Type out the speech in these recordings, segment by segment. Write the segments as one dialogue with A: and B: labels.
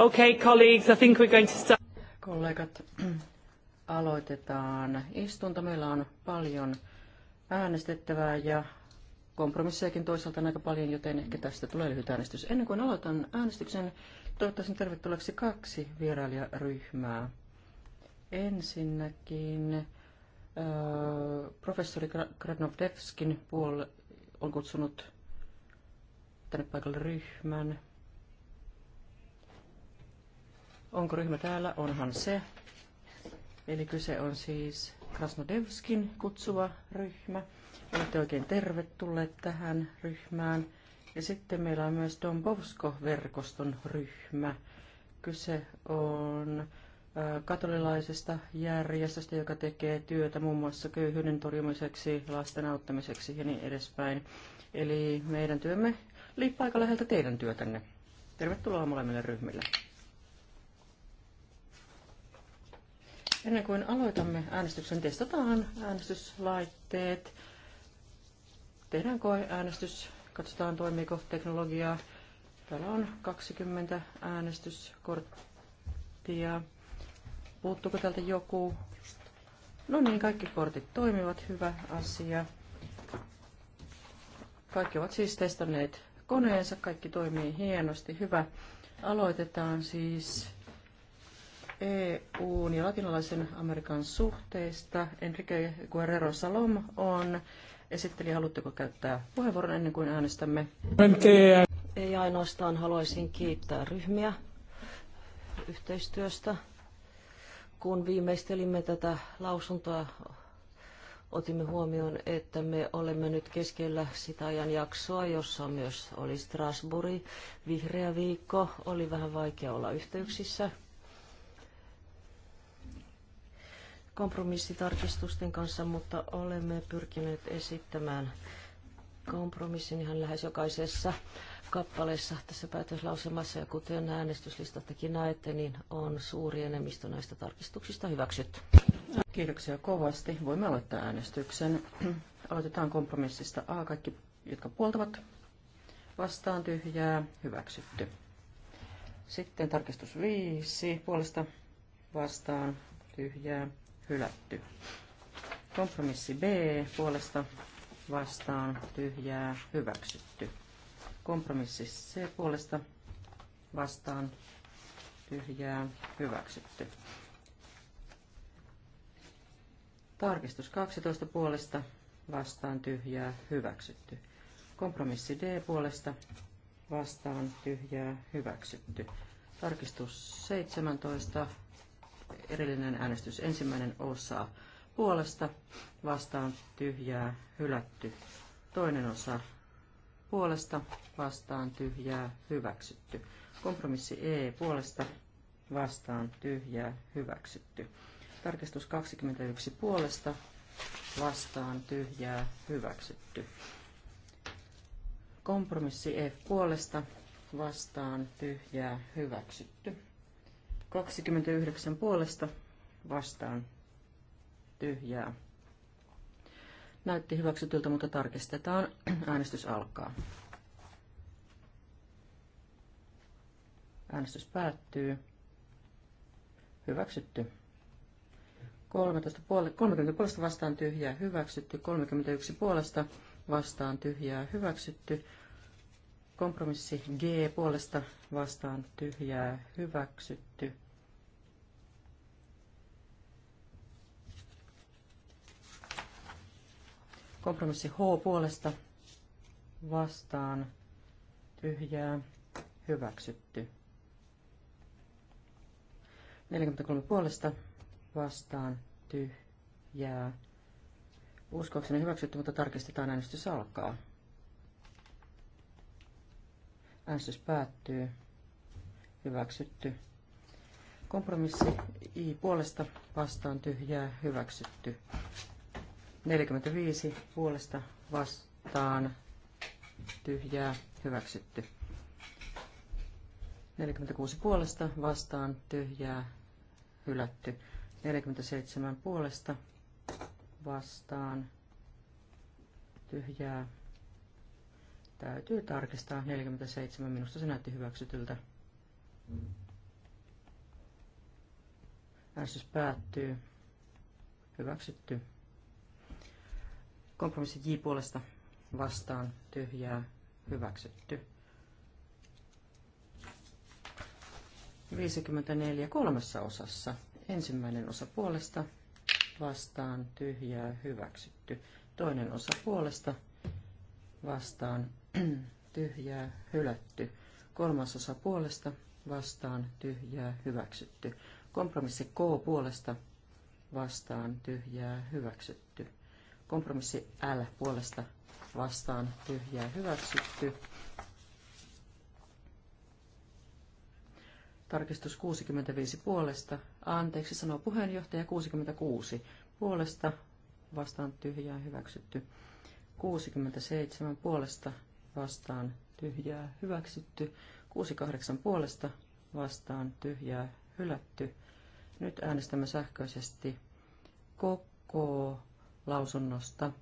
A: Okay, colleagues, I think we're going to start. Kollegat, aloitetaan istunto. Meillä on paljon äänestettävää ja kompromissejakin toisaalta aika paljon, joten ehkä tästä tulee lyhyt äänestys. Ennen kuin aloitan äänestyksen, toivottaisin tervetulleeksi kaksi vierailijaryhmää. Ensinnäkin äh, professori Gradnovdevskin puol on kutsunut tänne paikalle ryhmän Onko ryhmä täällä? Onhan se. Eli kyse on siis Krasnodevskin kutsuva ryhmä. Olette oikein tervetulleet tähän ryhmään. Ja sitten meillä on myös Dombovsko-verkoston ryhmä. Kyse on katolilaisesta järjestöstä, joka tekee työtä muun muassa köyhyyden torjumiseksi, lasten auttamiseksi ja niin edespäin. Eli meidän työmme liippaa aika läheltä teidän työtänne. Tervetuloa molemmille ryhmille. Ennen kuin aloitamme äänestyksen, testataan äänestyslaitteet. Tehdään koeäänestys, katsotaan toimiiko teknologiaa. Täällä on 20 äänestyskorttia. Puuttuuko täältä joku? No niin, kaikki kortit toimivat. Hyvä asia. Kaikki ovat siis testanneet koneensa. Kaikki toimii hienosti. Hyvä. Aloitetaan siis EUn ja latinalaisen Amerikan suhteista. Enrique Guerrero Salom on esitteli. Haluatteko käyttää puheenvuoron ennen kuin
B: äänestämme? Ei ainoastaan haluaisin kiittää ryhmiä yhteistyöstä. Kun viimeistelimme tätä lausuntoa, otimme huomioon, että me olemme nyt keskellä sitä ajanjaksoa, jossa myös oli Strasbourg, vihreä viikko, oli vähän vaikea olla yhteyksissä kompromissitarkistusten kanssa, mutta olemme pyrkineet esittämään kompromissin ihan lähes jokaisessa kappaleessa tässä päätöslausemassa. Ja kuten äänestyslistastakin näette, niin on suuri enemmistö näistä tarkistuksista hyväksytty. Kiitoksia kovasti.
A: Voimme aloittaa äänestyksen. Aloitetaan kompromissista A. Kaikki, jotka puoltavat, vastaan tyhjää, hyväksytty. Sitten tarkistus 5. Puolesta vastaan tyhjää, hylätty. Kompromissi B puolesta vastaan tyhjää hyväksytty. Kompromissi C puolesta vastaan tyhjää hyväksytty. Tarkistus 12 puolesta vastaan tyhjää hyväksytty. Kompromissi D puolesta vastaan tyhjää hyväksytty. Tarkistus 17 erillinen äänestys. Ensimmäinen osa puolesta vastaan tyhjää hylätty. Toinen osa puolesta vastaan tyhjää hyväksytty. Kompromissi E puolesta vastaan tyhjää hyväksytty. Tarkistus 21 puolesta vastaan tyhjää hyväksytty. Kompromissi F puolesta vastaan tyhjää hyväksytty. 29 puolesta vastaan tyhjää. Näytti hyväksytyltä, mutta tarkistetaan. Äänestys alkaa. Äänestys päättyy. Hyväksytty. 13 puole- 30 puolesta vastaan tyhjää hyväksytty. 31 puolesta vastaan tyhjää hyväksytty. Kompromissi G puolesta vastaan tyhjää hyväksytty. Kompromissi H puolesta vastaan tyhjää hyväksytty. 43 puolesta vastaan tyhjää. Uskoakseni hyväksytty, mutta tarkistetaan äänestys alkaa. Äänestys päättyy. Hyväksytty. Kompromissi I puolesta vastaan tyhjää hyväksytty. 45 puolesta vastaan tyhjää hyväksytty. 46 puolesta vastaan tyhjää hylätty. 47 puolesta vastaan tyhjää Täytyy tarkistaa 47. Minusta se näytti hyväksytyltä. Äänestys päättyy. Hyväksytty. Kompromissi J puolesta vastaan tyhjää hyväksytty. 54 kolmessa osassa. Ensimmäinen osa puolesta vastaan tyhjää hyväksytty. Toinen osa puolesta vastaan tyhjää hylätty. Kolmasosa puolesta vastaan tyhjää hyväksytty. Kompromissi K puolesta vastaan tyhjää hyväksytty. Kompromissi L puolesta vastaan tyhjää hyväksytty. Tarkistus 65 puolesta, anteeksi sanoo puheenjohtaja 66 puolesta, vastaan tyhjää hyväksytty. 67 puolesta vastaan tyhjää hyväksytty. 68 puolesta vastaan tyhjää hylätty. Nyt äänestämme sähköisesti koko lausunnosta.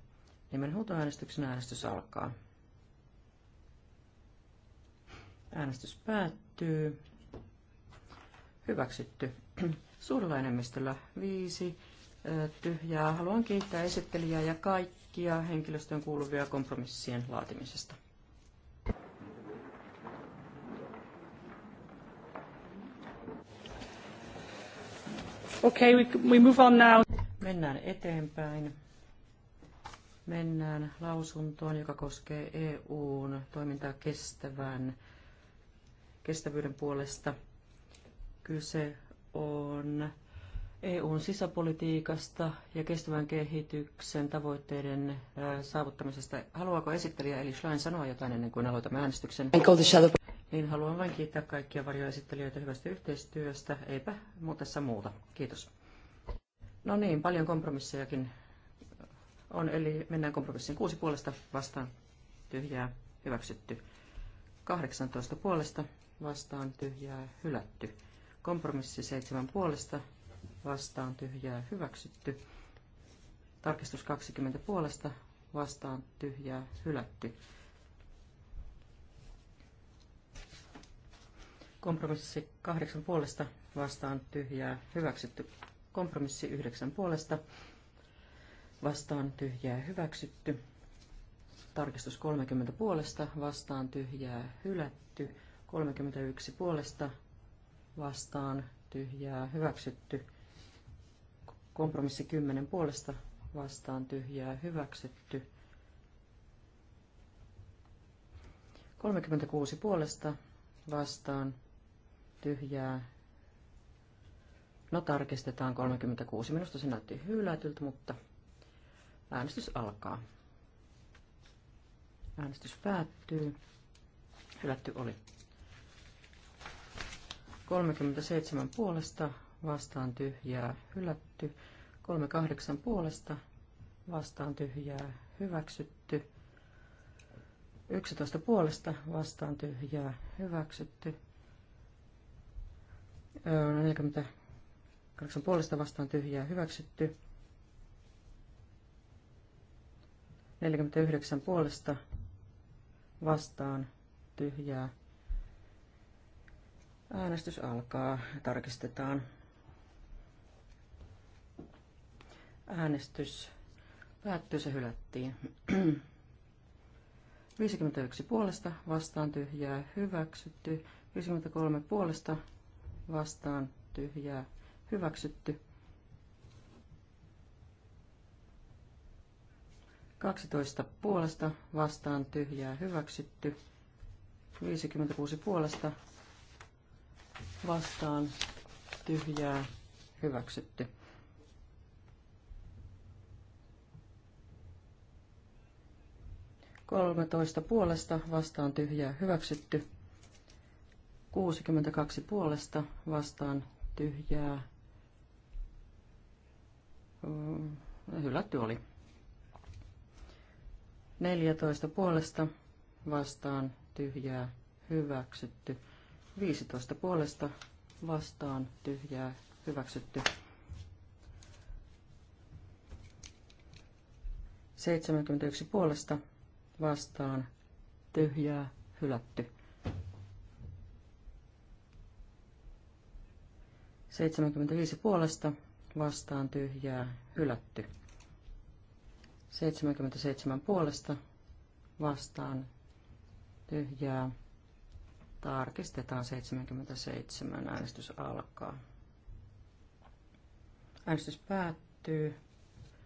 A: Nimenhuutoäänestyksen äänestys alkaa. Äänestys päättyy. Hyväksytty. Suurella enemmistöllä viisi tyhjää. Haluan kiittää esittelijää ja kaikkia henkilöstöön kuuluvia kompromissien laatimisesta. Okay, we, we move on now. Mennään eteenpäin. Mennään lausuntoon, joka koskee EUn toimintaa kestävän, kestävyyden puolesta. Kyse on EUn sisäpolitiikasta ja kestävän kehityksen tavoitteiden saavuttamisesta. Haluaako esittelijä eli Schlein sanoa jotain ennen kuin aloitamme äänestyksen? niin haluan vain kiittää kaikkia varjoesittelijöitä hyvästä yhteistyöstä. Eipä muuta tässä muuta. Kiitos. No niin, paljon kompromissejakin on, eli mennään kompromissin kuusi puolesta vastaan tyhjää hyväksytty. 18 puolesta vastaan tyhjää hylätty. Kompromissi 7 puolesta vastaan tyhjää hyväksytty. Tarkistus 20 puolesta vastaan tyhjää hylätty. Kompromissi kahdeksan puolesta vastaan tyhjää hyväksytty. Kompromissi yhdeksän puolesta vastaan tyhjää hyväksytty. Tarkistus 30 puolesta vastaan tyhjää hylätty. 31 puolesta vastaan tyhjää hyväksytty. Kompromissi 10 puolesta vastaan tyhjää hyväksytty. 36 puolesta vastaan tyhjää. No tarkistetaan 36. Minusta se näytti hylätyltä, mutta äänestys alkaa. Äänestys päättyy. Hylätty oli. 37 puolesta vastaan tyhjää hylätty. 38 puolesta vastaan tyhjää hyväksytty. 11 puolesta vastaan tyhjää hyväksytty. 48 puolesta vastaan tyhjää hyväksytty. 49 puolesta vastaan tyhjää. Äänestys alkaa. Tarkistetaan. Äänestys päättyy, se hylättiin. 51 puolesta vastaan tyhjää hyväksytty. 53 puolesta vastaan tyhjää hyväksytty. 12 puolesta vastaan tyhjää hyväksytty. 56 puolesta vastaan tyhjää hyväksytty. Kolmetoista puolesta vastaan tyhjää hyväksytty. 62 mm, puolesta vastaan tyhjää. Hylätty oli. 14 puolesta vastaan tyhjää hyväksytty. 15 puolesta vastaan tyhjää hyväksytty. 71 puolesta vastaan tyhjää hylätty. 75 puolesta vastaan tyhjää hylätty. 77 puolesta vastaan tyhjää. Tarkistetaan 77. Äänestys alkaa. Äänestys päättyy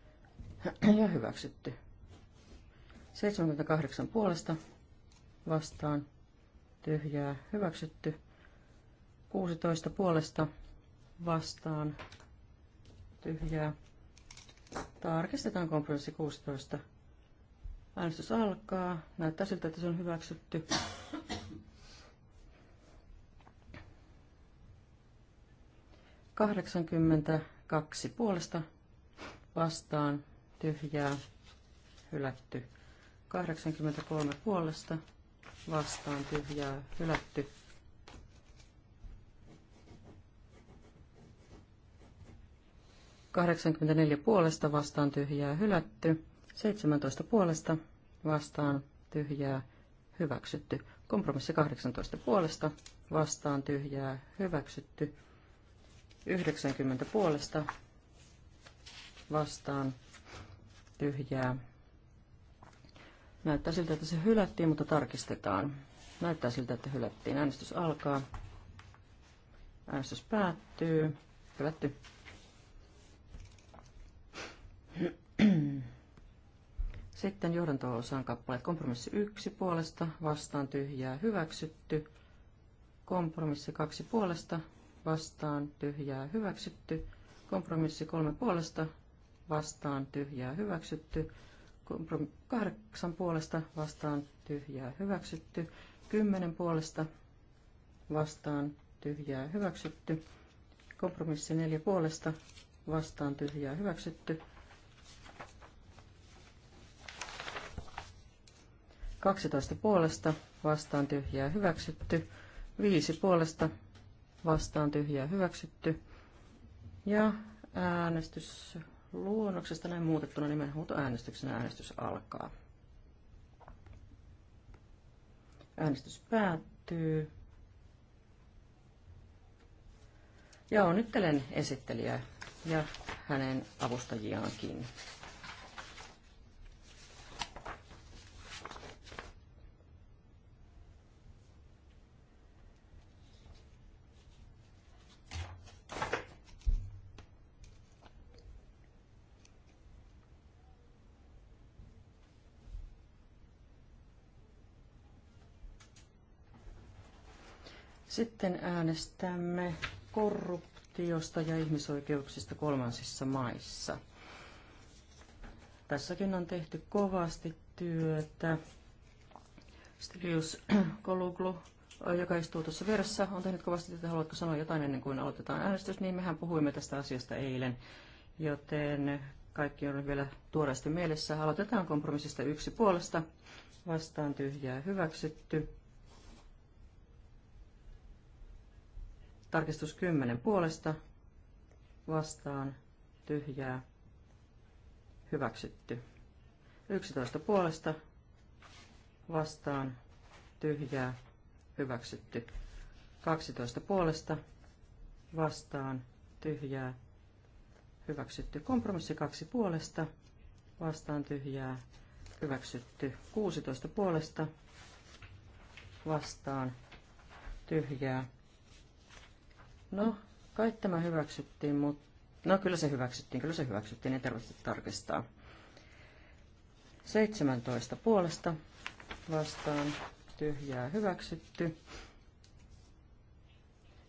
A: ja hyväksytty. 78 puolesta vastaan tyhjää hyväksytty. 16 puolesta vastaan tyhjää. Tarkistetaan kompromissi 16. Äänestys alkaa. Näyttää siltä, että se on hyväksytty. Kahdeksankymmentä kaksi puolesta vastaan tyhjää hylätty. 83 puolesta vastaan tyhjää hylätty. 84 puolesta vastaan tyhjää hylätty. 17 puolesta vastaan tyhjää hyväksytty. Kompromissi 18 puolesta vastaan tyhjää hyväksytty. 90 puolesta vastaan tyhjää. Näyttää siltä, että se hylättiin, mutta tarkistetaan. Näyttää siltä, että hylättiin. Äänestys alkaa. Äänestys päättyy. Hylätty. Sitten johdanto-osaan kappaleet. Kompromissi 1 puolesta, vastaan tyhjää, hyväksytty. Kompromissi 2 puolesta, vastaan tyhjää, hyväksytty. Kompromissi 3 puolesta, vastaan tyhjää, hyväksytty. Kompromissi 8 puolesta, vastaan tyhjää, hyväksytty. 10 puolesta, vastaan tyhjää, hyväksytty. Kompromissi 4 puolesta, vastaan tyhjää, hyväksytty. 12 puolesta vastaan tyhjää hyväksytty. 5 puolesta vastaan tyhjää hyväksytty. Ja äänestys luonnoksesta näin muutettuna äänestyksen äänestys alkaa. Äänestys päättyy. Ja onnittelen esittelijää ja hänen avustajiaankin. Sitten äänestämme korruptiosta ja ihmisoikeuksista kolmansissa maissa. Tässäkin on tehty kovasti työtä. Stelius Koluglu, joka istuu tuossa vieressä, on tehnyt kovasti että Haluatko sanoa jotain ennen kuin aloitetaan äänestys? Niin mehän puhuimme tästä asiasta eilen, joten kaikki on vielä tuoreesti mielessä. Aloitetaan kompromissista yksi puolesta. Vastaan tyhjää hyväksytty. Tarkistus 10 puolesta vastaan tyhjää hyväksytty. 11 puolesta vastaan tyhjää hyväksytty. 12 puolesta vastaan tyhjää hyväksytty. Kompromissi 2 puolesta vastaan tyhjää hyväksytty. 16 puolesta vastaan tyhjää No, kai tämä hyväksyttiin, mutta... No, kyllä se hyväksyttiin, kyllä se hyväksyttiin, ei tarvitse tarkistaa. 17 puolesta vastaan tyhjää hyväksytty.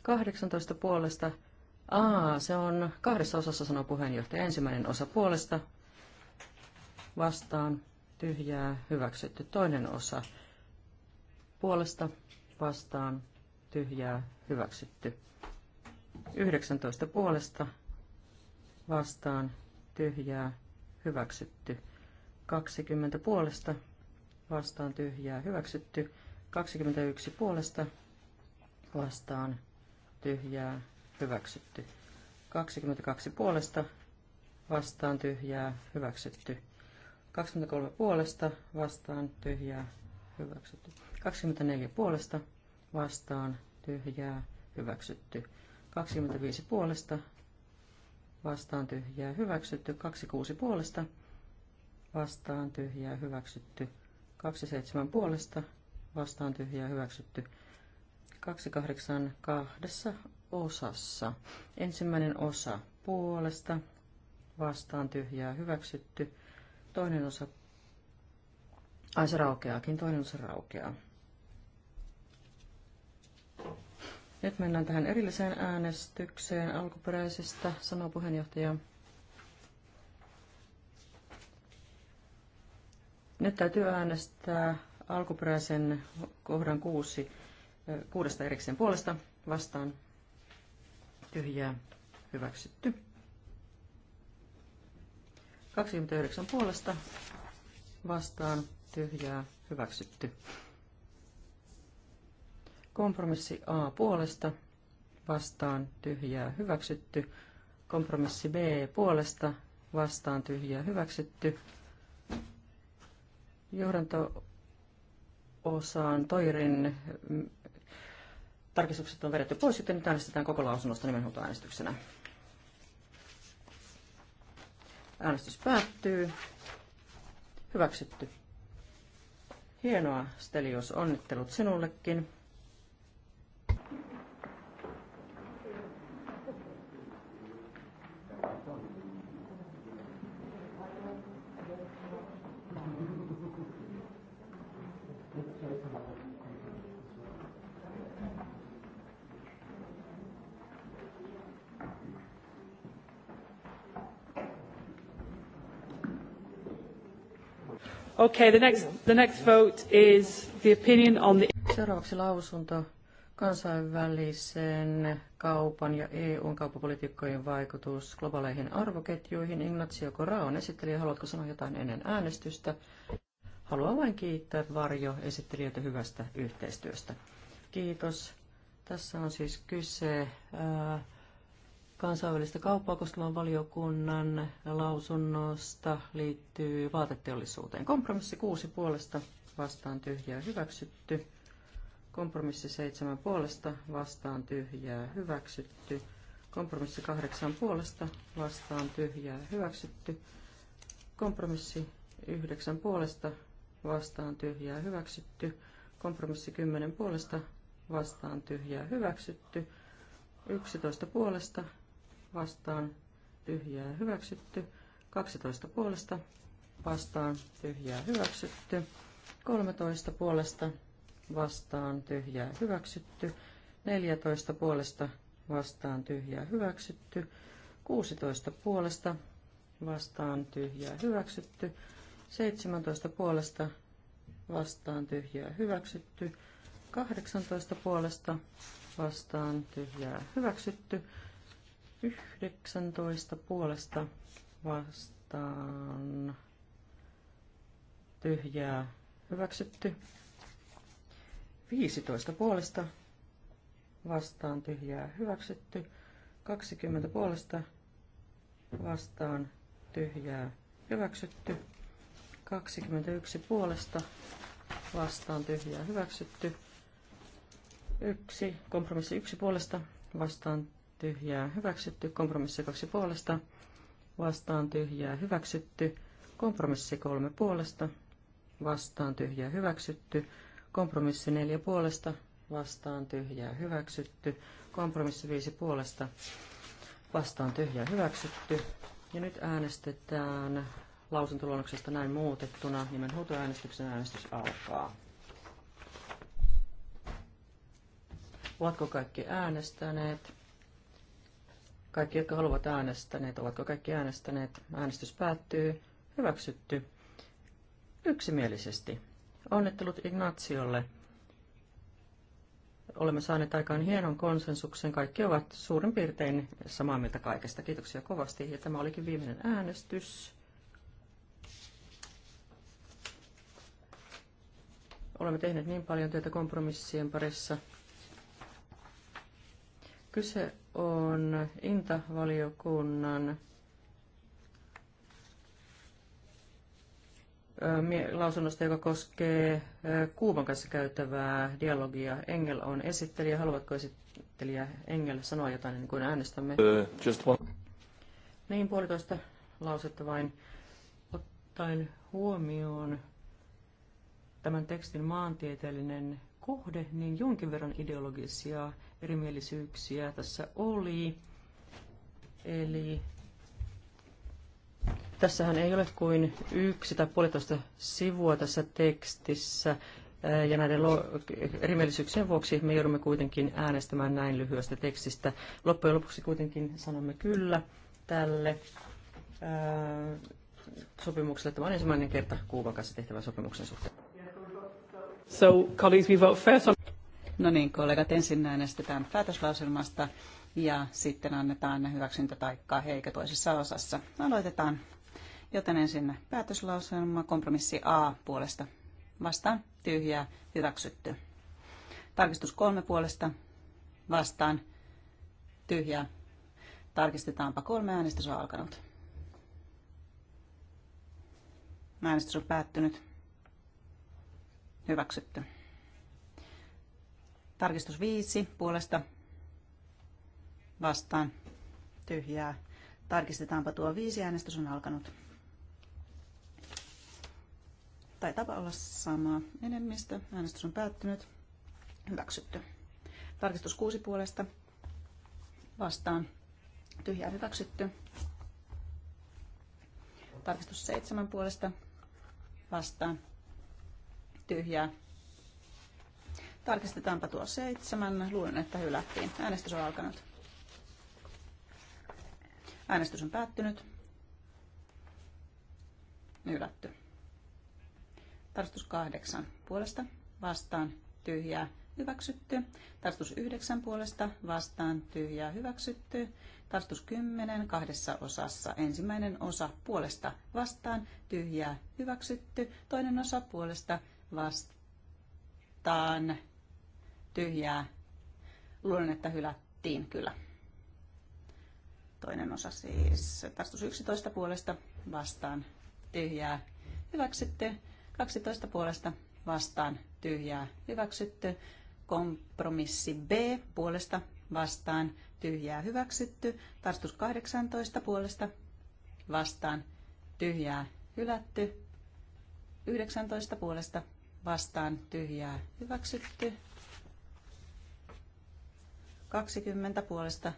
A: 18 puolesta. Aa, se on kahdessa osassa sanoo puheenjohtaja. Ensimmäinen osa puolesta vastaan tyhjää hyväksytty. Toinen osa puolesta vastaan tyhjää hyväksytty. 19 puolesta vastaan tyhjää hyväksytty. 20 puolesta vastaan tyhjää hyväksytty. 21 puolesta vastaan tyhjää hyväksytty. 22 puolesta vastaan tyhjää hyväksytty. 23 puolesta vastaan tyhjää hyväksytty. 24 puolesta vastaan tyhjää hyväksytty. 25 puolesta, vastaan tyhjää hyväksytty, 26 puolesta, vastaan tyhjää hyväksytty, 27 puolesta, vastaan tyhjää hyväksytty, 28 kahdessa osassa. Ensimmäinen osa puolesta, vastaan tyhjää hyväksytty, toinen osa, ai se raukeakin, toinen osa raukeaa. Nyt mennään tähän erilliseen äänestykseen alkuperäisestä, sanoo puheenjohtaja. Nyt täytyy äänestää alkuperäisen kohdan kuusi, kuudesta erikseen puolesta vastaan tyhjää hyväksytty. 29 puolesta vastaan tyhjää hyväksytty. Kompromissi A puolesta vastaan tyhjää hyväksytty. Kompromissi B puolesta vastaan tyhjää hyväksytty. Johdanto-osaan toirin mm, tarkistukset on vedetty pois, joten nyt äänestetään koko lausunnosta äänestyksenä. Äänestys päättyy. Hyväksytty. Hienoa, Stelios, onnittelut sinullekin. Okay, the
C: next, the next vote is
A: the opinion on the... Seuraavaksi lausunto kansainvälisen kaupan ja EUn kauppapolitiikkojen vaikutus globaaleihin arvoketjuihin. Ignacio Corao on esittelijä. Haluatko sanoa jotain ennen äänestystä? Haluan vain kiittää Varjo esittelijöitä hyvästä yhteistyöstä. Kiitos. Tässä on siis kyse ää, kansainvälistä kauppaa koskevan valiokunnan lausunnosta liittyy vaateteollisuuteen. Kompromissi kuusi puolesta vastaan tyhjää hyväksytty. Kompromissi seitsemän puolesta vastaan tyhjää hyväksytty. Kompromissi kahdeksan puolesta vastaan tyhjää hyväksytty. Kompromissi yhdeksän puolesta vastaan tyhjää hyväksytty. Kompromissi kymmenen puolesta vastaan tyhjää hyväksytty. 11 puolesta vastaan tyhjää hyväksytty. 12 puolesta vastaan tyhjää hyväksytty. 13 puolesta vastaan tyhjää hyväksytty. 14 puolesta vastaan tyhjää hyväksytty. 16 puolesta vastaan tyhjää hyväksytty. 17 puolesta vastaan tyhjää hyväksytty. 18 puolesta vastaan tyhjää hyväksytty. 19 puolesta vastaan tyhjää hyväksytty. 15 puolesta vastaan tyhjää hyväksytty. 20 puolesta vastaan tyhjää hyväksytty. 21 puolesta vastaan tyhjää hyväksytty. 1 kompromissi 1 puolesta vastaan tyhjää hyväksytty. Kompromissi kaksi puolesta vastaan tyhjää hyväksytty. Kompromissi kolme puolesta vastaan tyhjää hyväksytty. Kompromissi neljä puolesta vastaan tyhjää hyväksytty. Kompromissi viisi puolesta vastaan tyhjää hyväksytty. Ja nyt äänestetään lausuntoluonnoksesta näin muutettuna. Nimen huutoäänestyksen äänestys alkaa. Ovatko kaikki äänestäneet? Kaikki, jotka haluavat äänestäneet, ovatko kaikki äänestäneet? Äänestys päättyy. Hyväksytty. Yksimielisesti. Onnittelut Ignaziolle. Olemme saaneet aikaan hienon konsensuksen. Kaikki ovat suurin piirtein samaa mieltä kaikesta. Kiitoksia kovasti. Ja tämä olikin viimeinen äänestys. Olemme tehneet niin paljon työtä kompromissien parissa. Kyse on Inta-valiokunnan lausunnosta, joka koskee Kuuban kanssa käytävää dialogia. Engel on esittelijä. Haluatko esittelijä Engel sanoa jotain niin kuin äänestämme? Uh, Niin, puolitoista lausetta vain. Ottaen huomioon tämän tekstin maantieteellinen kohde, niin jonkin verran ideologisia erimielisyyksiä tässä oli. Eli tässähän ei ole kuin yksi tai puolitoista sivua tässä tekstissä, ja näiden erimielisyyksien vuoksi me joudumme kuitenkin äänestämään näin lyhyestä tekstistä. Loppujen lopuksi kuitenkin sanomme kyllä tälle sopimukselle. Tämä on ensimmäinen kerta Kuuban kanssa tehtävän sopimuksen suhteen. So, colleagues, we vote
D: first on... No niin, kollegat, ensin äänestetään päätöslauselmasta ja sitten annetaan hyväksyntä taikkaa heikä toisessa osassa. Aloitetaan. Joten ensin päätöslauselma, kompromissi A puolesta vastaan, tyhjää, hyväksytty. Tarkistus kolme puolesta vastaan, tyhjää. Tarkistetaanpa kolme, äänestys on alkanut. Äänestys on päättynyt. Hyväksytty. Tarkistus 5 puolesta vastaan tyhjää. Tarkistetaanpa tuo viisi äänestys on alkanut. Tai olla sama enemmistö. Äänestys on päättynyt. Hyväksytty. Tarkistus 6 puolesta vastaan tyhjää hyväksytty. Tarkistus 7 puolesta vastaan tyhjää. Tarkistetaanpa tuo seitsemän. Luulen, että hylättiin. Äänestys on alkanut. Äänestys on päättynyt. Hylätty. Tarkistus kahdeksan puolesta vastaan tyhjää hyväksytty. Tarkistus yhdeksän puolesta vastaan tyhjää hyväksytty. Tarkistus kymmenen kahdessa osassa. Ensimmäinen osa puolesta vastaan tyhjää hyväksytty. Toinen osa puolesta vastaan tyhjää. Luulen, että hylättiin kyllä. Toinen osa siis vastus 11 puolesta vastaan tyhjää. Hyväksytty. 12 puolesta vastaan tyhjää. Hyväksytty. Kompromissi B puolesta vastaan tyhjää hyväksytty. Tarstus 18 puolesta vastaan tyhjää hylätty. 19 puolesta vastaan tyhjää hyväksytty. 20 puolesta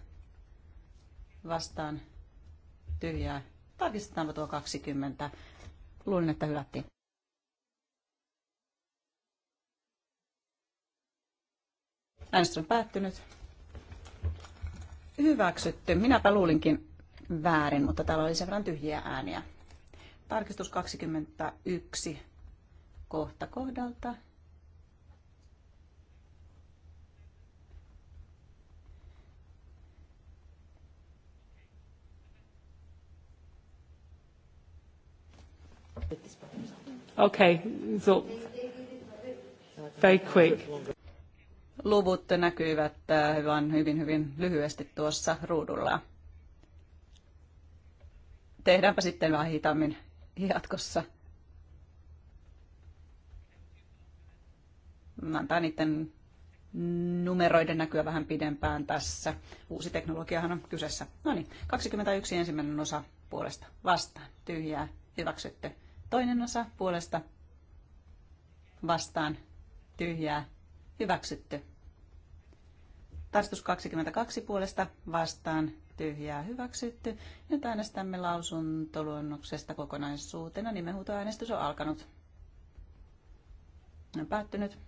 D: vastaan tyhjää. Tarkistetaanko tuo 20? Luulin, että hylättiin. Äänestys on päättynyt. Hyväksytty. Minäpä luulinkin väärin, mutta täällä oli sen verran tyhjiä ääniä. Tarkistus 21 kohta kohdalta.
C: Okay, so very quick.
D: Luvut näkyvät äh, vain hyvin, hyvin lyhyesti tuossa ruudulla. Tehdäänpä sitten vähän hitaammin jatkossa. antaa niiden numeroiden näkyä vähän pidempään tässä. Uusi teknologiahan on kyseessä. No niin, 21 ensimmäinen osa puolesta vastaan. Tyhjää, hyväksytty. Toinen osa puolesta vastaan. Tyhjää, hyväksytty. Tarstus 22 puolesta vastaan. Tyhjää, hyväksytty. Nyt äänestämme lausuntoluonnoksesta kokonaisuutena. Nimenhuutoäänestys on alkanut. On päättynyt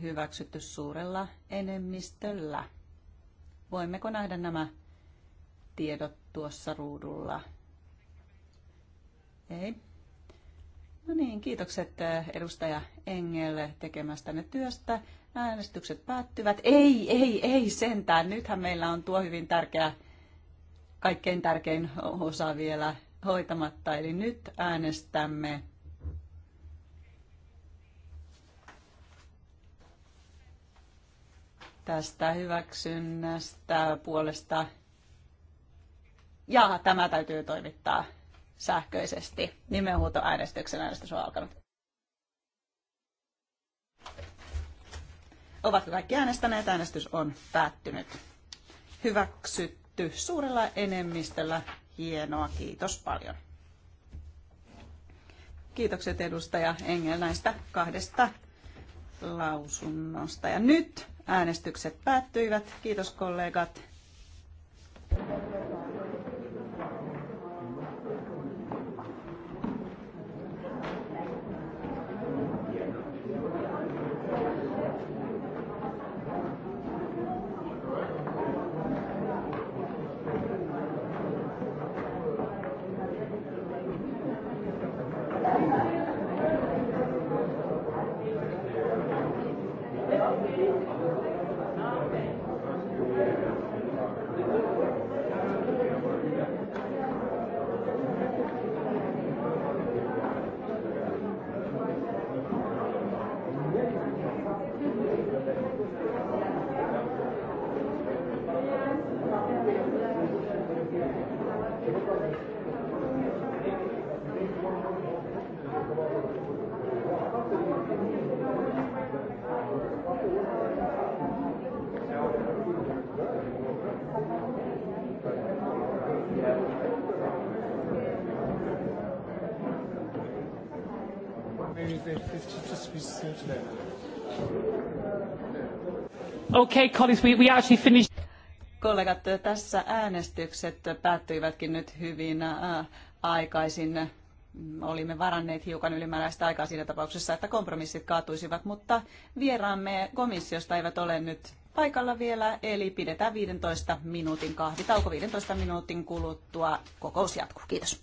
D: hyväksytty suurella enemmistöllä. Voimmeko nähdä nämä tiedot tuossa ruudulla? Ei. No niin, kiitokset eh, edustaja tekemästä tekemästänne työstä. Äänestykset päättyvät. Ei, ei, ei sentään. Nythän meillä on tuo hyvin tärkeä, kaikkein tärkein osa vielä hoitamatta. Eli nyt äänestämme tästä hyväksynnästä puolesta. ja tämä täytyy toimittaa sähköisesti. Nimenhuutoäänestyksen äänestys on alkanut. Ovatko kaikki äänestäneet? Äänestys on päättynyt. Hyväksytty suurella enemmistöllä. Hienoa, kiitos paljon. Kiitokset edustaja Engel näistä kahdesta lausunnosta. Ja nyt äänestykset päättyivät. Kiitos kollegat.
C: okay, colleagues, we, we actually finished.
D: Kollegat, tässä äänestykset päättyivätkin nyt hyvin äh, aikaisin. Olimme varanneet hiukan ylimääräistä aikaa siinä tapauksessa, että kompromissit kaatuisivat, mutta vieraamme komissiosta eivät ole nyt paikalla vielä, eli pidetään 15 minuutin kahvitauko 15 minuutin kuluttua. Kokous jatkuu. Kiitos.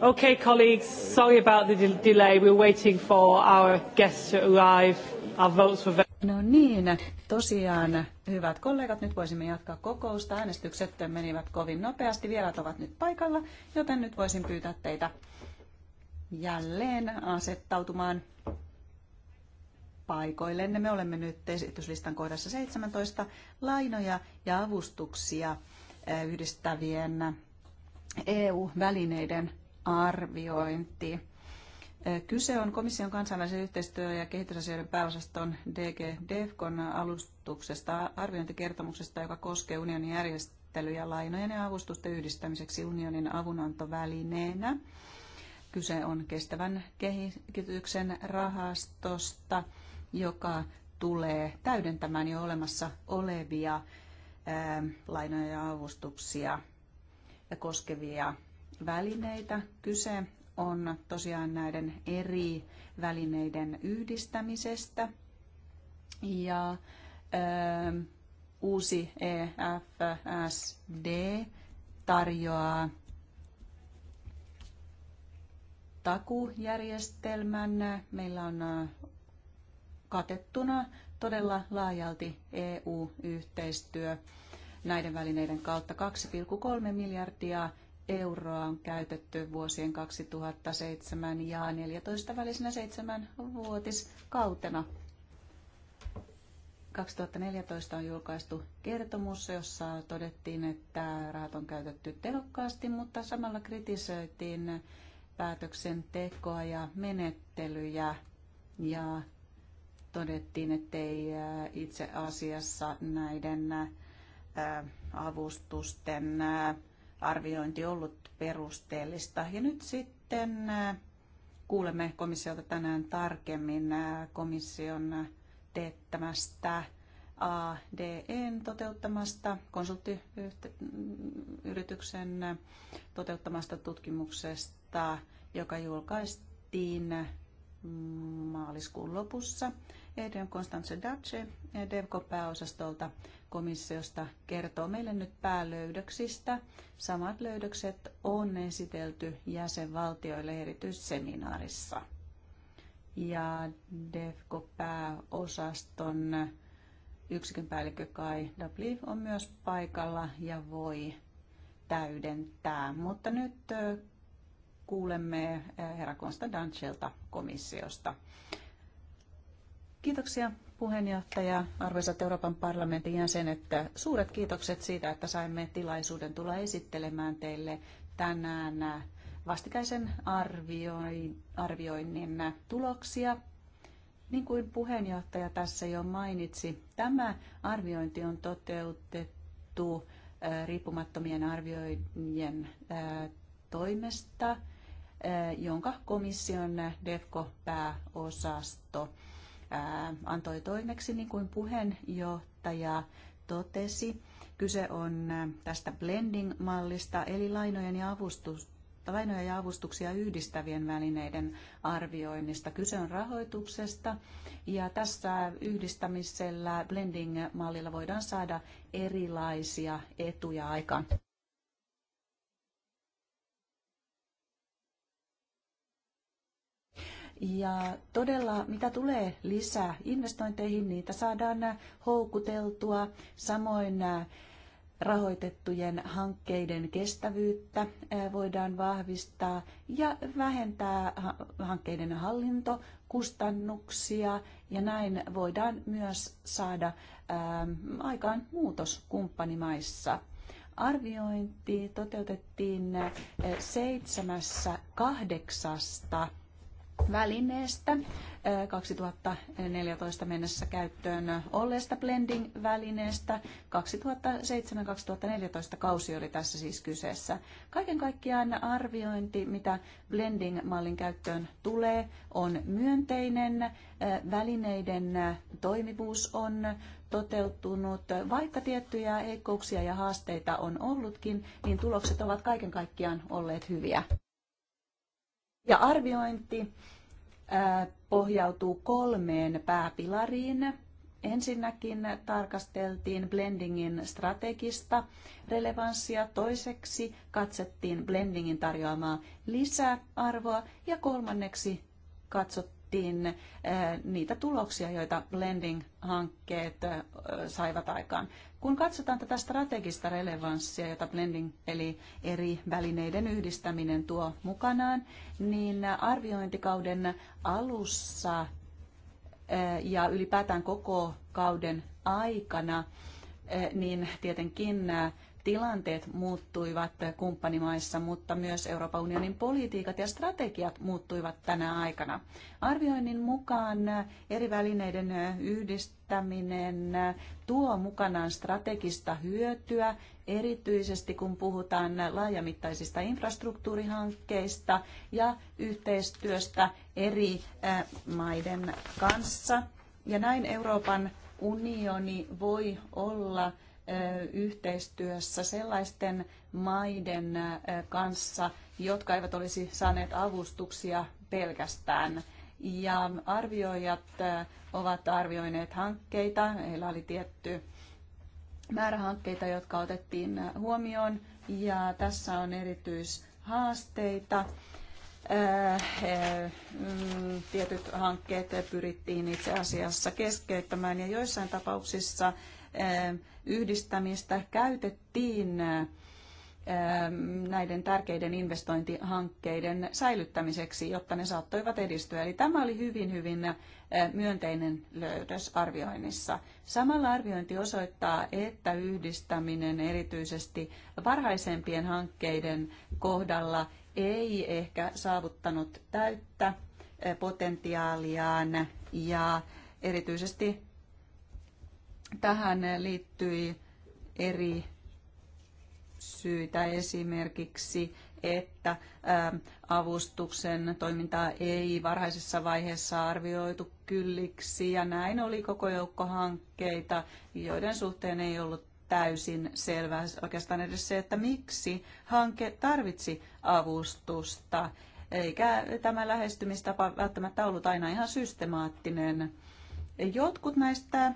C: Okay, colleagues, sorry about the delay. We're
D: waiting for our guests to arrive. Our votes were very... No niin, tosiaan, hyvät kollegat, nyt voisimme jatkaa kokousta. Äänestykset menivät kovin nopeasti, vierat ovat nyt paikalla, joten nyt voisin pyytää teitä jälleen asettautumaan paikoillenne. Me olemme nyt esityslistan kohdassa 17 lainoja ja avustuksia eh, yhdistävien eh, EU-välineiden arviointi. Kyse on komission kansainvälisen yhteistyö- ja kehitysasioiden pääosaston DG DEFCON alustuksesta arviointikertomuksesta, joka koskee unionin järjestelyjä lainojen ja avustusten yhdistämiseksi unionin avunantovälineenä. Kyse on kestävän kehityksen rahastosta, joka tulee täydentämään jo olemassa olevia lainoja ja avustuksia ja koskevia välineitä. Kyse on tosiaan näiden eri välineiden yhdistämisestä. Ja ö, uusi EFSD tarjoaa takujärjestelmän. Meillä on katettuna todella laajalti EU-yhteistyö näiden välineiden kautta 2,3 miljardia euroa on käytetty vuosien 2007 ja 2014 välisenä vuotiskautena. 2014 on julkaistu kertomus, jossa todettiin, että rahat on käytetty tehokkaasti, mutta samalla kritisoitiin päätöksentekoa ja menettelyjä ja todettiin, ettei äh, itse asiassa näiden äh, avustusten äh, arviointi ollut perusteellista. Ja nyt sitten äh, kuulemme komissiolta tänään tarkemmin äh, komission teettämästä ADN toteuttamasta konsulttiyrityksen toteuttamasta tutkimuksesta, joka julkaistiin äh, maaliskuun lopussa. Adrian Constance Dace DevCo-pääosastolta komissiosta kertoo meille nyt päälöydöksistä. Samat löydökset on esitelty jäsenvaltioille erityisseminaarissa. Ja DEFCO-pääosaston yksikön päällikkö Kai Dabli on myös paikalla ja voi täydentää. Mutta nyt äh, kuulemme äh, herra Konsta komissiosta. Kiitoksia puheenjohtaja, arvoisat Euroopan parlamentin jäsenet. Suuret kiitokset siitä, että saimme tilaisuuden tulla esittelemään teille tänään vastikäisen arvioinnin tuloksia. Niin kuin puheenjohtaja tässä jo mainitsi, tämä arviointi on toteutettu riippumattomien arvioijien toimesta, jonka komission DEFCO-pääosasto antoi toimeksi, niin kuin puheenjohtaja totesi. Kyse on tästä blending-mallista, eli lainojen ja avustus, lainoja ja avustuksia yhdistävien välineiden arvioinnista. Kyse on rahoituksesta ja tässä yhdistämisellä blending-mallilla voidaan saada erilaisia etuja aikaan. Ja todella, mitä tulee lisää investointeihin, niitä saadaan houkuteltua, samoin äh, rahoitettujen hankkeiden kestävyyttä äh, voidaan vahvistaa ja vähentää hankkeiden hallintokustannuksia ja näin voidaan myös saada ähm, aikaan muutos kumppanimaissa. Arviointi toteutettiin äh, seitsemässä kahdeksasta välineestä 2014 mennessä käyttöön olleesta blending-välineestä. 2007-2014 kausi oli tässä siis kyseessä. Kaiken kaikkiaan arviointi, mitä blending-mallin käyttöön tulee, on myönteinen. Välineiden toimivuus on toteutunut. Vaikka tiettyjä heikkouksia ja haasteita on ollutkin, niin tulokset ovat kaiken kaikkiaan olleet hyviä. Ja arviointi pohjautuu kolmeen pääpilariin. Ensinnäkin tarkasteltiin blendingin strategista relevanssia, toiseksi katsettiin blendingin tarjoamaa lisäarvoa ja kolmanneksi katsottiin niitä tuloksia, joita blending-hankkeet saivat aikaan. Kun katsotaan tätä strategista relevanssia, jota blending eli eri välineiden yhdistäminen tuo mukanaan, niin arviointikauden alussa eh, ja ylipäätään koko kauden aikana, eh, niin tietenkin eh, tilanteet muuttuivat kumppanimaissa, mutta myös Euroopan unionin politiikat ja strategiat muuttuivat tänä aikana. Arvioinnin mukaan eri välineiden yhdistäminen tuo mukanaan strategista hyötyä, erityisesti kun puhutaan laajamittaisista infrastruktuurihankkeista ja yhteistyöstä eri maiden kanssa. Ja näin Euroopan unioni voi olla yhteistyössä sellaisten maiden kanssa, jotka eivät olisi saaneet avustuksia pelkästään. Ja arvioijat ovat arvioineet hankkeita. Heillä oli tietty määrä hankkeita, jotka otettiin huomioon. Ja tässä on erityishaasteita mm, tietyt hankkeet pyrittiin itse asiassa keskeyttämään ja joissain tapauksissa yhdistämistä käytettiin näiden tärkeiden investointihankkeiden säilyttämiseksi, jotta ne saattoivat edistyä. Eli tämä oli hyvin, hyvin myönteinen löydös arvioinnissa. Samalla arviointi osoittaa, että yhdistäminen erityisesti varhaisempien hankkeiden kohdalla ei ehkä saavuttanut täyttä potentiaaliaan ja erityisesti Tähän liittyi eri syitä esimerkiksi, että ähm, avustuksen toimintaa ei varhaisessa vaiheessa arvioitu kylliksi ja näin oli koko joukko hankkeita, joiden suhteen ei ollut täysin selvää oikeastaan edes se, että miksi hanke tarvitsi avustusta. Eikä tämä lähestymistapa välttämättä ollut aina ihan systemaattinen. Jotkut näistä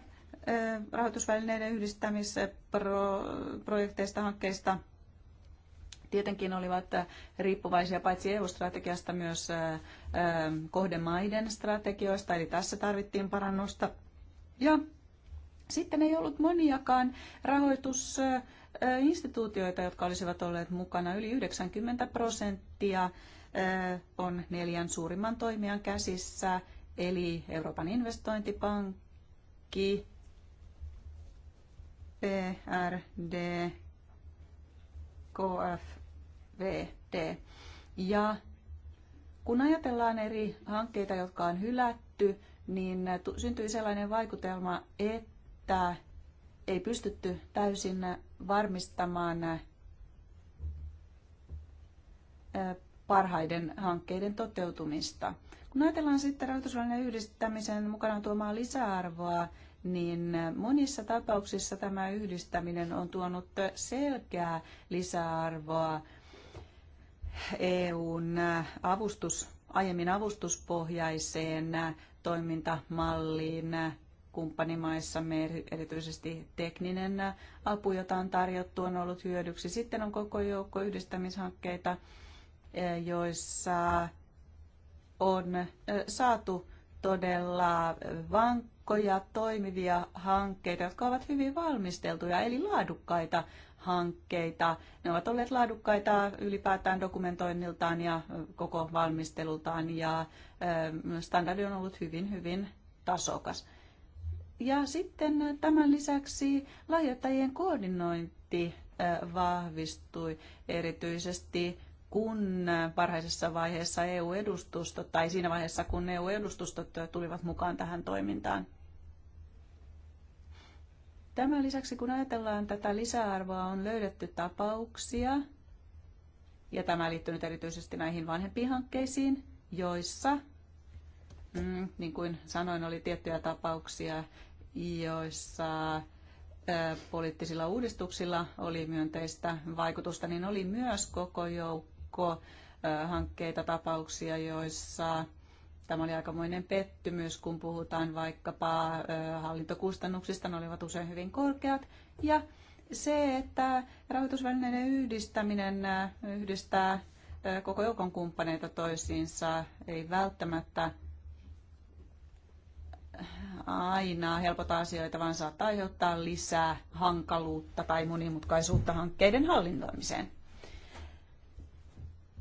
D: rahoitusvälineiden yhdistämisprojekteista, hankkeista tietenkin olivat riippuvaisia paitsi EU-strategiasta myös kohdemaiden strategioista, eli tässä tarvittiin parannusta. Ja sitten ei ollut moniakaan rahoitusinstituutioita, jotka olisivat olleet mukana. Yli 90 prosenttia on neljän suurimman toimijan käsissä, eli Euroopan investointipankki, E v D. Ja kun ajatellaan eri hankkeita, jotka on hylätty, niin syntyi sellainen vaikutelma, että ei pystytty täysin varmistamaan parhaiden hankkeiden toteutumista. Kun ajatellaan sitten rahoitusvälineen yhdistämisen mukana tuomaan lisäarvoa, niin monissa tapauksissa tämä yhdistäminen on tuonut selkeää lisäarvoa EUn avustus, aiemmin avustuspohjaiseen toimintamalliin kumppanimaissamme erityisesti tekninen apu, jota on tarjottu, on ollut hyödyksi. Sitten on koko joukko yhdistämishankkeita, e, joissa on e, saatu todella vankka tiukkoja, toimivia hankkeita, jotka ovat hyvin valmisteltuja, eli laadukkaita hankkeita. Ne ovat olleet laadukkaita ylipäätään dokumentoinniltaan ja koko valmistelultaan ja standardi on ollut hyvin, hyvin tasokas. Ja sitten tämän lisäksi lahjoittajien koordinointi vahvistui erityisesti kun varhaisessa vaiheessa eu edustustot tai siinä vaiheessa, kun EU-edustustot tulivat mukaan tähän toimintaan. Tämän lisäksi kun ajatellaan tätä lisäarvoa, on löydetty tapauksia, ja tämä liittyy nyt erityisesti näihin vanhempiin hankkeisiin, joissa, mm, niin kuin sanoin, oli tiettyjä tapauksia, joissa ö, poliittisilla uudistuksilla oli myönteistä vaikutusta, niin oli myös koko joukko ö, hankkeita, tapauksia, joissa Tämä oli aikamoinen pettymys, kun puhutaan vaikkapa hallintokustannuksista, ne olivat usein hyvin korkeat. Ja se, että rahoitusvälineiden yhdistäminen yhdistää koko joukon kumppaneita toisiinsa, ei välttämättä aina helpota asioita, vaan saattaa aiheuttaa lisää hankaluutta tai monimutkaisuutta hankkeiden hallinnoimiseen.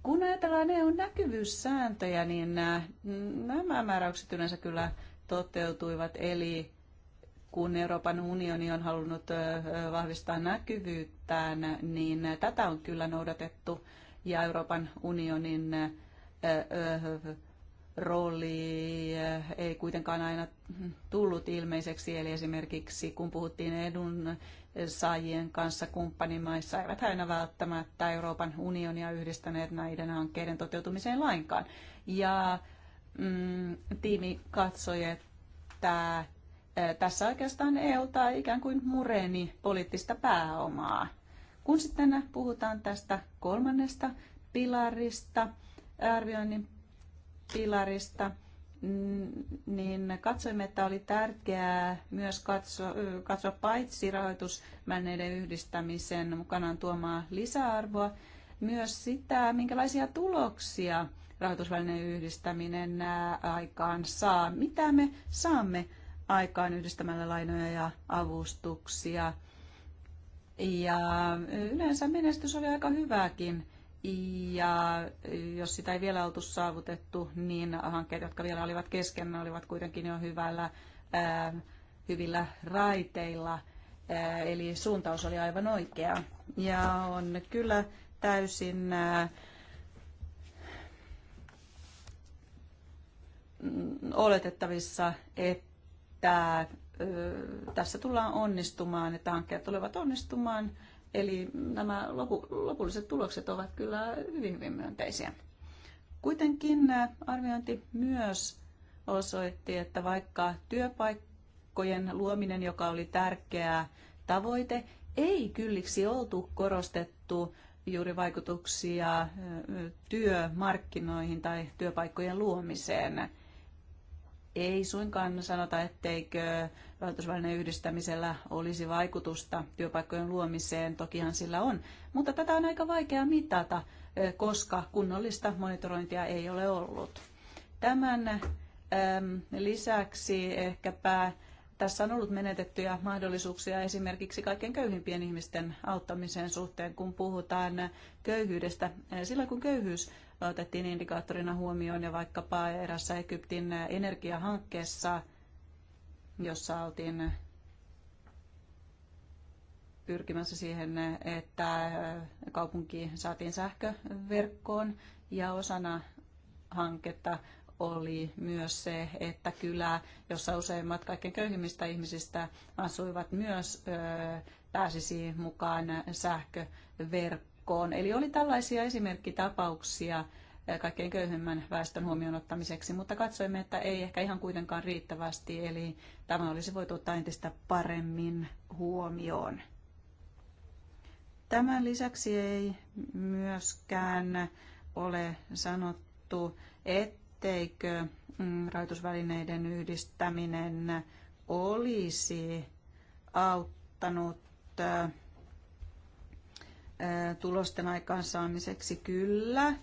D: Kun ajatellaan on näkyvyyssääntöjä, niin nämä, äh, nämä määräykset yleensä kyllä toteutuivat. Eli kun Euroopan unioni on halunnut äh, vahvistaa näkyvyyttään, niin tätä on kyllä noudatettu. Ja Euroopan unionin äh, rooli eh, ei kuitenkaan aina tullut ilmeiseksi. Eli esimerkiksi kun puhuttiin edun saajien kanssa kumppanimaissa, eivät aina välttämättä Euroopan unionia yhdistäneet näiden hankkeiden toteutumiseen lainkaan. Ja mm, tiimi katsoi, että eh, tässä oikeastaan EUta ikään kuin mureni poliittista pääomaa. Kun sitten puhutaan tästä kolmannesta pilarista, arvioinnin pilarista, niin katsoimme, että oli tärkeää myös katsoa, katsoa paitsi rahoitusmänneiden yhdistämisen mukanaan tuomaa lisäarvoa, myös sitä, minkälaisia tuloksia rahoitusvälineen yhdistäminen aikaan saa. Mitä me saamme aikaan yhdistämällä lainoja ja avustuksia. Ja yleensä menestys oli aika hyväkin ja jos sitä ei vielä oltu saavutettu, niin hankkeet, jotka vielä olivat kesken, olivat kuitenkin jo hyvällä, hyvillä raiteilla. Eli suuntaus oli aivan oikea. Ja on kyllä täysin oletettavissa, että tässä tullaan onnistumaan, että hankkeet tulevat onnistumaan – Eli nämä lopu, lopulliset tulokset ovat kyllä hyvin, hyvin myönteisiä. Kuitenkin arviointi myös osoitti, että vaikka työpaikkojen luominen, joka oli tärkeä tavoite, ei kylliksi oltu korostettu juuri vaikutuksia työmarkkinoihin tai työpaikkojen luomiseen – ei suinkaan sanota, etteikö rahoitusvälineen yhdistämisellä olisi vaikutusta työpaikkojen luomiseen, tokihan sillä on, mutta tätä on aika vaikea mitata, koska kunnollista monitorointia ei ole ollut. Tämän lisäksi ehkäpä tässä on ollut menetettyjä mahdollisuuksia esimerkiksi kaikkein köyhimpien ihmisten auttamiseen suhteen, kun puhutaan köyhyydestä. Silloin kun köyhyys otettiin indikaattorina huomioon ja vaikkapa erässä Egyptin energiahankkeessa, jossa oltiin pyrkimässä siihen, että kaupunki saatiin sähköverkkoon ja osana hanketta oli myös se, että kylä, jossa useimmat kaikkein köyhimmistä ihmisistä asuivat myös, pääsisi mukaan sähköverkkoon joukkoon. Eli oli tällaisia esimerkkitapauksia eh, kaikkein köyhimmän väestön huomioon ottamiseksi, mutta katsoimme, että ei ehkä ihan kuitenkaan riittävästi, eli tämä olisi voitu ottaa entistä paremmin huomioon. Tämän lisäksi ei myöskään ole sanottu, etteikö mm, rahoitusvälineiden yhdistäminen olisi auttanut eh, tulosten aikaansaamiseksi kyllä.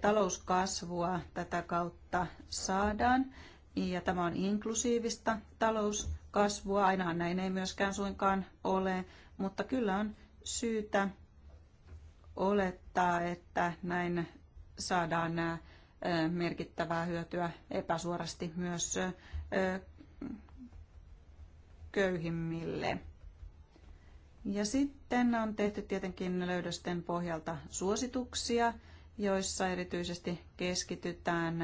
D: Talouskasvua tätä kautta saadaan ja tämä on inklusiivista talouskasvua. Aina näin ei myöskään suinkaan ole, mutta kyllä on syytä olettaa, että näin saadaan merkittävää hyötyä epäsuorasti myös köyhimmille. Ja sitten on tehty tietenkin löydösten pohjalta suosituksia, joissa erityisesti keskitytään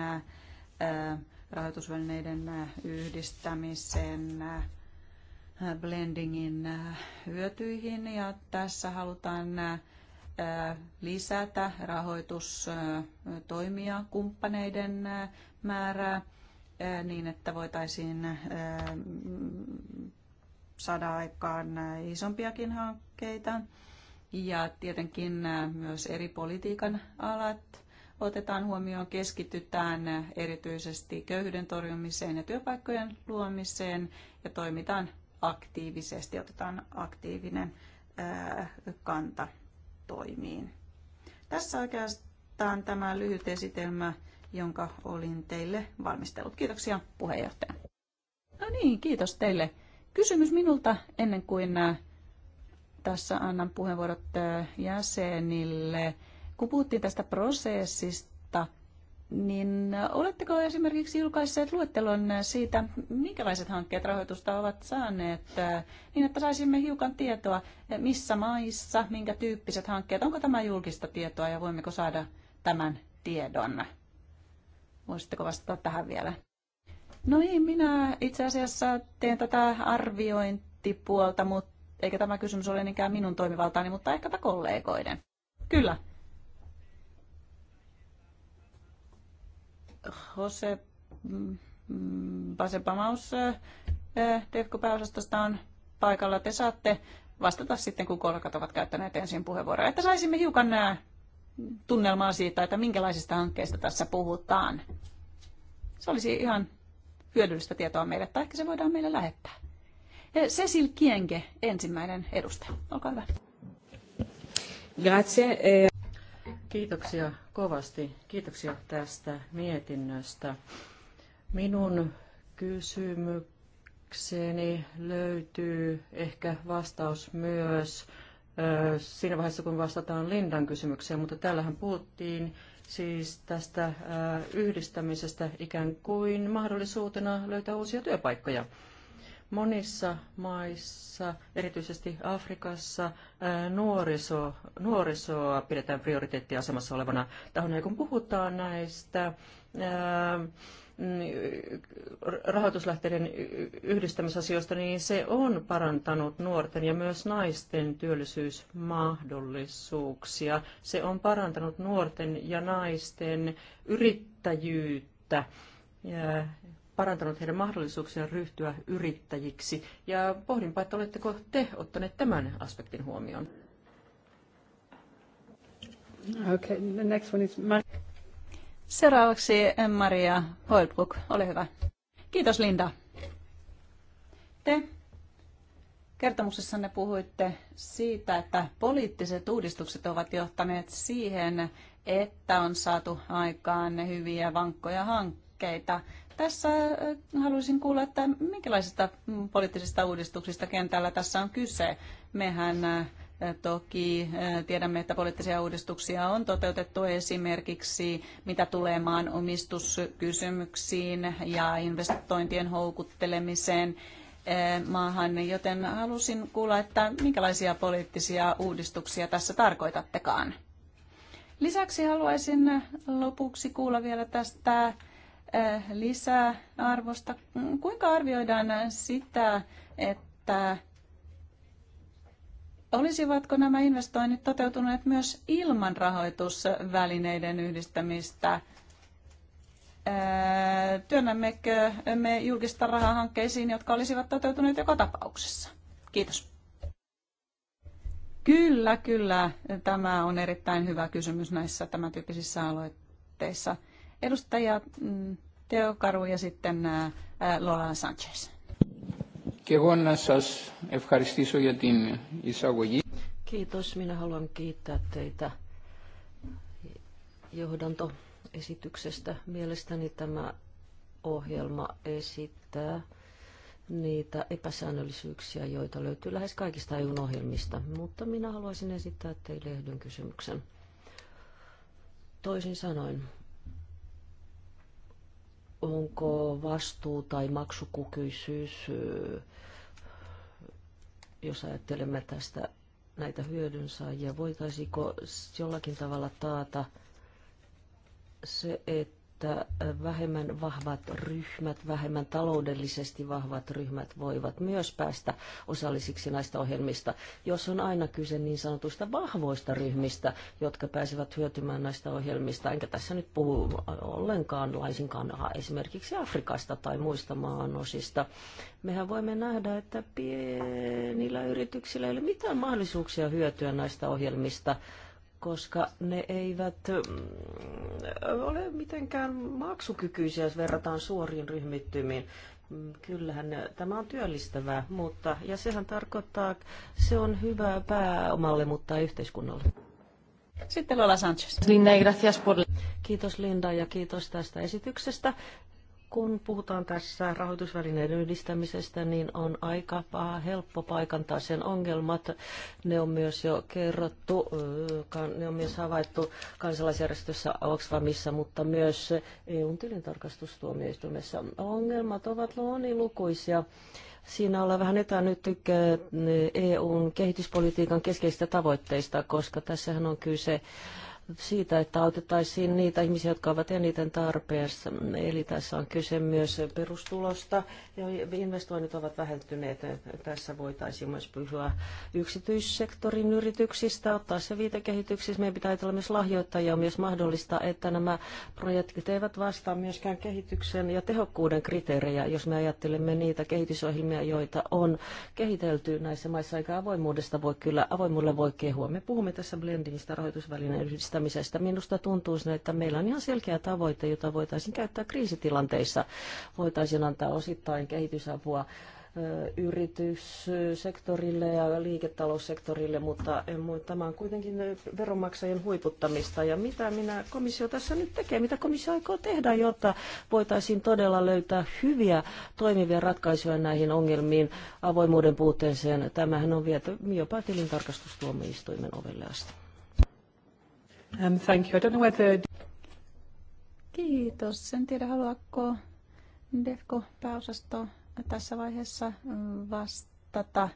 D: rahoitusvälineiden yhdistämisen blendingin hyötyihin ja tässä halutaan lisätä rahoitustoimia kumppaneiden määrää niin, että voitaisiin saada aikaan äh, isompiakin hankkeita. Ja tietenkin äh, myös eri politiikan alat otetaan huomioon, keskitytään äh, erityisesti köyhyyden torjumiseen ja työpaikkojen luomiseen ja toimitaan aktiivisesti, otetaan aktiivinen kanta toimiin. Tässä oikeastaan tämä lyhyt esitelmä, jonka olin teille valmistellut. Kiitoksia puheenjohtaja. No niin, kiitos teille Kysymys minulta ennen kuin äh, tässä annan puheenvuorot äh, jäsenille. Kun puhuttiin tästä prosessista, niin äh, oletteko esimerkiksi julkaisseet luettelon siitä, minkälaiset hankkeet rahoitusta ovat saaneet, niin että saisimme hiukan tietoa, missä maissa, minkä tyyppiset hankkeet, onko tämä julkista tietoa ja voimmeko saada tämän tiedon? Voisitteko vastata tähän vielä? No niin, minä itse asiassa teen tätä arviointipuolta, mutta eikä tämä kysymys ole niinkään minun toimivaltaani, mutta ehkäpä kollegoiden. Kyllä. Jose mm, mm, Basepamaus eh, eh, Defko pääosastosta on paikalla. Te saatte vastata sitten, kun kollegat ovat käyttäneet ensin puheenvuoroa, että saisimme hiukan nää eh, tunnelmaa siitä, että minkälaisista hankkeista tässä puhutaan. Se olisi ihan hyödyllistä tietoa meille, tai ehkä se voidaan meille lähettää. Cecil Kienge, ensimmäinen edustaja. Olkaa hyvä.
A: Grazie. Eh. Kiitoksia kovasti. Kiitoksia tästä mietinnöstä. Minun kysymykseni löytyy ehkä vastaus myös eh, siinä vaiheessa, kun vastataan Lindan kysymykseen, mutta täällähän puhuttiin siis tästä äh, yhdistämisestä ikään kuin mahdollisuutena löytää uusia työpaikkoja. Monissa maissa, erityisesti Afrikassa, äh, nuoriso, nuorisoa pidetään prioriteettiasemassa olevana tahona. Ja kun puhutaan näistä ää, äh, Mm, rahoituslähteiden yhdistämisasioista, niin se on parantanut nuorten ja myös naisten työllisyysmahdollisuuksia. Se on parantanut nuorten ja naisten yrittäjyyttä, ja parantanut heidän mahdollisuuksia ryhtyä yrittäjiksi. Ja pohdinpa, että oletteko te ottaneet tämän aspektin huomioon. Okay, the next one is Seuraavaksi Maria Holbrook, ole hyvä.
D: Kiitos Linda. Te kertomuksessanne puhuitte siitä, että poliittiset uudistukset ovat johtaneet siihen, että on saatu aikaan hyviä vankkoja hankkeita. Tässä äh, haluaisin kuulla, että minkälaisista poliittisista uudistuksista kentällä tässä on kyse. Mehän äh, Toki eh, tiedämme, että poliittisia uudistuksia on toteutettu esimerkiksi, mitä tulee maan omistuskysymyksiin ja investointien houkuttelemiseen eh, maahan, joten halusin kuulla, että minkälaisia poliittisia uudistuksia tässä tarkoitattekaan. Lisäksi haluaisin lopuksi kuulla vielä tästä eh, lisää arvosta. Kuinka arvioidaan sitä, että Olisivatko nämä investoinnit toteutuneet myös ilman rahoitusvälineiden yhdistämistä? Öö, työnnämmekö me julkista rahaa hankkeisiin, jotka olisivat toteutuneet joka tapauksessa? Kiitos. Kyllä, kyllä. Tämä on erittäin hyvä kysymys näissä tämän tyyppisissä aloitteissa. Edustaja mm, Teokaru ja sitten Lola Sanchez.
C: Και εγώ να σας ευχαριστήσω για την εισαγωγή.
B: Kiitos. Minä haluan kiittää teitä johdantoesityksestä. Mielestäni tämä ohjelma esittää niitä epäsäännöllisyyksiä, joita löytyy lähes kaikista EUn ohjelmista. Mutta minä haluaisin esittää teille yhden kysymyksen. Toisin sanoen, onko vastuu tai maksukykyisyys, jos ajattelemme tästä näitä hyödynsaajia, voitaisiko jollakin tavalla taata se, että että äh, vähemmän vahvat ryhmät, vähemmän taloudellisesti vahvat ryhmät voivat myös päästä osallisiksi näistä ohjelmista, jos on aina kyse niin sanotuista vahvoista ryhmistä, jotka pääsevät hyötymään näistä ohjelmista. Enkä tässä nyt puhu ollenkaan laisinkaan esimerkiksi Afrikasta tai muista maanosista. Mehän voimme nähdä, että pienillä yrityksillä ei ole mitään mahdollisuuksia hyötyä näistä ohjelmista koska ne eivät mm, ole mitenkään maksukykyisiä, jos verrataan suoriin ryhmittymiin. Mm, Kyllähän tämä on työllistävää, mutta, ja sehän tarkoittaa, se on hyvää pääomalle, mutta yhteiskunnalle. Sitten Lola Sanchez. Linda, gracias por... Kiitos Linda ja kiitos tästä esityksestä. Kun puhutaan tässä rahoitusvälineiden yhdistämisestä, niin on aika helppo paikantaa sen ongelmat. Ne on myös jo kerrottu, ne on myös havaittu kansalaisjärjestössä Oxfamissa, mutta myös eu tilintarkastustuomioistuimessa. Ongelmat ovat monilukuisia. Siinä ollaan vähän etänytty EUn kehityspolitiikan keskeisistä tavoitteista, koska tässähän on kyse siitä, että autettaisiin niitä ihmisiä, jotka ovat eniten tarpeessa. Eli tässä on kyse myös perustulosta ja investoinnit ovat vähentyneet. Tässä voitaisiin myös puhua yksityissektorin yrityksistä, ottaa se viitekehityksissä. Meidän pitää olla myös lahjoittajia myös mahdollista, että nämä projektit eivät vastaa myöskään kehityksen ja tehokkuuden kriteerejä, jos me ajattelemme niitä kehitysohjelmia, joita on kehitelty näissä maissa, eikä avoimuudesta voi kyllä, avoimuudelle voi kehua. Me puhumme tässä blendingistä rahoitusvälineistä kehittämisestä. Minusta tuntuu, että meillä on ihan selkeä tavoite, jota voitaisiin käyttää kriisitilanteissa. Voitaisiin antaa osittain kehitysapua yrityssektorille ja liiketaloussektorille, mutta tämä on kuitenkin veronmaksajien huiputtamista. Ja mitä minä komissio tässä nyt tekee, mitä komissio aikoo tehdä, jotta voitaisiin todella löytää hyviä toimivia ratkaisuja näihin ongelmiin avoimuuden puutteeseen. Tämähän on viety jopa tilintarkastustuomioistuimen ovelle asti. Um, thank you. I don't know whether...
D: Kiitos. En tiedä, haluaako DEFCO-pääosasto tässä vaiheessa mm, vastata.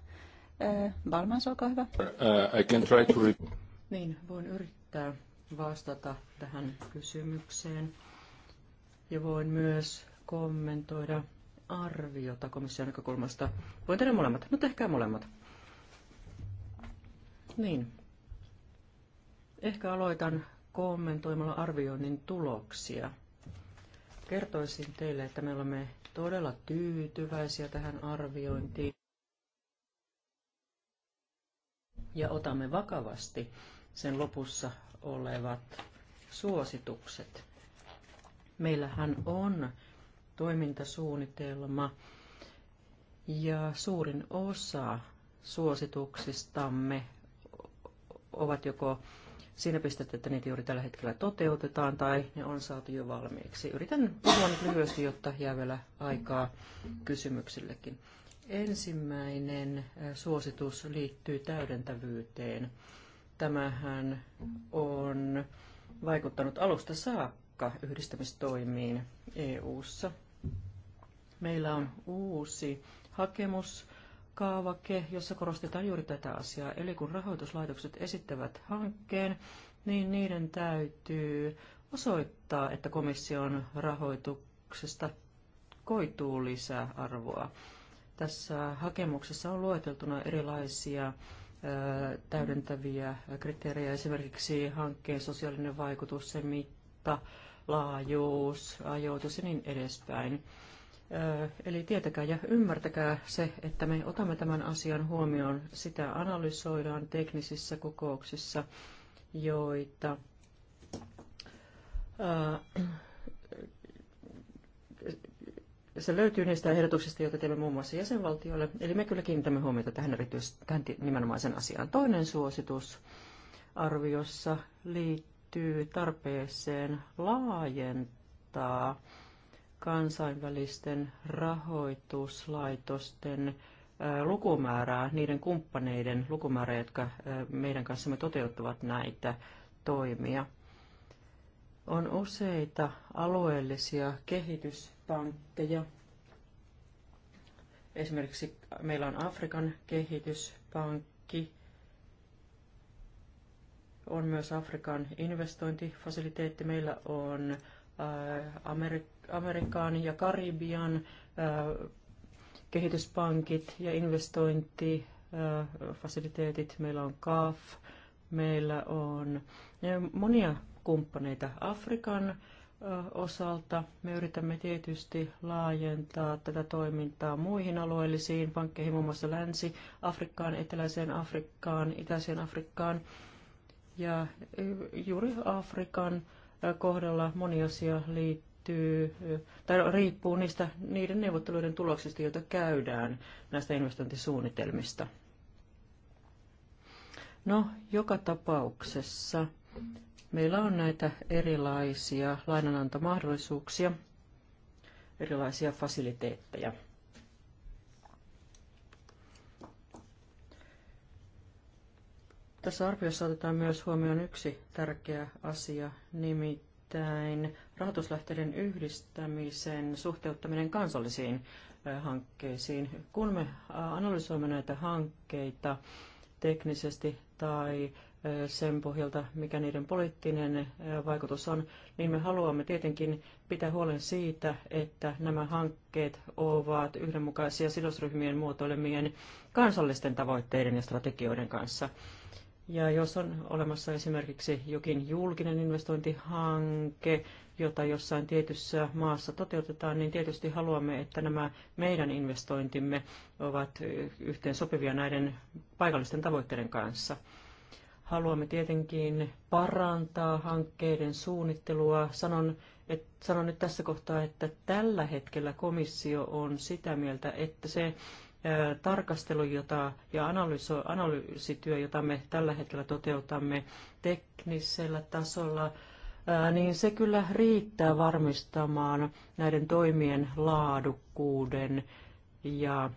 D: Eh,
A: Valmans, olkaa hyvä.
C: Uh, I can try to...
A: Niin, voin yrittää vastata tähän kysymykseen. Ja voin myös kommentoida arviota komission näkökulmasta. Voin tehdä molemmat. No tehkää molemmat. Niin, Ehkä aloitan kommentoimalla arvioinnin tuloksia. Kertoisin teille, että me olemme todella tyytyväisiä tähän arviointiin ja otamme vakavasti sen lopussa olevat suositukset. Meillähän on toimintasuunnitelma ja suurin osa suosituksistamme ovat joko siinä pistettä, että niitä juuri tällä hetkellä toteutetaan tai ne on saatu jo valmiiksi. Yritän puhua nyt lyhyesti, jotta jää vielä aikaa kysymyksillekin. Ensimmäinen äh, suositus liittyy täydentävyyteen. Tämähän on vaikuttanut alusta saakka yhdistämistoimiin EU:ssa. Meillä on uusi hakemus kaavake, jossa korostetaan juuri tätä asiaa. Eli kun rahoituslaitokset esittävät hankkeen, niin niiden täytyy osoittaa, että komission rahoituksesta koituu lisäarvoa. arvoa. Tässä hakemuksessa on lueteltuna erilaisia täydentäviä kriteerejä, esimerkiksi hankkeen sosiaalinen vaikutus, se mitta, laajuus, ajoitus ja niin edespäin. Eli tietäkää ja ymmärtäkää se, että me otamme tämän asian huomioon. Sitä analysoidaan teknisissä kokouksissa, joita se löytyy niistä ehdotuksista, joita teemme muun muassa jäsenvaltioille. Eli me kyllä kiinnitämme huomiota tähän, erityisesti, tähän nimenomaisen asiaan. Toinen suositus arviossa liittyy tarpeeseen laajentaa kansainvälisten rahoituslaitosten lukumäärää, niiden kumppaneiden lukumäärää, jotka meidän kanssamme toteuttavat näitä toimia. On useita alueellisia kehityspankkeja. Esimerkiksi meillä on Afrikan kehityspankki, on myös Afrikan investointifasiliteetti, meillä on Amerik- Amerikan ja Karibian äh, kehityspankit ja investointifasiliteetit. Äh, meillä on CAF, meillä on monia kumppaneita Afrikan äh, osalta. Me yritämme tietysti laajentaa tätä toimintaa muihin alueellisiin pankkeihin, muun muassa Länsi-Afrikkaan, Eteläiseen Afrikkaan, Itäiseen Afrikkaan. Ja juuri Afrikan kohdalla moni asia liittyy liittyy tai riippuu niistä, niiden neuvotteluiden tuloksista, joita käydään näistä investointisuunnitelmista. No, joka tapauksessa meillä on näitä erilaisia lainanantomahdollisuuksia, erilaisia fasiliteetteja. Tässä arviossa otetaan myös huomioon yksi tärkeä asia, nimittäin rahoituslähteiden yhdistämisen suhteuttaminen kansallisiin hankkeisiin. Kun me analysoimme näitä hankkeita teknisesti tai sen pohjalta, mikä niiden poliittinen vaikutus on, niin me haluamme tietenkin pitää huolen siitä, että nämä hankkeet ovat yhdenmukaisia sidosryhmien muotoilemien kansallisten tavoitteiden ja strategioiden kanssa. Ja jos on olemassa esimerkiksi jokin julkinen investointihanke, jota jossain tietyssä maassa toteutetaan, niin tietysti haluamme, että nämä meidän investointimme ovat yhteen sopivia näiden paikallisten tavoitteiden kanssa. Haluamme tietenkin parantaa hankkeiden suunnittelua. Sanon, et, sanon nyt tässä kohtaa, että tällä hetkellä komissio on sitä mieltä, että se tarkastelu jota, ja analyso, analyysityö, jota me tällä hetkellä toteutamme teknisellä tasolla, niin se kyllä riittää varmistamaan näiden toimien laadukkuuden ja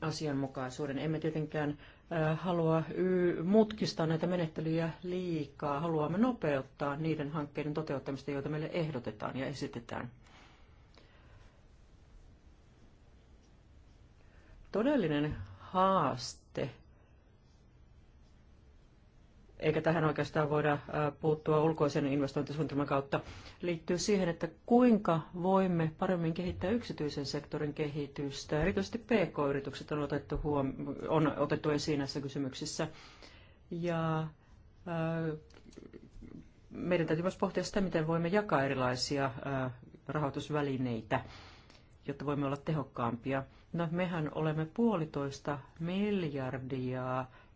A: asianmukaisuuden. Emme tietenkään halua mutkistaa näitä menettelyjä liikaa. Haluamme nopeuttaa niiden hankkeiden toteuttamista, joita meille ehdotetaan ja esitetään. Todellinen haaste eikä tähän oikeastaan voida puuttua ulkoisen investointisuunnitelman kautta, liittyy siihen, että kuinka voimme paremmin kehittää yksityisen sektorin kehitystä. Erityisesti PK-yritykset on otettu, huom- on otettu esiin näissä kysymyksissä. Ja meidän täytyy myös pohtia sitä, miten voimme jakaa erilaisia rahoitusvälineitä, jotta voimme olla tehokkaampia. No, mehän olemme puolitoista miljardia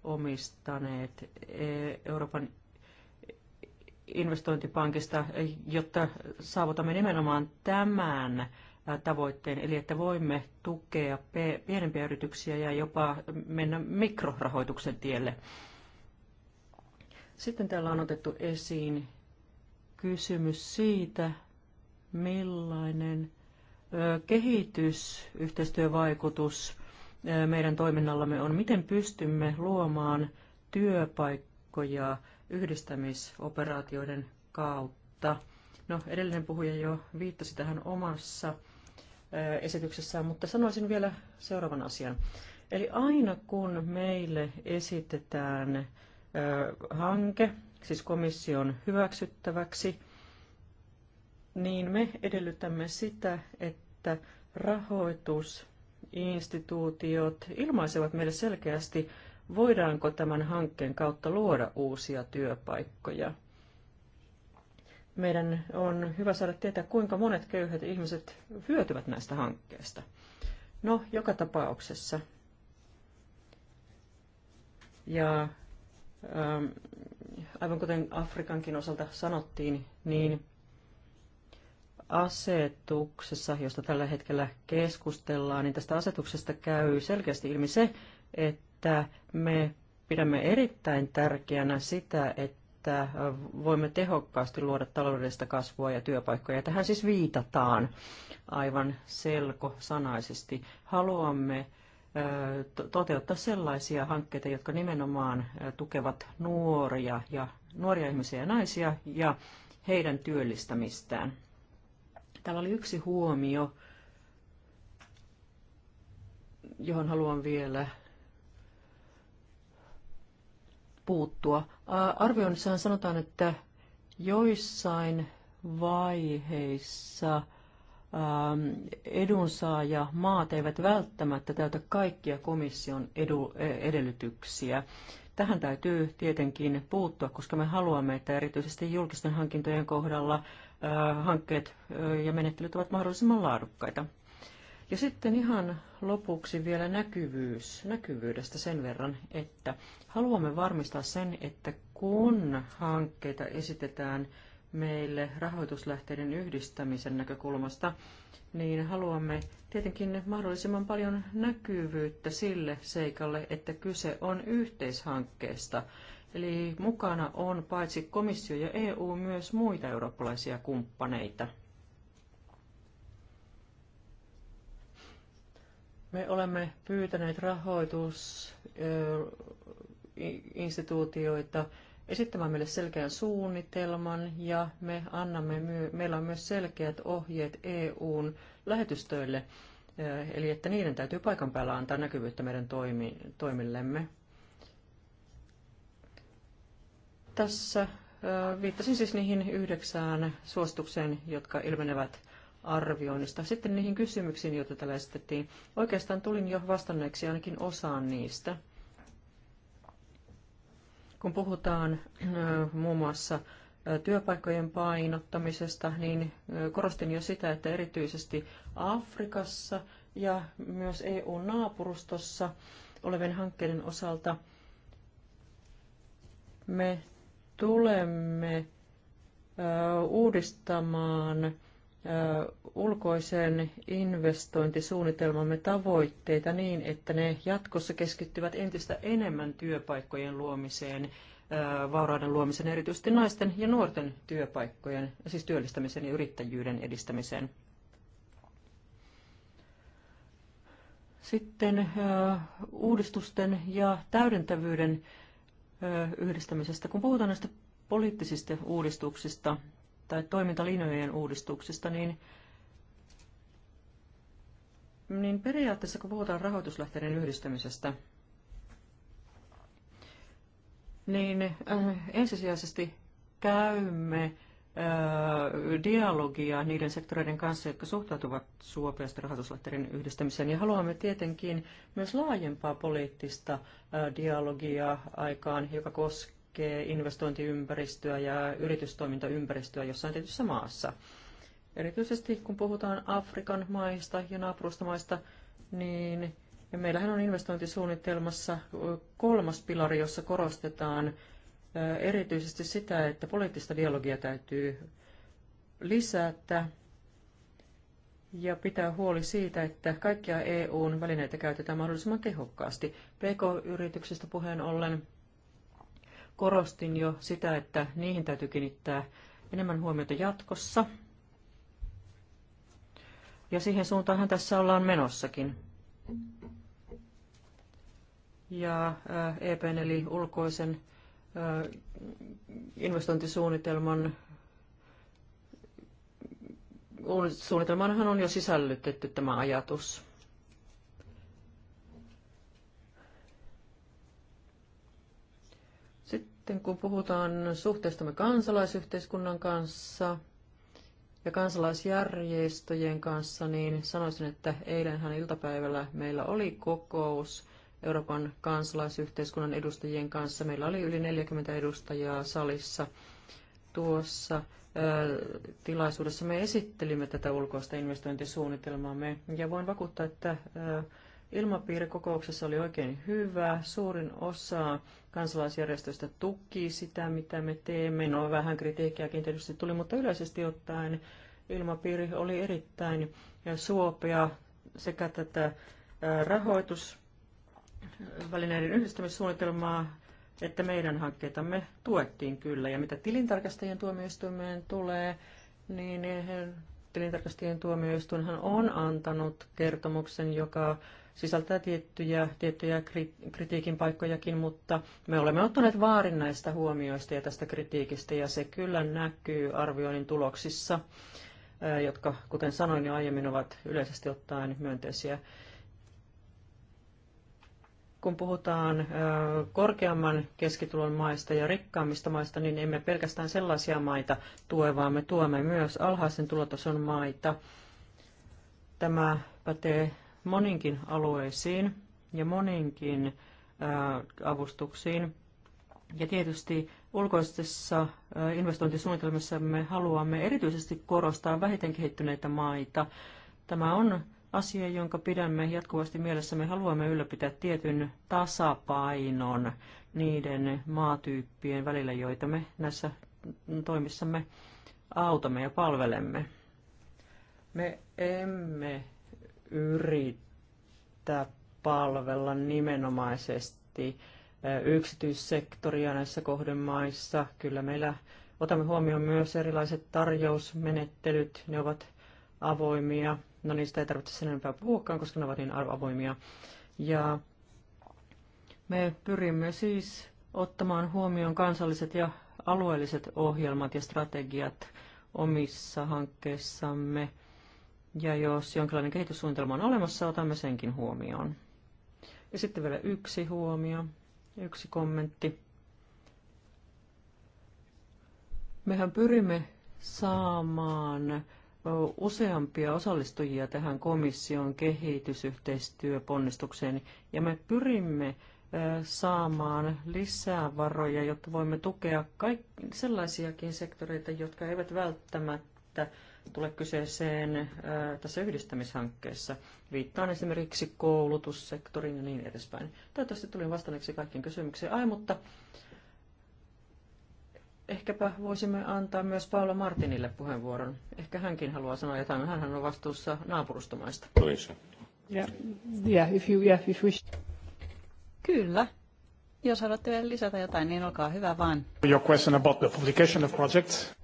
A: omistaneet e, Euroopan investointipankista, jotta saavutamme nimenomaan tämän tavoitteen, eli että voimme tukea pienempiä yrityksiä ja jopa mennä mikrorahoituksen tielle. Sitten täällä on otettu esiin kysymys siitä, millainen kehitysyhteistyövaikutus meidän toiminnallamme on, miten pystymme luomaan työpaikkoja yhdistämisoperaatioiden kautta. No, edellinen puhuja jo viittasi tähän omassa esityksessään, mutta sanoisin vielä seuraavan asian. Eli aina kun meille esitetään hanke, siis komission hyväksyttäväksi, niin me edellytämme sitä, että rahoitus instituutiot ilmaisevat meille selkeästi, voidaanko tämän hankkeen kautta luoda uusia työpaikkoja. Meidän on hyvä saada tietää, kuinka monet köyhät ihmiset hyötyvät näistä hankkeista. No, joka tapauksessa. Ja ähm, aivan kuten Afrikankin osalta sanottiin, niin asetuksessa, josta tällä hetkellä keskustellaan, niin tästä asetuksesta käy selkeästi ilmi se, että me pidämme erittäin tärkeänä sitä, että voimme tehokkaasti luoda taloudellista kasvua ja työpaikkoja. Tähän siis viitataan aivan selkosanaisesti. Haluamme toteuttaa sellaisia hankkeita, jotka nimenomaan tukevat nuoria ja nuoria ihmisiä ja naisia ja heidän työllistämistään. Täällä oli yksi huomio, johon haluan vielä puuttua. Arvioinnissahan sanotaan, että joissain vaiheissa – Ähm, edunsaaja maat eivät välttämättä täytä kaikkia komission edu, e, edellytyksiä. Tähän täytyy tietenkin puuttua, koska me haluamme, että erityisesti julkisten hankintojen kohdalla hankkeet ja menettelyt ovat mahdollisimman laadukkaita. Ja sitten ihan lopuksi vielä näkyvyys, näkyvyydestä sen verran, että haluamme varmistaa sen, että kun hankkeita esitetään meille rahoituslähteiden yhdistämisen näkökulmasta, niin haluamme tietenkin mahdollisimman paljon näkyvyyttä sille seikalle, että kyse on yhteishankkeesta. Eli mukana on paitsi komissio ja EU myös muita eurooppalaisia kumppaneita. Me olemme pyytäneet rahoitusinstituutioita esittämään meille selkeän suunnitelman ja me annamme, meillä on myös selkeät ohjeet EUn lähetystöille, eh, eli että niiden täytyy paikan päällä antaa näkyvyyttä meidän toimi, toimillemme. Tässä eh, viittasin siis niihin yhdeksään suostukseen, jotka ilmenevät arvioinnista. Sitten niihin kysymyksiin, joita täällä esitettiin. Oikeastaan tulin jo vastanneeksi ainakin osaan niistä. Kun puhutaan muun muassa työpaikkojen painottamisesta, niin korostin jo sitä, että erityisesti Afrikassa ja myös EU-naapurustossa olevien hankkeiden osalta me tulemme uudistamaan ulkoisen investointisuunnitelmamme tavoitteita niin, että ne jatkossa keskittyvät entistä enemmän työpaikkojen luomiseen, vaurauden luomiseen, erityisesti naisten ja nuorten työpaikkojen, siis työllistämisen ja yrittäjyyden edistämiseen. Sitten uudistusten ja täydentävyyden yhdistämisestä. Kun puhutaan näistä poliittisista uudistuksista, tai toimintalinjojen uudistuksista, niin, niin periaatteessa kun puhutaan rahoituslähteiden yhdistämisestä, niin äh, ensisijaisesti käymme äh, dialogia niiden sektoreiden kanssa, jotka suhtautuvat suopeasti rahoituslähteiden yhdistämiseen. Ja haluamme tietenkin myös laajempaa poliittista äh, dialogia aikaan, joka koskee koskee investointiympäristöä ja yritystoimintaympäristöä jossain tietyssä maassa. Erityisesti kun puhutaan Afrikan maista ja naapurustomaista, niin ja meillähän on investointisuunnitelmassa kolmas pilari, jossa korostetaan erityisesti sitä, että poliittista dialogia täytyy lisätä ja pitää huoli siitä, että kaikkia EUn välineitä käytetään mahdollisimman tehokkaasti. PK-yrityksistä puheen ollen korostin jo sitä, että niihin täytyy kiinnittää enemmän huomiota jatkossa. Ja siihen suuntaanhan tässä ollaan menossakin. Ja äh, EPn eli ulkoisen äh, investointisuunnitelman suunnitelmanhan on jo sisällytetty tämä ajatus. Sitten kun puhutaan suhteestamme kansalaisyhteiskunnan kanssa ja kansalaisjärjestöjen kanssa, niin sanoisin, että eilenhän iltapäivällä meillä oli kokous Euroopan kansalaisyhteiskunnan edustajien kanssa. Meillä oli yli 40 edustajaa salissa tuossa tilaisuudessa me esittelimme tätä ulkoista investointisuunnitelmaa. ja voin vakuuttaa, että Ilmapiiri kokouksessa oli oikein hyvä. Suurin osa kansalaisjärjestöistä tuki sitä, mitä me teemme. No vähän kritiikkiäkin tietysti tuli, mutta yleisesti ottaen ilmapiiri oli erittäin suopea sekä tätä rahoitusvälineiden yhdistämissuunnitelmaa että meidän hankkeitamme tuettiin kyllä. Ja mitä tilintarkastajien tuomioistuimeen tulee, niin tilintarkastajien tuomioistuinhan on antanut kertomuksen, joka sisältää tiettyjä, tiettyjä kritiikin paikkojakin, mutta me olemme ottaneet vaarin näistä huomioista ja tästä kritiikistä, ja se kyllä näkyy arvioinnin tuloksissa, jotka, kuten sanoin jo aiemmin, ovat yleisesti ottaen myönteisiä. Kun puhutaan korkeamman keskitulon maista ja rikkaammista maista, niin emme pelkästään sellaisia maita tue, vaan me tuomme myös alhaisen tulotason maita. Tämä pätee moninkin alueisiin ja moninkin avustuksiin. Ja tietysti ulkoisessa me haluamme erityisesti korostaa vähiten kehittyneitä maita. Tämä on asia, jonka pidämme jatkuvasti mielessä. Me haluamme ylläpitää tietyn tasapainon niiden maatyyppien välillä, joita me näissä toimissamme autamme ja palvelemme. Me emme yrittää palvella nimenomaisesti yksityissektoria näissä kohdemaissa. Kyllä meillä otamme huomioon myös erilaiset tarjousmenettelyt. Ne ovat avoimia. No niistä ei tarvitse sen enempää puhuakaan, koska ne ovat niin avoimia. Ja me pyrimme siis ottamaan huomioon kansalliset ja alueelliset ohjelmat ja strategiat omissa hankkeissamme – ja jos jonkinlainen kehityssuunnitelma on olemassa, otamme senkin huomioon. Ja sitten vielä yksi huomio, yksi kommentti. Mehän pyrimme saamaan useampia osallistujia tähän komission kehitysyhteistyöponnistukseen, ja me pyrimme saamaan lisää varoja, jotta voimme tukea kaik- sellaisiakin sektoreita, jotka eivät välttämättä tule kyseeseen tässä yhdistämishankkeessa. Viittaan esimerkiksi koulutussektoriin ja niin edespäin. Toivottavasti tulin vastanneeksi kaikkiin kysymyksiin. Ai, mutta ehkäpä voisimme antaa myös Paula Martinille puheenvuoron. Ehkä hänkin haluaa sanoa jotain. hän on vastuussa naapurustomaista. Yeah. Yeah, if you, yeah, if wish. Kyllä. Jos
D: haluatte vielä lisätä jotain, niin olkaa hyvä vaan.
C: Your question about the publication of projects.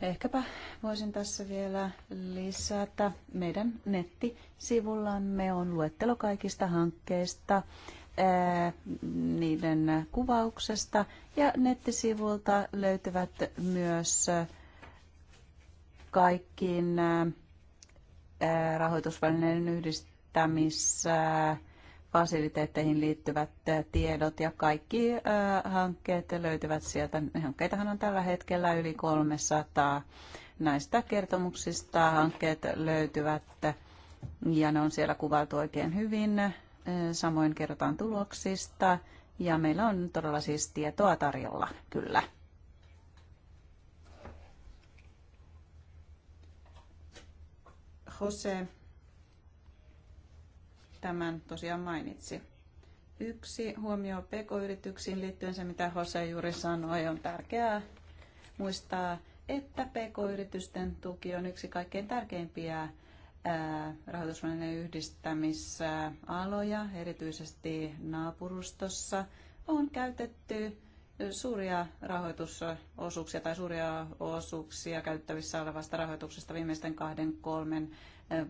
D: Ehkäpä voisin tässä vielä lisätä. Meidän nettisivullamme on luettelo kaikista hankkeista, niiden kuvauksesta ja nettisivulta löytyvät myös kaikkiin rahoitusvälineiden yhdistämissä fasiliteetteihin liittyvät tiedot ja kaikki hankkeet löytyvät sieltä. Hankkeitahan on tällä hetkellä yli 300. Näistä kertomuksista hankkeet löytyvät ja ne on siellä kuvailtu oikein hyvin. Samoin kerrotaan tuloksista ja meillä on todella siis tietoa tarjolla, kyllä. Jose tämän tosiaan mainitsi. Yksi huomio pk-yrityksiin liittyen se, mitä Jose juuri sanoi, on tärkeää muistaa, että pk-yritysten tuki on yksi kaikkein tärkeimpiä rahoitusvälineen yhdistämisaloja, erityisesti naapurustossa, on käytetty suuria rahoitusosuuksia tai suuria osuuksia käyttävissä olevasta rahoituksesta viimeisten kahden, kolmen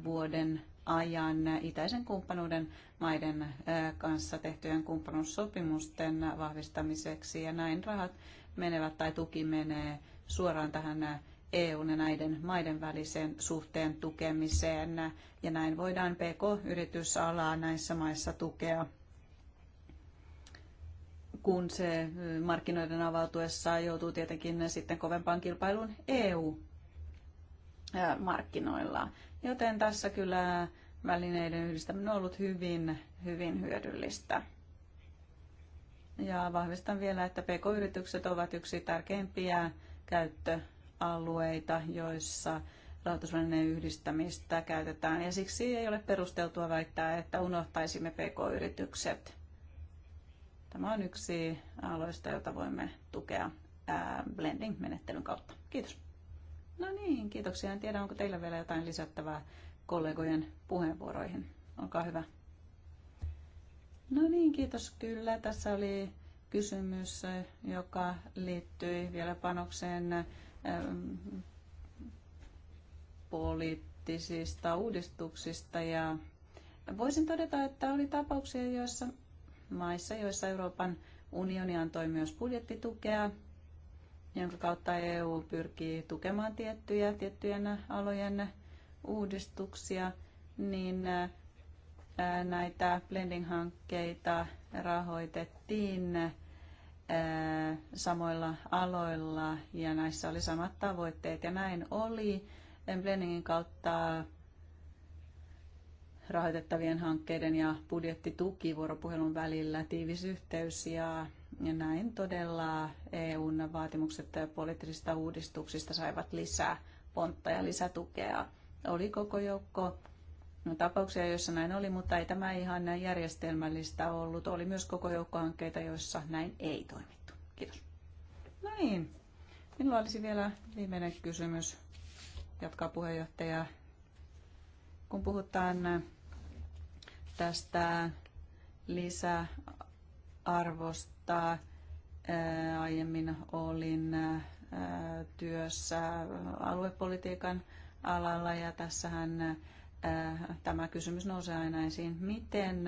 D: vuoden ajan itäisen kumppanuuden maiden kanssa tehtyjen kumppanuussopimusten vahvistamiseksi ja näin rahat menevät tai tuki menee suoraan tähän EUn ja näiden maiden välisen suhteen tukemiseen ja näin voidaan PK-yritysalaa näissä maissa tukea kun se markkinoiden avautuessa joutuu tietenkin sitten kovempaan kilpailuun EU-markkinoilla. Joten tässä kyllä välineiden yhdistäminen on ollut hyvin, hyvin hyödyllistä. Ja vahvistan vielä, että pk-yritykset ovat yksi tärkeimpiä käyttöalueita, joissa rahoitusvälineen yhdistämistä käytetään. Ja siksi ei ole perusteltua väittää, että unohtaisimme pk-yritykset. Tämä on yksi aloista, jota voimme tukea blending-menettelyn kautta. Kiitos. No niin, kiitoksia. En tiedä, onko teillä vielä jotain lisättävää kollegojen puheenvuoroihin. Olkaa hyvä. No niin, kiitos. Kyllä, tässä oli kysymys, joka liittyi vielä panokseen ähm, poliittisista uudistuksista. Ja voisin todeta, että oli tapauksia, joissa maissa, joissa Euroopan unioni antoi myös budjettitukea jonka kautta EU pyrkii tukemaan tiettyjä, tiettyjen alojen uudistuksia, niin näitä blending-hankkeita rahoitettiin samoilla aloilla ja näissä oli samat tavoitteet ja näin oli. Blendingin kautta rahoitettavien hankkeiden ja budjettituki vuoropuhelun välillä tiivis yhteys ja ja näin todella EUn vaatimukset poliittisista uudistuksista saivat lisää pontta ja lisätukea. Oli koko joukko no, tapauksia, joissa näin oli, mutta ei tämä ihan näin järjestelmällistä ollut. Oli myös koko joukko hankkeita, joissa näin ei toimittu. Kiitos. No niin. Minulla olisi vielä viimeinen kysymys, jatkaa puheenjohtaja. Kun puhutaan tästä lisäarvosta, mutta aiemmin olin työssä aluepolitiikan alalla ja tässähän tämä kysymys nousee aina esiin. Miten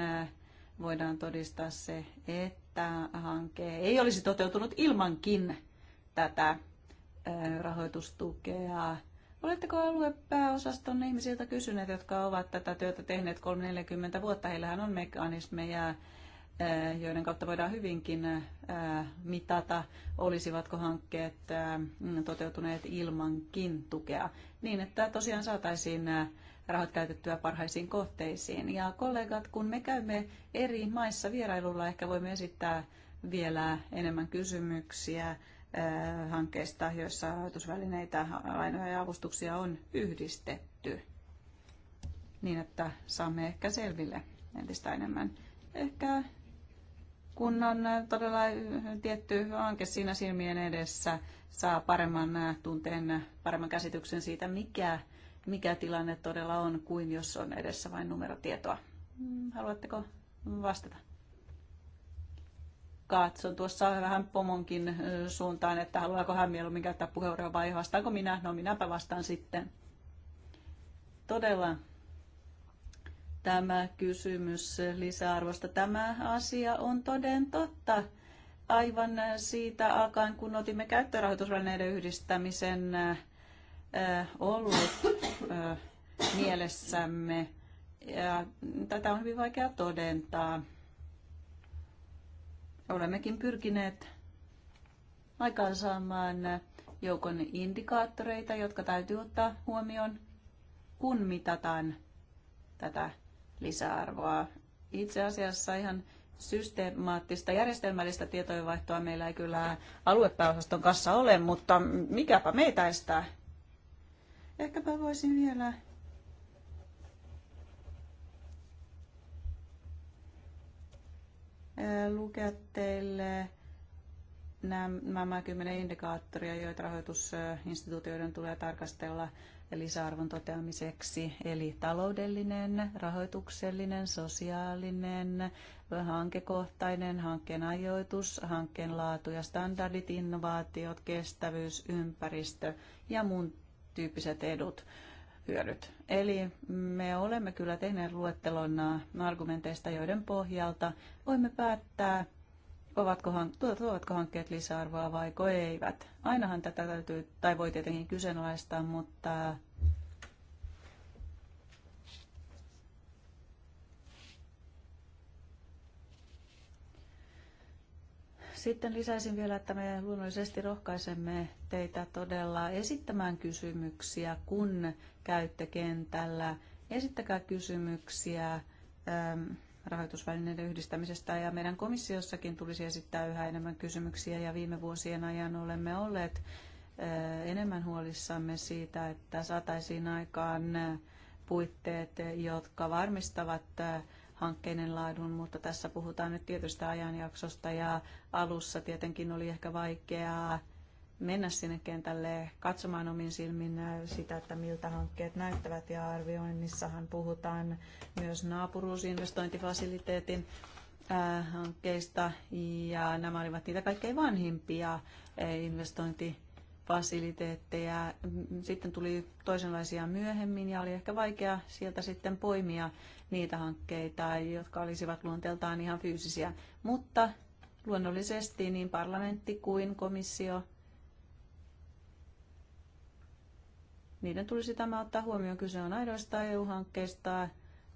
D: voidaan todistaa se, että hanke ei olisi toteutunut ilmankin tätä rahoitustukea? Oletteko aluepääosaston ihmisiltä kysyneet, jotka ovat tätä työtä tehneet 30-40 vuotta? Heillähän on mekanismeja Eh, joiden kautta voidaan hyvinkin eh, mitata, olisivatko hankkeet eh, toteutuneet ilmankin tukea, niin että tosiaan saataisiin rahat käytettyä parhaisiin kohteisiin. Ja kollegat, kun me käymme eri maissa vierailulla, ehkä voimme esittää vielä enemmän kysymyksiä hankkeista, joissa rahoitusvälineitä, lainoja ja avustuksia on yhdistetty, niin että saamme ehkä selville entistä enemmän. Ehkä kun on todella tietty hanke siinä silmien edessä, saa paremman tunteen, paremman käsityksen siitä, mikä, mikä tilanne todella on, kuin jos on edessä vain numerotietoa. Haluatteko vastata? Katson tuossa vähän pomonkin suuntaan, että haluaako hän mieluummin käyttää puheenvuoroa vai vastaanko minä? No minäpä vastaan sitten. Todella tämä kysymys lisäarvosta. Tämä asia on toden totta aivan siitä alkaen, kun otimme käyttörahoitusvälineiden yhdistämisen äh, ollut äh, mielessämme. Ja tätä on hyvin vaikea todentaa. Olemmekin pyrkineet aikaansaamaan joukon indikaattoreita, jotka täytyy ottaa huomioon, kun mitataan tätä lisäarvoa. Itse asiassa ihan systemaattista järjestelmällistä tietojenvaihtoa meillä ei kyllä aluepääosaston kanssa ole, mutta mikäpä meitä estää? Ehkäpä voisin vielä lukea teille nämä kymmenen indikaattoria, joita rahoitusinstituutioiden tulee tarkastella lisäarvon toteamiseksi, eli taloudellinen, rahoituksellinen, sosiaalinen, hankekohtainen, hankkeen ajoitus, hankkeen laatu ja standardit, innovaatiot, kestävyys, ympäristö ja muun tyyppiset edut hyödyt. Eli me olemme kyllä tehneet luettelon argumenteista, joiden pohjalta voimme päättää, ovatko, tuota, tuovatko hankkeet lisäarvoa vai eivät. Ainahan tätä täytyy, tai voi tietenkin kyseenalaistaa, mutta Sitten lisäisin vielä, että me luonnollisesti rohkaisemme teitä todella esittämään kysymyksiä, kun käytte kentällä. Esittäkää kysymyksiä. Ähm, rahoitusvälineiden yhdistämisestä ja meidän komissiossakin tulisi esittää yhä enemmän kysymyksiä ja viime vuosien ajan olemme olleet eh, enemmän huolissamme siitä, että saataisiin aikaan eh, puitteet, jotka varmistavat eh, hankkeiden laadun, mutta tässä puhutaan nyt tietystä ajanjaksosta ja alussa tietenkin oli ehkä vaikeaa mennä sinne kentälle katsomaan omin silmin äh, sitä, että miltä hankkeet näyttävät ja arvioinnissahan puhutaan myös naapuruusinvestointifasiliteetin äh, hankkeista ja nämä olivat niitä kaikkein vanhimpia äh, investointifasiliteetteja. Mm, sitten tuli toisenlaisia myöhemmin ja oli ehkä vaikea sieltä sitten poimia niitä hankkeita, jotka olisivat luonteeltaan ihan fyysisiä. Mutta luonnollisesti niin parlamentti kuin komissio niiden tulisi tämä ottaa huomioon. Kyse on aidoista EU-hankkeista,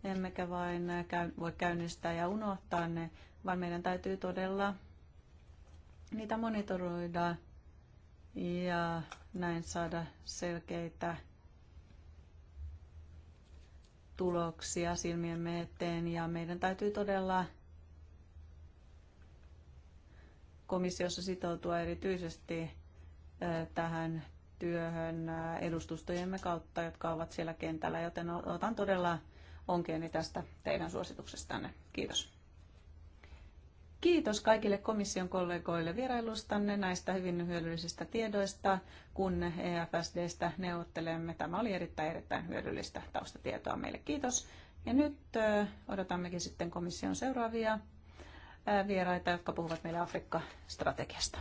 D: emmekä vain voi käynnistää ja unohtaa ne, vaan meidän täytyy todella niitä monitoroida ja näin saada selkeitä tuloksia silmiemme eteen ja meidän täytyy todella komissiossa sitoutua erityisesti tähän työhön edustustojemme kautta, jotka ovat siellä kentällä, joten otan todella onkeeni tästä teidän suosituksestanne. Kiitos. Kiitos kaikille komission kollegoille vierailustanne näistä hyvin hyödyllisistä tiedoista, kun EFSDstä neuvottelemme. Tämä oli erittäin, erittäin hyödyllistä taustatietoa meille. Kiitos. Ja nyt odotammekin sitten komission seuraavia vieraita, jotka puhuvat meille Afrikka-strategiasta.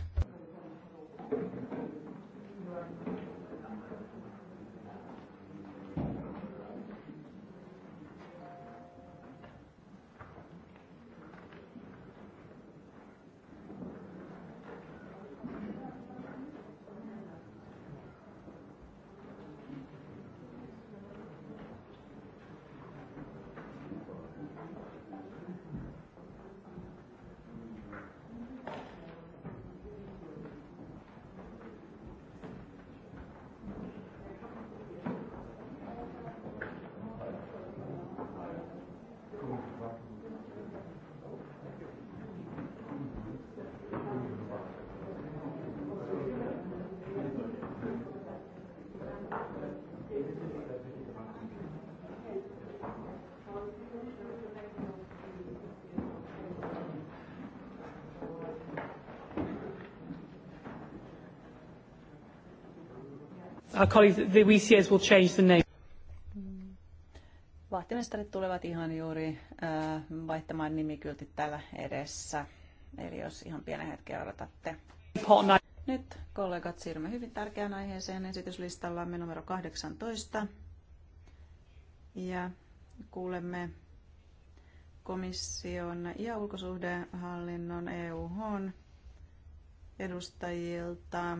C: our colleagues, the VCS will change the name.
D: Vahtimestarit tulevat ihan juuri vaihtamaan nimikyltit täällä edessä. Eli jos ihan pienen hetken odotatte. Nyt kollegat siirrymme hyvin tärkeään aiheeseen. Esityslistallamme numero 18. Ja kuulemme komission ja ulkosuhdehallinnon EUH edustajilta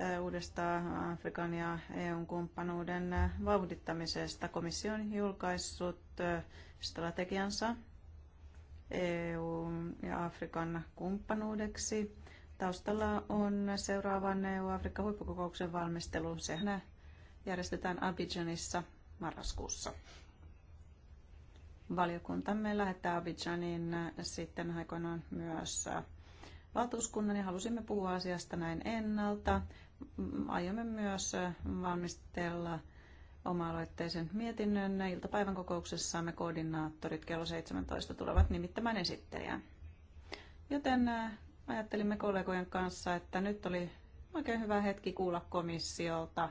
D: Eh, uudesta Afrikan ja eu kumppanuuden eh, vauhdittamisesta. Komissio on julkaissut eh, strategiansa EU ja Afrikan kumppanuudeksi. Taustalla on seuraavan EU-Afrikan huippukokouksen valmistelu. Sehän järjestetään Abidjanissa marraskuussa. Valiokuntamme lähettää Abidjanin sitten aikoinaan myös valtuuskunnan ja halusimme puhua asiasta näin ennalta aiomme myös valmistella oma-aloitteisen mietinnön. Iltapäivän kokouksessamme koordinaattorit kello 17 tulevat nimittämään esittelijää. Joten äh, ajattelimme kollegojen kanssa, että nyt oli oikein hyvä hetki kuulla komissiolta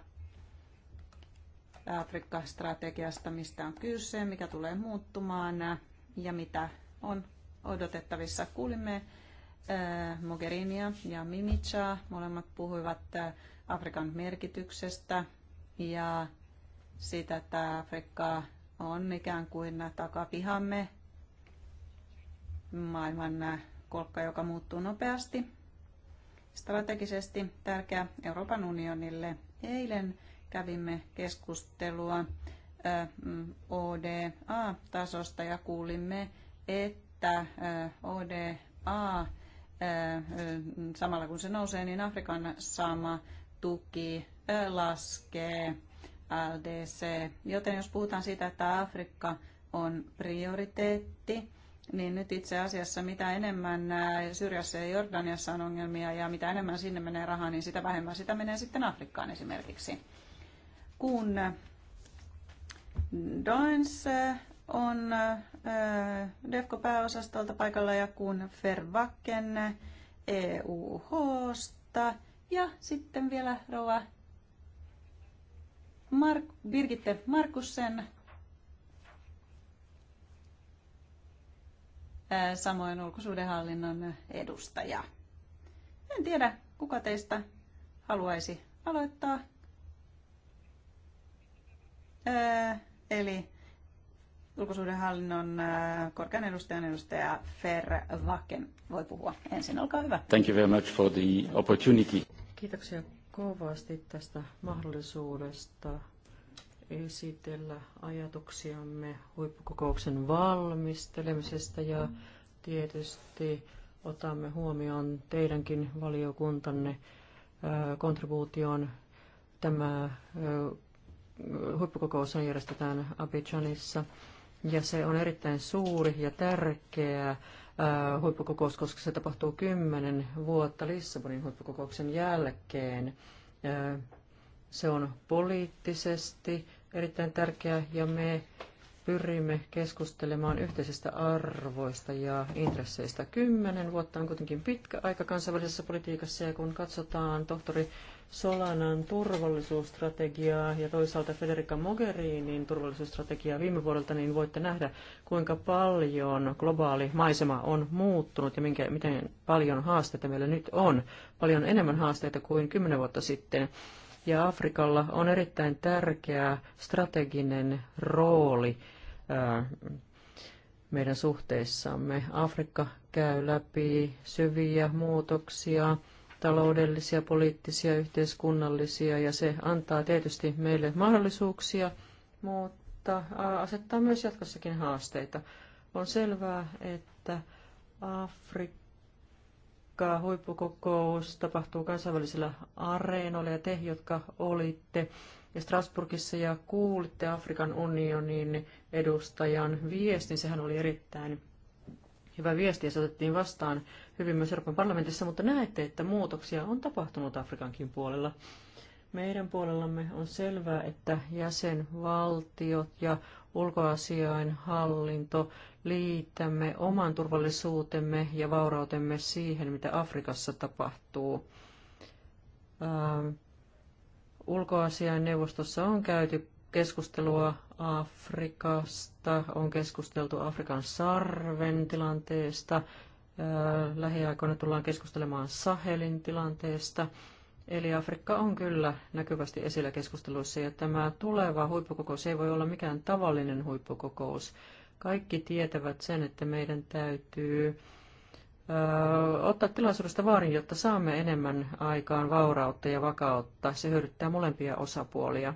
D: Afrikka-strategiasta, mistä on kyse, mikä tulee muuttumaan ja mitä on odotettavissa. Kuulimme Äh, Mogherinia ja Mimicha. Molemmat puhuivat äh, Afrikan merkityksestä ja siitä, että Afrikka on ikään kuin takapihamme maailman äh, kolkka, joka muuttuu nopeasti. Strategisesti tärkeä Euroopan unionille. Eilen kävimme keskustelua ODA-tasosta ja kuulimme, että ODA samalla kun se nousee, niin Afrikan saama tuki laskee LDC. Joten jos puhutaan siitä, että Afrikka on prioriteetti, niin nyt itse asiassa mitä enemmän Syyriassa ja Jordaniassa on ongelmia ja mitä enemmän sinne menee rahaa, niin sitä vähemmän sitä menee sitten Afrikkaan esimerkiksi. Kun Dance on DEFCO-pääosastolta paikalla ja kun Fervaken euh ja sitten vielä rouva Mark, Birgitte Markussen. Samoin ulkosuudenhallinnon edustaja. En tiedä, kuka teistä haluaisi aloittaa. Eli ulkosuhdehallinnon äh, korkean edustajan edustaja Fer Vaken
A: voi puhua ensin. Olkaa hyvä.
D: Thank you very much for the opportunity.
A: Kiitoksia kovasti tästä mahdollisuudesta esitellä ajatuksiamme huippukokouksen valmistelemisesta ja tietysti otamme huomioon teidänkin valiokuntanne äh, kontribuutioon Tämä äh, huippukokous järjestetään Abidjanissa ja se on erittäin suuri ja tärkeä äh, huippukokous, koska se tapahtuu kymmenen vuotta Lissabonin huippukokouksen jälkeen. Äh, se on poliittisesti erittäin tärkeä ja me pyrimme keskustelemaan yhteisistä arvoista ja intresseistä. Kymmenen vuotta on kuitenkin pitkä aika kansainvälisessä politiikassa ja kun katsotaan tohtori Solanan turvallisuusstrategiaa ja toisaalta Federica Mogherinin turvallisuusstrategiaa viime vuodelta, niin voitte nähdä, kuinka paljon globaali maisema on muuttunut ja minkä, miten paljon haasteita meillä nyt on. Paljon enemmän haasteita kuin kymmenen vuotta sitten. Ja Afrikalla on erittäin tärkeä strateginen rooli meidän suhteissamme. Afrikka käy läpi syviä muutoksia taloudellisia, poliittisia, yhteiskunnallisia ja se antaa tietysti meille mahdollisuuksia, mutta asettaa myös jatkossakin haasteita. On selvää, että Afrikka huippukokous tapahtuu kansainvälisellä areenoilla ja te, jotka olitte ja Strasburgissa ja kuulitte Afrikan unionin edustajan viestin. Sehän oli erittäin hyvä viesti ja se otettiin vastaan hyvin myös Euroopan parlamentissa, mutta näette, että muutoksia on tapahtunut Afrikankin puolella. Meidän puolellamme on selvää, että jäsenvaltiot ja ulkoasiain hallinto liitämme oman turvallisuutemme ja vaurautemme siihen, mitä Afrikassa tapahtuu. Ähm, ulkoasiain neuvostossa on käyty keskustelua Afrikasta, on keskusteltu Afrikan sarven tilanteesta, Lähiaikoina tullaan keskustelemaan Sahelin tilanteesta. Eli Afrikka on kyllä näkyvästi esillä keskusteluissa ja tämä tuleva huippukokous ei voi olla mikään tavallinen huippukokous. Kaikki tietävät sen, että meidän täytyy ottaa tilaisuudesta vaarin, jotta saamme enemmän aikaan vaurautta ja vakautta. Se hyödyttää molempia osapuolia.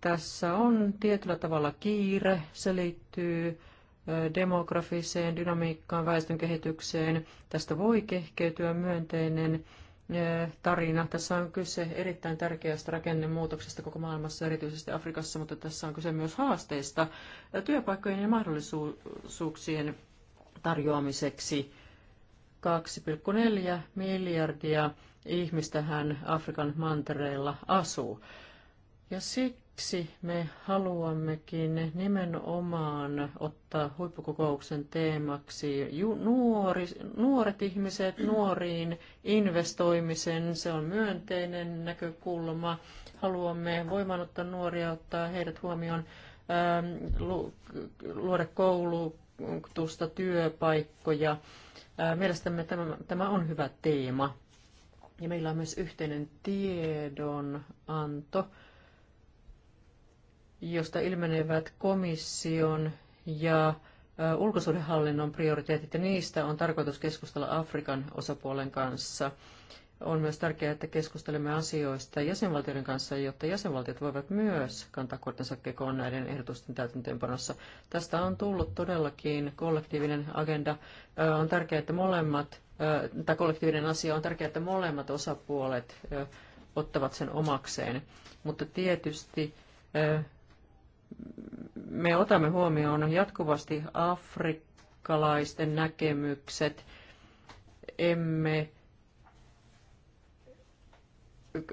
A: Tässä on tietyllä tavalla kiire, se liittyy demografiseen dynamiikkaan, väestön kehitykseen. Tästä voi kehkeytyä myönteinen eh, tarina. Tässä on kyse erittäin tärkeästä rakennemuutoksesta koko maailmassa, erityisesti Afrikassa, mutta tässä on kyse myös haasteista työpaikkojen ja mahdollisuuksien tarjoamiseksi. 2,4 miljardia ihmistähän Afrikan mantereilla asuu. Ja sitten Siksi me haluammekin nimenomaan ottaa huippukokouksen teemaksi nuori, nuoret ihmiset, nuoriin investoimisen. Se on myönteinen näkökulma. Haluamme voimannuttaa nuoria, ottaa heidät huomioon, ähm, luoda koulutusta, työpaikkoja. Äh, mielestämme tämä, tämä on hyvä teema. Ja meillä on myös yhteinen tiedonanto josta ilmenevät komission ja ulkosuhdehallinnon prioriteetit, ja niistä on tarkoitus keskustella Afrikan osapuolen kanssa. On myös tärkeää, että keskustelemme asioista jäsenvaltioiden kanssa, jotta jäsenvaltiot voivat myös kantaa kortensa kekoon näiden ehdotusten täytäntöönpanossa. Tästä on tullut todellakin kollektiivinen agenda. On tärkeää, että molemmat, tai kollektiivinen asia on tärkeää, että molemmat osapuolet ottavat sen omakseen. Mutta tietysti me otamme huomioon jatkuvasti afrikkalaisten näkemykset. Emme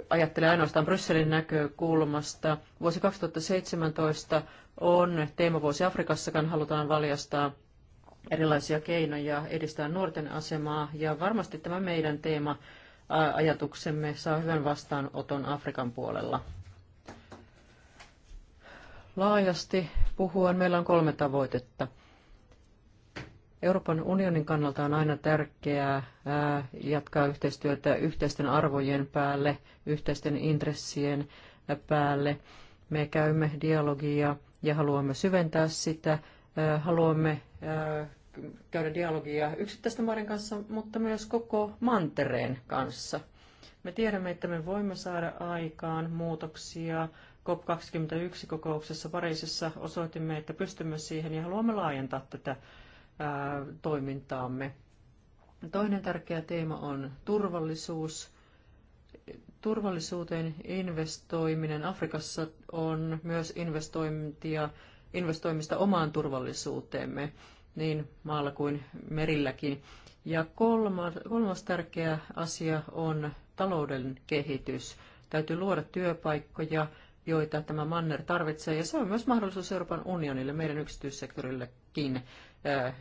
A: ajattele ainoastaan Brysselin näkökulmasta. Vuosi 2017 on teemavuosi Afrikassakaan, halutaan valjastaa erilaisia keinoja edistää nuorten asemaa ja varmasti tämä meidän teema ajatuksemme saa hyvän vastaanoton Afrikan puolella laajasti puhua. Meillä on kolme tavoitetta. Euroopan unionin kannalta on aina tärkeää jatkaa yhteistyötä yhteisten arvojen päälle, yhteisten intressien päälle. Me käymme dialogia ja haluamme syventää sitä. Haluamme käydä dialogia yksittäisten maiden kanssa, mutta myös koko mantereen kanssa. Me tiedämme, että me voimme saada aikaan muutoksia COP21-kokouksessa Pariisissa osoitimme, että pystymme siihen ja haluamme laajentaa tätä ää, toimintaamme. Toinen tärkeä teema on turvallisuus. Turvallisuuteen investoiminen Afrikassa on myös investointia, investoimista omaan turvallisuuteemme, niin maalla kuin merilläkin. Ja kolmas, kolmas tärkeä asia on talouden kehitys. Täytyy luoda työpaikkoja, joita tämä manner tarvitsee, ja se on myös mahdollisuus Euroopan unionille, meidän yksityissektorillekin, äh,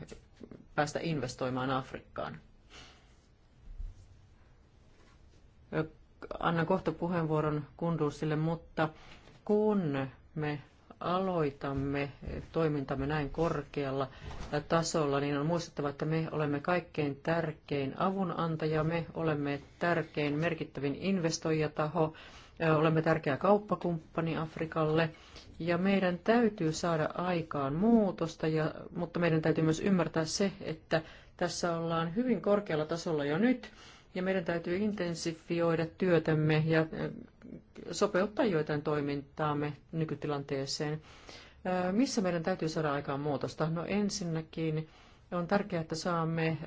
A: päästä investoimaan Afrikkaan. Äh, annan kohta puheenvuoron Kundusille, mutta kun me aloitamme toimintamme näin korkealla tasolla, niin on muistettava, että me olemme kaikkein tärkein avunantaja, me olemme tärkein merkittävin investoijataho, Olemme tärkeä kauppakumppani Afrikalle ja meidän täytyy saada aikaan muutosta, ja, mutta meidän täytyy myös ymmärtää se, että tässä ollaan hyvin korkealla tasolla jo nyt ja meidän täytyy intensifioida työtämme ja sopeuttaa joitain toimintaamme nykytilanteeseen. Missä meidän täytyy saada aikaan muutosta? No ensinnäkin on tärkeää, että saamme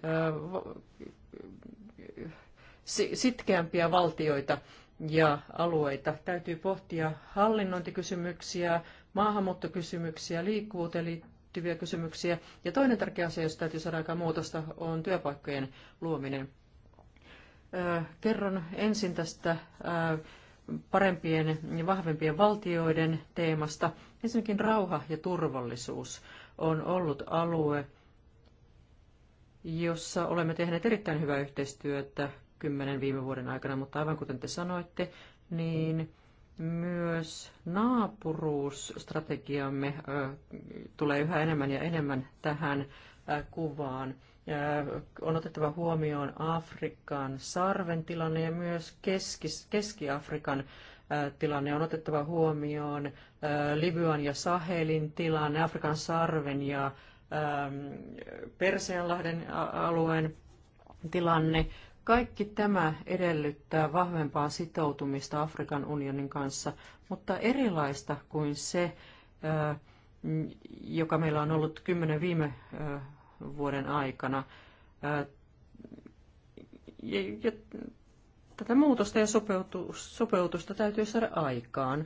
A: sitkeämpiä valtioita ja alueita. Täytyy pohtia hallinnointikysymyksiä, maahanmuuttokysymyksiä, liikkuvuuteen liittyviä kysymyksiä. Ja toinen tärkeä asia, jos täytyy saada aikaan muutosta, on työpaikkojen luominen. Kerron ensin tästä parempien ja vahvempien valtioiden teemasta. Ensinnäkin rauha ja turvallisuus on ollut alue, jossa olemme tehneet erittäin hyvää yhteistyötä kymmenen viime vuoden aikana, mutta aivan kuten te sanoitte, niin myös naapuruusstrategiamme tulee yhä enemmän ja enemmän tähän kuvaan. On otettava huomioon Afrikan sarven tilanne ja myös Keski-Afrikan tilanne. On otettava huomioon Libyan ja Sahelin tilanne, Afrikan sarven ja Persianlahden alueen tilanne kaikki tämä edellyttää vahvempaa sitoutumista Afrikan unionin kanssa, mutta erilaista kuin se, joka meillä on ollut kymmenen viime vuoden aikana. tätä muutosta ja sopeutusta täytyy saada aikaan.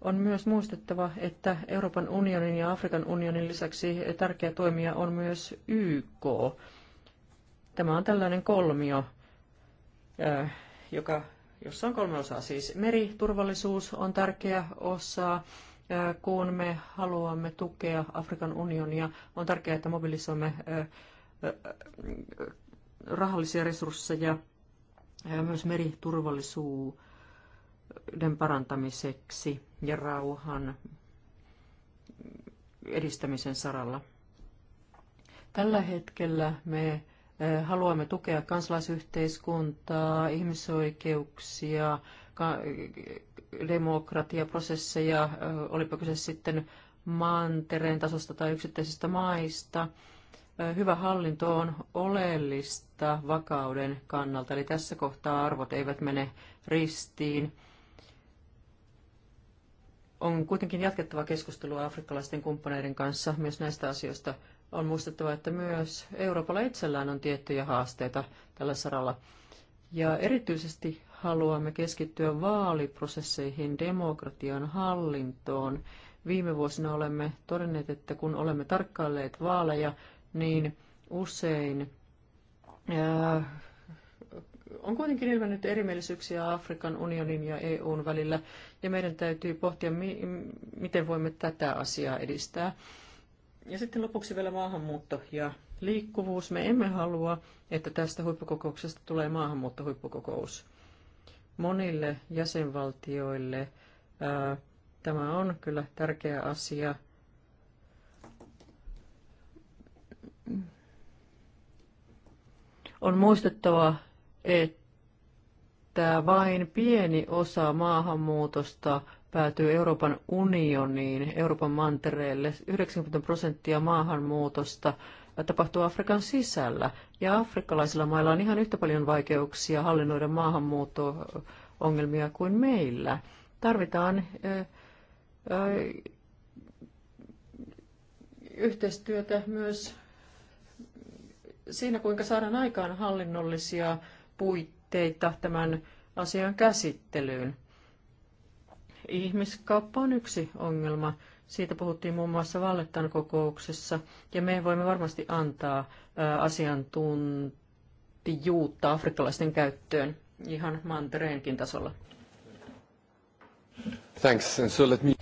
A: On myös muistettava, että Euroopan unionin ja Afrikan unionin lisäksi tärkeä toimija on myös YK. Tämä on tällainen kolmio, joka, jossa on kolme osaa. Siis meriturvallisuus on tärkeä osa, kun me haluamme tukea Afrikan unionia. On tärkeää, että mobilisoimme rahallisia resursseja myös meriturvallisuuden parantamiseksi ja rauhan edistämisen saralla. Tällä hetkellä me Haluamme tukea kansalaisyhteiskuntaa, ihmisoikeuksia, demokratiaprosesseja, olipa kyse sitten mantereen tasosta tai yksittäisistä maista. Hyvä hallinto on oleellista vakauden kannalta, eli tässä kohtaa arvot eivät mene ristiin. On kuitenkin jatkettava keskustelua afrikkalaisten kumppaneiden kanssa myös näistä asioista on muistettava, että myös Euroopalla itsellään on tiettyjä haasteita tällä saralla. Ja erityisesti haluamme keskittyä vaaliprosesseihin, demokratian hallintoon. Viime vuosina olemme todenneet, että kun olemme tarkkailleet vaaleja, niin usein ää, äh, on kuitenkin ilmennyt erimielisyyksiä Afrikan unionin ja EUn välillä, ja meidän täytyy pohtia, miten voimme tätä asiaa edistää. Ja sitten lopuksi vielä maahanmuutto ja liikkuvuus. Me emme halua, että tästä huippukokouksesta tulee maahanmuuttohuippukokous. Monille jäsenvaltioille ää, tämä on kyllä tärkeä asia. On muistettava, että vain pieni osa maahanmuutosta päätyy Euroopan unioniin, Euroopan mantereelle. 90 prosenttia maahanmuutosta tapahtuu Afrikan sisällä. Ja afrikkalaisilla mailla on ihan yhtä paljon vaikeuksia hallinnoida maahanmuutto-ongelmia kuin meillä. Tarvitaan yhteistyötä myös siinä, kuinka saadaan aikaan hallinnollisia puitteita tämän asian käsittelyyn. Ihmiskauppa on yksi ongelma. Siitä puhuttiin muun muassa Vallettan kokouksessa, ja me voimme varmasti antaa asiantuntijuutta afrikkalaisten käyttöön ihan mantereenkin tasolla. Thanks. So let me...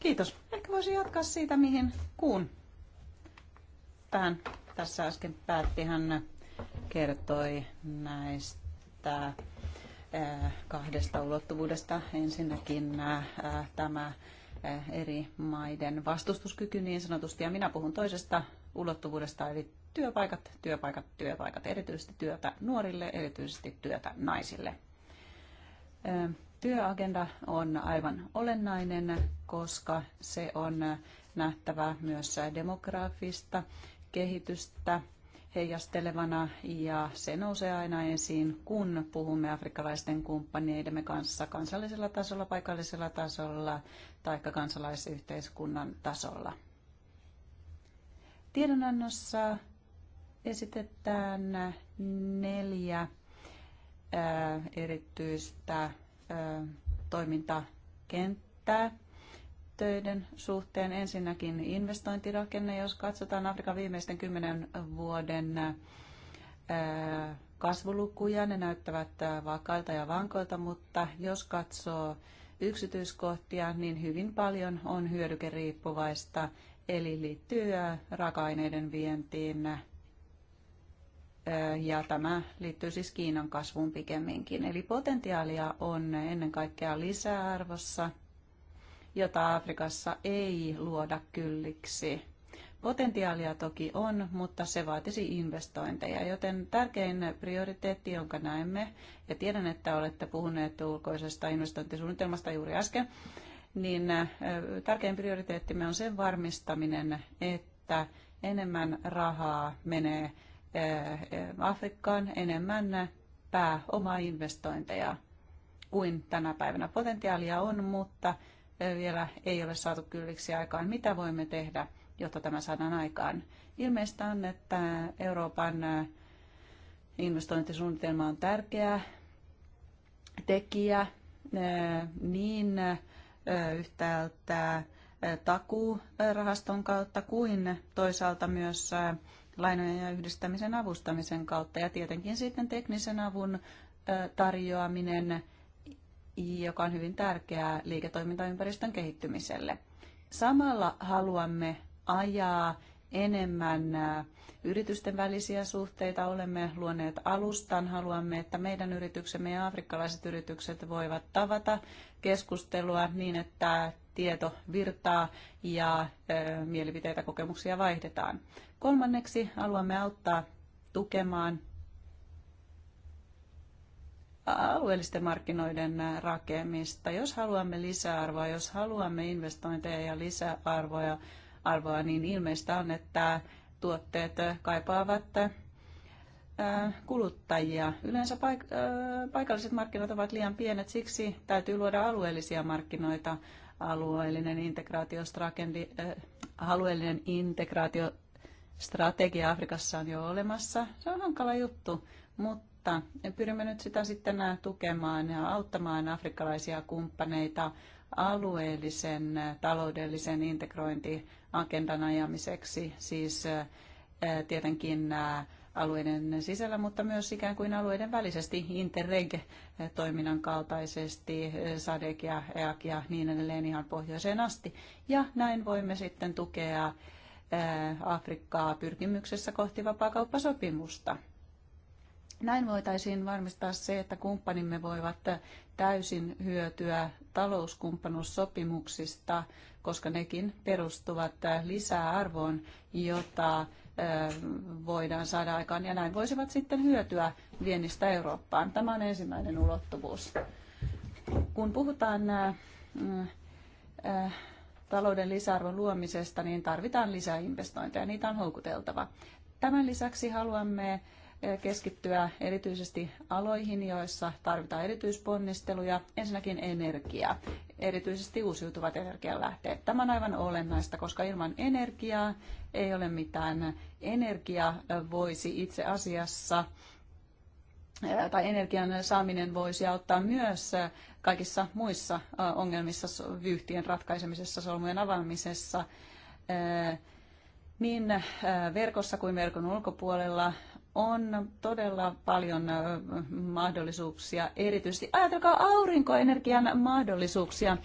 A: Kiitos.
D: Ehkä voisin jatkaa siitä, mihin kuun tähän tässä äsken päätti. Hän kertoi näistä Äh, kahdesta ulottuvuudesta. Ensinnäkin äh, tämä äh, eri maiden vastustuskyky niin sanotusti, ja minä puhun toisesta ulottuvuudesta, eli työpaikat, työpaikat, työpaikat, erityisesti työtä nuorille, erityisesti työtä naisille. Työagenda on aivan olennainen, koska se on nähtävä myös demografista kehitystä heijastelevana ja se nousee aina esiin, kun puhumme afrikkalaisten kumppaneidemme kanssa kansallisella tasolla, paikallisella tasolla tai kansalaisyhteiskunnan tasolla. Tiedonannossa esitetään neljä erityistä toimintakenttää töiden suhteen. Ensinnäkin investointirakenne, jos katsotaan Afrikan viimeisten kymmenen vuoden kasvulukuja, ne näyttävät vakailta ja vankoilta, mutta jos katsoo yksityiskohtia, niin hyvin paljon on hyödykeriippuvaista, eli liittyy raaka-aineiden vientiin ja tämä liittyy siis Kiinan kasvuun pikemminkin. Eli potentiaalia on ennen kaikkea lisäarvossa – jota Afrikassa ei luoda kylliksi. Potentiaalia toki on, mutta se vaatisi investointeja, joten tärkein prioriteetti, jonka näemme, ja tiedän, että olette puhuneet ulkoisesta investointisuunnitelmasta juuri äsken, niin tärkein prioriteettimme on sen varmistaminen, että enemmän rahaa menee Afrikkaan, enemmän pääomainvestointeja kuin tänä päivänä. Potentiaalia on, mutta vielä ei ole saatu kylliksi aikaan. Mitä voimme tehdä, jotta tämä saadaan aikaan? Ilmeistä on, että Euroopan investointisuunnitelma on tärkeä tekijä niin yhtäältä takuurahaston kautta kuin toisaalta myös lainojen ja yhdistämisen avustamisen kautta ja tietenkin sitten teknisen avun tarjoaminen – joka on hyvin tärkeää liiketoimintaympäristön kehittymiselle. Samalla haluamme ajaa enemmän äh, yritysten välisiä suhteita. Olemme luoneet alustan. Haluamme, että meidän yrityksemme ja afrikkalaiset yritykset voivat tavata keskustelua niin, että tieto virtaa ja äh, mielipiteitä, kokemuksia vaihdetaan. Kolmanneksi haluamme auttaa tukemaan alueellisten markkinoiden rakemista. Jos haluamme lisäarvoa, jos haluamme investointeja ja lisäarvoja, arvoa, niin ilmeistä on, että tuotteet kaipaavat kuluttajia. Yleensä paik- paikalliset markkinat ovat liian pienet, siksi täytyy luoda alueellisia markkinoita. Alueellinen integraatiostrategia, alueellinen integraatiostrategia Afrikassa on jo olemassa. Se on hankala juttu, mutta mutta pyrimme nyt sitä sitten tukemaan ja auttamaan afrikkalaisia kumppaneita alueellisen taloudellisen integrointiagendan ajamiseksi, siis eh, tietenkin eh, alueiden sisällä, mutta myös ikään kuin alueiden välisesti Interreg-toiminnan eh, kaltaisesti, SADEC ja EAC ja niin edelleen ihan pohjoiseen asti. Ja näin voimme sitten tukea Afrikkaa pyrkimyksessä kohti vapaakauppasopimusta. Näin voitaisiin varmistaa se, että kumppanimme voivat täysin hyötyä talouskumppanuussopimuksista, koska nekin perustuvat lisäarvoon, jota voidaan saada aikaan ja näin voisivat sitten hyötyä viennistä Eurooppaan. Tämä on ensimmäinen ulottuvuus. Kun puhutaan talouden lisäarvon luomisesta, niin tarvitaan lisää investointeja. Niitä on houkuteltava. Tämän lisäksi haluamme keskittyä erityisesti aloihin, joissa tarvitaan erityisponnisteluja. Ensinnäkin energia, erityisesti uusiutuvat energialähteet. Tämä on aivan olennaista, koska ilman energiaa ei ole mitään. Energia voisi itse asiassa tai energian saaminen voisi auttaa myös kaikissa muissa ongelmissa, vyyhtien ratkaisemisessa, solmujen avaamisessa, niin verkossa kuin verkon ulkopuolella on todella paljon mahdollisuuksia, erityisesti ajatelkaa aurinkoenergian mahdollisuuksia.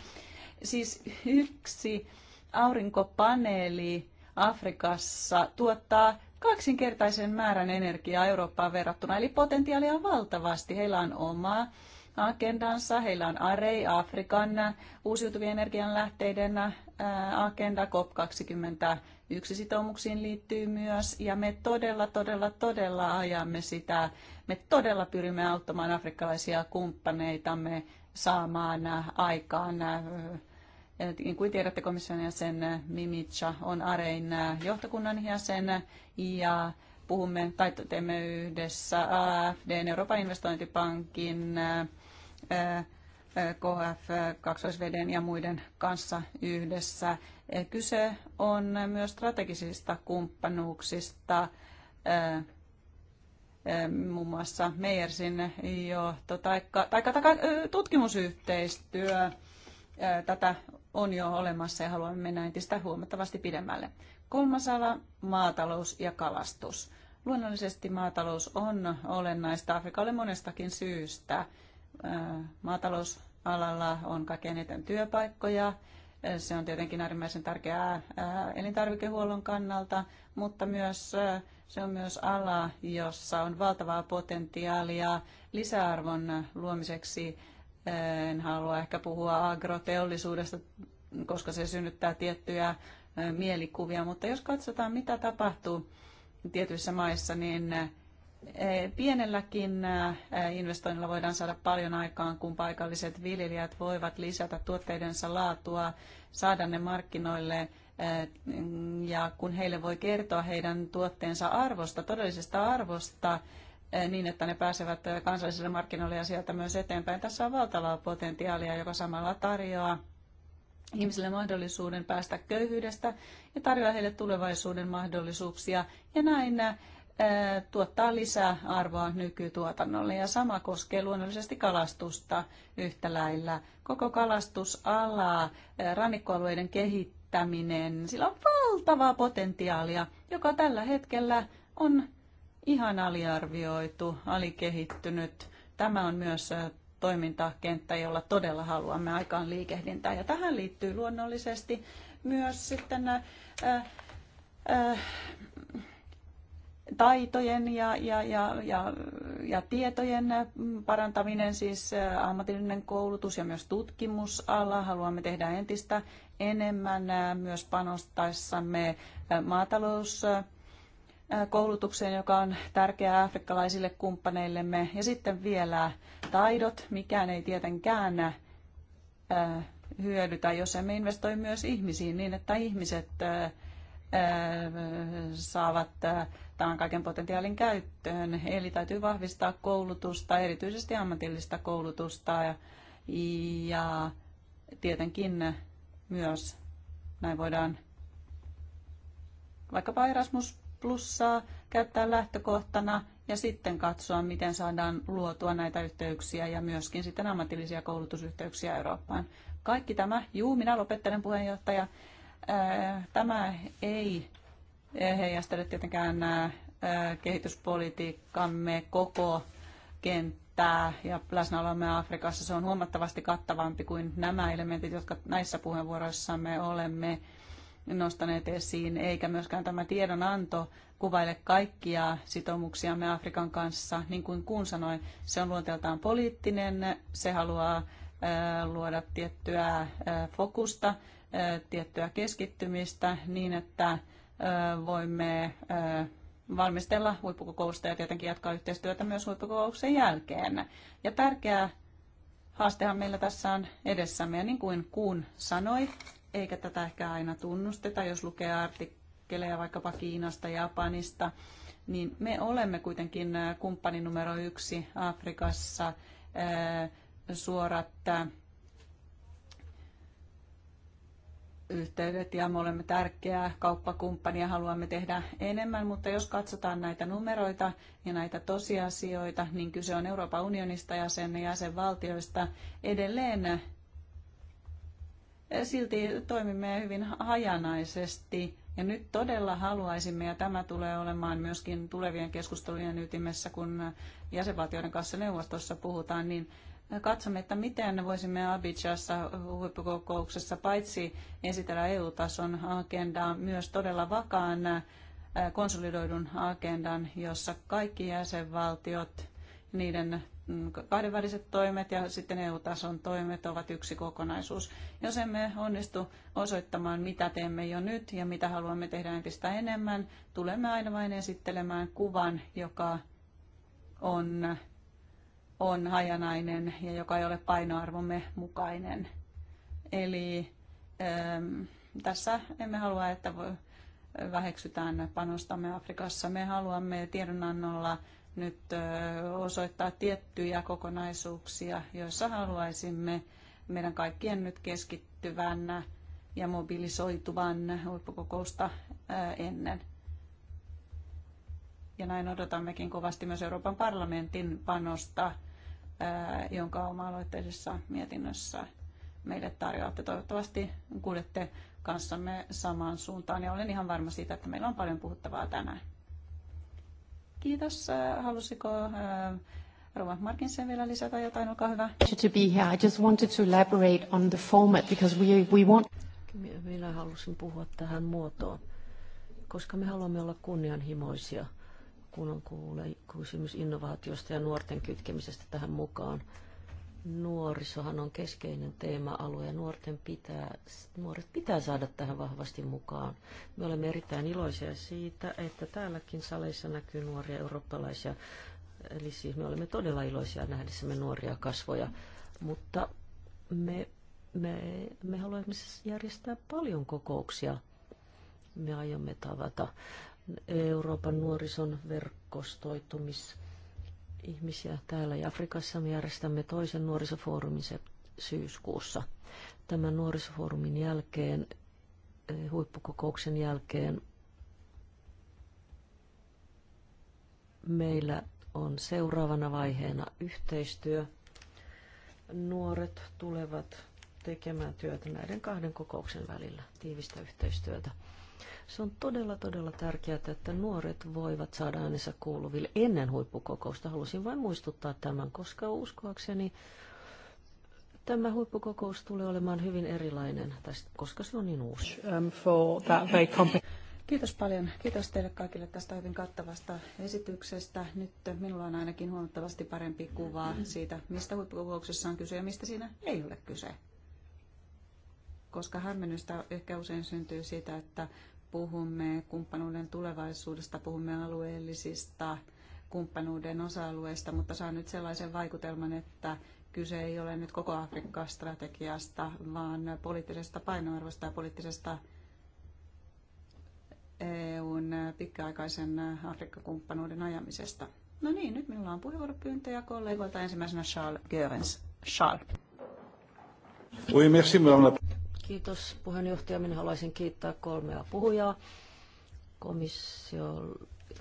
D: Siis yksi aurinkopaneeli Afrikassa tuottaa kaksinkertaisen määrän energiaa Eurooppaan verrattuna, eli potentiaalia on valtavasti. Heillä on omaa agendansa, heillä on AREI, Afrikan uusiutuvien energianlähteiden agenda, COP20 yksi sitoumuksiin liittyy myös, ja me todella, todella, todella ajamme sitä. Me todella pyrimme auttamaan afrikkalaisia kumppaneitamme saamaan aikaan eh, niin kuin tiedätte, komission jäsen Mimitsa on Arein johtokunnan jäsen ja puhumme tai teemme yhdessä eh, AFDn Euroopan investointipankin eh, KF, kaksoisveden ja muiden kanssa yhdessä. Kyse on myös strategisista kumppanuuksista, muun muassa Meijersin johto tai, tutkimusyhteistyö. Tätä on jo olemassa ja haluamme mennä entistä huomattavasti pidemmälle. Kolmas ala, maatalous ja kalastus. Luonnollisesti maatalous on olennaista Afrikalle monestakin syystä maatalousalalla on kaikkein eniten työpaikkoja. Se on tietenkin äärimmäisen tärkeää elintarvikehuollon kannalta, mutta myös se on myös ala, jossa on valtavaa potentiaalia lisäarvon luomiseksi. En halua ehkä puhua agroteollisuudesta, koska se synnyttää tiettyjä mielikuvia, mutta jos katsotaan mitä tapahtuu tietyissä maissa, niin Eh, pienelläkin eh, investoinnilla voidaan saada paljon aikaan, kun paikalliset viljelijät voivat lisätä tuotteidensa laatua, saada ne markkinoille eh, ja kun heille voi kertoa heidän tuotteensa arvosta, todellisesta arvosta, niin, että ne pääsevät kansallisille markkinoille ja sieltä myös eteenpäin. Tässä on valtavaa potentiaalia, joka samalla tarjoaa ihmisille mahdollisuuden päästä köyhyydestä ja tarjoaa heille tulevaisuuden mahdollisuuksia. Ja näin tuottaa lisää arvoa nykytuotannolle ja sama koskee luonnollisesti kalastusta yhtä lailla. Koko kalastusala, rannikkoalueiden kehittäminen, sillä on valtavaa potentiaalia, joka tällä hetkellä on ihan aliarvioitu, alikehittynyt. Tämä on myös toimintakenttä, jolla todella haluamme aikaan liikehdintää. Ja tähän liittyy luonnollisesti myös sitten äh, äh, taitojen ja, ja, ja, ja, ja tietojen parantaminen, siis äh, ammatillinen koulutus ja myös tutkimusala. Haluamme tehdä entistä enemmän äh, myös panostaessamme äh, maatalous koulutukseen, joka on tärkeää afrikkalaisille kumppaneillemme. Ja sitten vielä taidot, mikään ei tietenkään hyödytä, jos emme investoi myös ihmisiin niin, että ihmiset saavat tämän kaiken potentiaalin käyttöön. Eli täytyy vahvistaa koulutusta, erityisesti ammatillista koulutusta ja, ja tietenkin myös näin voidaan vaikkapa Erasmus plussaa käyttää lähtökohtana ja sitten katsoa, miten saadaan luotua näitä yhteyksiä ja myöskin sitten ammatillisia koulutusyhteyksiä Eurooppaan. Kaikki tämä, juu, minä lopettelen puheenjohtaja Tämä ei heijastele tietenkään kehityspolitiikkamme koko kenttää ja läsnäolomme Afrikassa. Se on huomattavasti kattavampi kuin nämä elementit, jotka näissä puheenvuoroissamme olemme nostaneet esiin, eikä myöskään tämä tiedonanto kuvaile kaikkia sitoumuksiamme Afrikan kanssa. Niin kuin Kuun sanoi, se on luonteeltaan poliittinen, se haluaa luoda tiettyä fokusta tiettyä keskittymistä niin, että voimme valmistella huippukokousta ja tietenkin jatkaa yhteistyötä myös huippukokouksen jälkeen. Ja tärkeä haastehan meillä tässä on edessämme, ja niin kuin Kuun sanoi, eikä tätä ehkä aina tunnusteta, jos lukee artikkeleja vaikkapa Kiinasta, Japanista, niin me olemme kuitenkin kumppani numero yksi Afrikassa, suorat yhteydet ja me olemme tärkeä kauppakumppani ja haluamme tehdä enemmän, mutta jos katsotaan näitä numeroita ja näitä tosiasioita, niin kyse on Euroopan unionista ja sen jäsenvaltioista edelleen. Eh, silti toimimme hyvin hajanaisesti ja nyt todella haluaisimme, ja tämä tulee olemaan myöskin tulevien keskustelujen ytimessä, kun jäsenvaltioiden kanssa neuvostossa puhutaan, niin katsomme, että miten voisimme Abidjassa huippukokouksessa paitsi esitellä EU-tason agendaa, myös todella vakaan konsolidoidun agendan, jossa kaikki jäsenvaltiot, niiden mm, kahdenväliset toimet ja sitten EU-tason toimet ovat yksi kokonaisuus. Jos emme onnistu osoittamaan, mitä teemme jo nyt ja mitä haluamme tehdä entistä enemmän, tulemme aina vain esittelemään kuvan, joka on on hajanainen ja joka ei ole painoarvomme mukainen. Eli äm, tässä emme halua, että väheksytään panostamme Afrikassa. Me haluamme tiedonannolla nyt äh, osoittaa tiettyjä kokonaisuuksia, joissa haluaisimme meidän kaikkien nyt keskittyvän ja mobilisoituvan huippukokousta äh, ennen. Ja näin odotammekin kovasti myös Euroopan parlamentin panosta jonka oma-aloitteisessa mietinnössä meille tarjoatte. Toivottavasti kuulette kanssamme samaan suuntaan ja olen ihan varma siitä, että meillä on paljon puhuttavaa tänään. Kiitos. Halusiko Rova Markinsen vielä lisätä jotain? Olkaa hyvä.
B: To be here. I just wanted to elaborate on the format because we, we want... Minä halusin puhua tähän muotoon, koska me haluamme olla kunnianhimoisia – kun on kuule, kysymys innovaatiosta ja nuorten kytkemisestä tähän mukaan. Nuorisohan on keskeinen teema-alue ja nuorten pitää, nuoret pitää saada tähän vahvasti mukaan. Me olemme erittäin iloisia siitä, että täälläkin saleissa näkyy nuoria eurooppalaisia. Eli siis me olemme todella iloisia nähdessämme nuoria kasvoja, mutta me, me, me haluamme siis järjestää paljon kokouksia. Me aiomme tavata Euroopan nuorison verkostoitumis ihmisiä täällä ja Afrikassa. Me järjestämme toisen nuorisofoorumin syyskuussa. Tämän nuorisofoorumin jälkeen, eh, huippukokouksen jälkeen, meillä on seuraavana vaiheena yhteistyö. Nuoret tulevat tekemään työtä näiden kahden kokouksen välillä, tiivistä yhteistyötä. Se on todella, todella tärkeää, että nuoret voivat saada äänensä kuuluville ennen huippukokousta. Halusin vain muistuttaa tämän, koska uskoakseni tämä huippukokous tulee olemaan hyvin erilainen, tästä, koska se on niin uusi. Um,
D: Kiitos paljon. Kiitos teille kaikille tästä hyvin kattavasta esityksestä. Nyt minulla on ainakin huomattavasti parempi kuva siitä, mistä huippukokouksessa on kyse ja mistä siinä ei ole kyse. Koska hämmennystä ehkä usein syntyy siitä, että puhumme kumppanuuden tulevaisuudesta, puhumme alueellisista kumppanuuden osa-alueista, mutta saan nyt sellaisen vaikutelman, että kyse ei ole nyt koko Afrikan strategiasta, vaan poliittisesta painoarvosta ja poliittisesta EUn pitkäaikaisen Afrikkakumppanuuden ajamisesta. No niin, nyt minulla on puheenvuoropyyntöjä kollegoilta. Ensimmäisenä Charles Görens. Charles.
B: Oui, merci, madame Kiitos puheenjohtaja. Minä haluaisin kiittää kolmea puhujaa, komissio,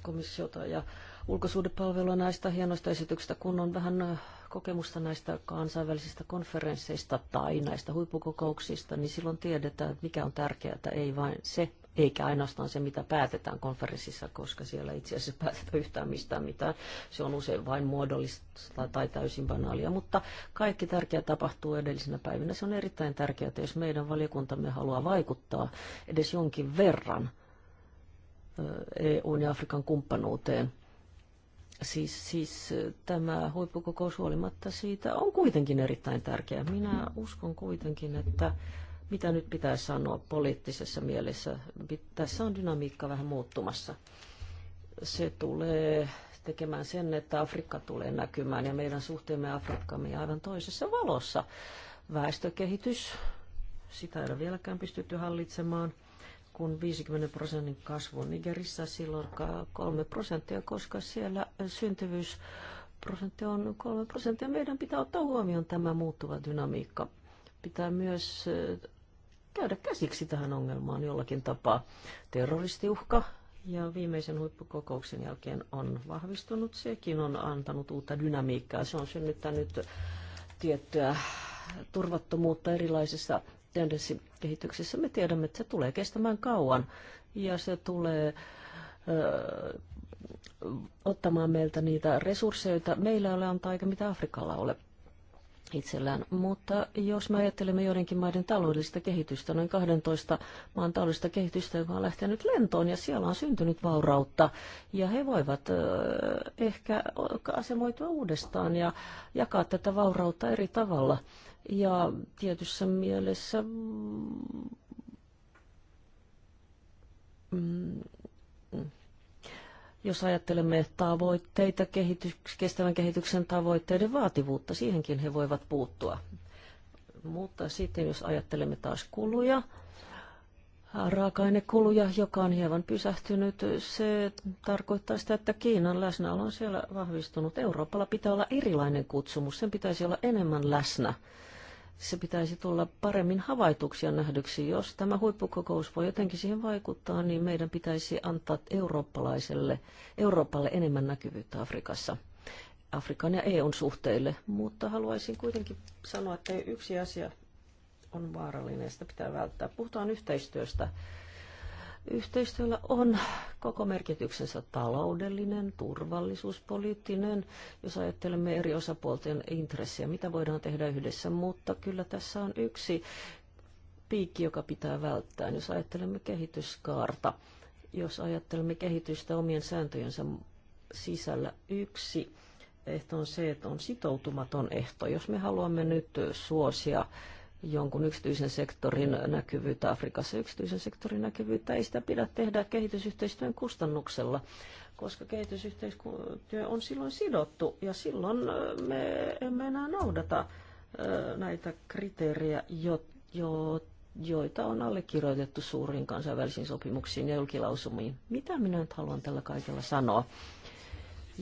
B: komissiota ja ulkosuudepalvelua näistä hienoista esityksistä, kun on vähän äh, kokemusta näistä kansainvälisistä konferensseista tai näistä huippukokouksista, niin silloin tiedetään, mikä on tärkeää, ei vain se, eikä ainoastaan se, mitä päätetään konferenssissa, koska siellä itse asiassa päätetään yhtään mistään mitään. Se on usein vain muodollista tai täysin banaalia, mutta kaikki tärkeä tapahtuu edellisenä päivinä. Se on erittäin tärkeää, että jos meidän valiokuntamme haluaa vaikuttaa edes jonkin verran EUn ja Afrikan kumppanuuteen, siis, siis tämä huippukokous huolimatta siitä on kuitenkin erittäin tärkeä. Minä uskon kuitenkin, että mitä nyt pitää sanoa poliittisessa mielessä. Tässä on dynamiikka vähän muuttumassa. Se tulee tekemään sen, että Afrikka tulee näkymään ja meidän suhteemme Afrikkaamme aivan toisessa valossa. Väestökehitys, sitä ei ole vieläkään pystytty hallitsemaan kun 50 prosentin kasvu Nigerissä, silloin 3 prosenttia, koska siellä prosentti on 3 prosenttia. Meidän pitää ottaa huomioon tämä muuttuva dynamiikka. Pitää myös käydä käsiksi tähän ongelmaan jollakin tapaa. Terroristiuhka ja viimeisen huippukokouksen jälkeen on vahvistunut. Sekin on antanut uutta dynamiikkaa. Se on synnyttänyt tiettyä turvattomuutta erilaisissa tendenssikehityksissä. Me tiedämme, että se tulee kestämään kauan ja se tulee ö, ottamaan meiltä niitä resursseja, joita meillä ei ole antaa eikä mitä Afrikalla ole itsellään. Mutta jos me ajattelemme joidenkin maiden taloudellista kehitystä, noin 12 maan taloudellista kehitystä, joka on lähtenyt lentoon ja siellä on syntynyt vaurautta ja he voivat ehkä asemoitua uudestaan ja jakaa tätä vaurautta eri tavalla. Ja tietyssä mielessä mm, mm jos ajattelemme tavoitteita, kehitys, kestävän kehityksen tavoitteiden vaativuutta, siihenkin he voivat puuttua. Mutta sitten jos ajattelemme taas kuluja, raaka-ainekuluja, joka on hieman pysähtynyt. Se tarkoittaa sitä, että Kiinan läsnäolo on siellä vahvistunut. Euroopalla pitää olla erilainen kutsumus, sen pitäisi olla enemmän läsnä se pitäisi tulla paremmin havaituksi ja nähdyksi. Jos tämä huippukokous voi jotenkin siihen vaikuttaa, niin meidän pitäisi antaa eurooppalaiselle, Euroopalle enemmän näkyvyyttä Afrikassa. Afrikan ja EUn suhteille, mutta haluaisin kuitenkin sanoa, että yksi asia on vaarallinen, sitä pitää välttää. Puhutaan yhteistyöstä Yhteistyöllä on koko merkityksensä taloudellinen, turvallisuuspoliittinen, jos ajattelemme eri osapuolten intressejä, mitä voidaan tehdä yhdessä, mutta kyllä tässä on yksi piikki, joka pitää välttää, jos ajattelemme kehityskaarta. Jos ajattelemme kehitystä omien sääntöjensä sisällä yksi ehto on se, että on sitoutumaton ehto. Jos me haluamme nyt suosia jonkun yksityisen sektorin näkyvyyttä Afrikassa. Yksityisen sektorin näkyvyyttä ei sitä pidä tehdä kehitysyhteistyön kustannuksella, koska kehitysyhteistyö on silloin sidottu ja silloin me emme enää noudata näitä kriteerejä, jo, jo, joita on allekirjoitettu suuriin kansainvälisiin sopimuksiin ja julkilausumiin. Mitä minä nyt haluan tällä kaikella sanoa?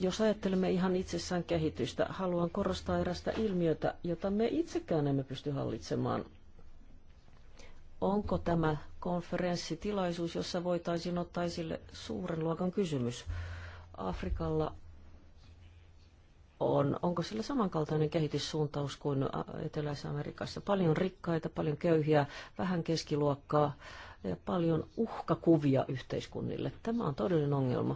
B: Jos ajattelemme ihan itsessään kehitystä, haluan korostaa erästä ilmiötä, jota me itsekään emme pysty hallitsemaan. Onko tämä konferenssitilaisuus, jossa voitaisiin ottaa esille suuren luokan kysymys? Afrikalla on, onko sillä samankaltainen kehityssuuntaus kuin Eteläisessä Amerikassa? Paljon rikkaita, paljon köyhiä, vähän keskiluokkaa ja paljon uhkakuvia yhteiskunnille. Tämä on todellinen ongelma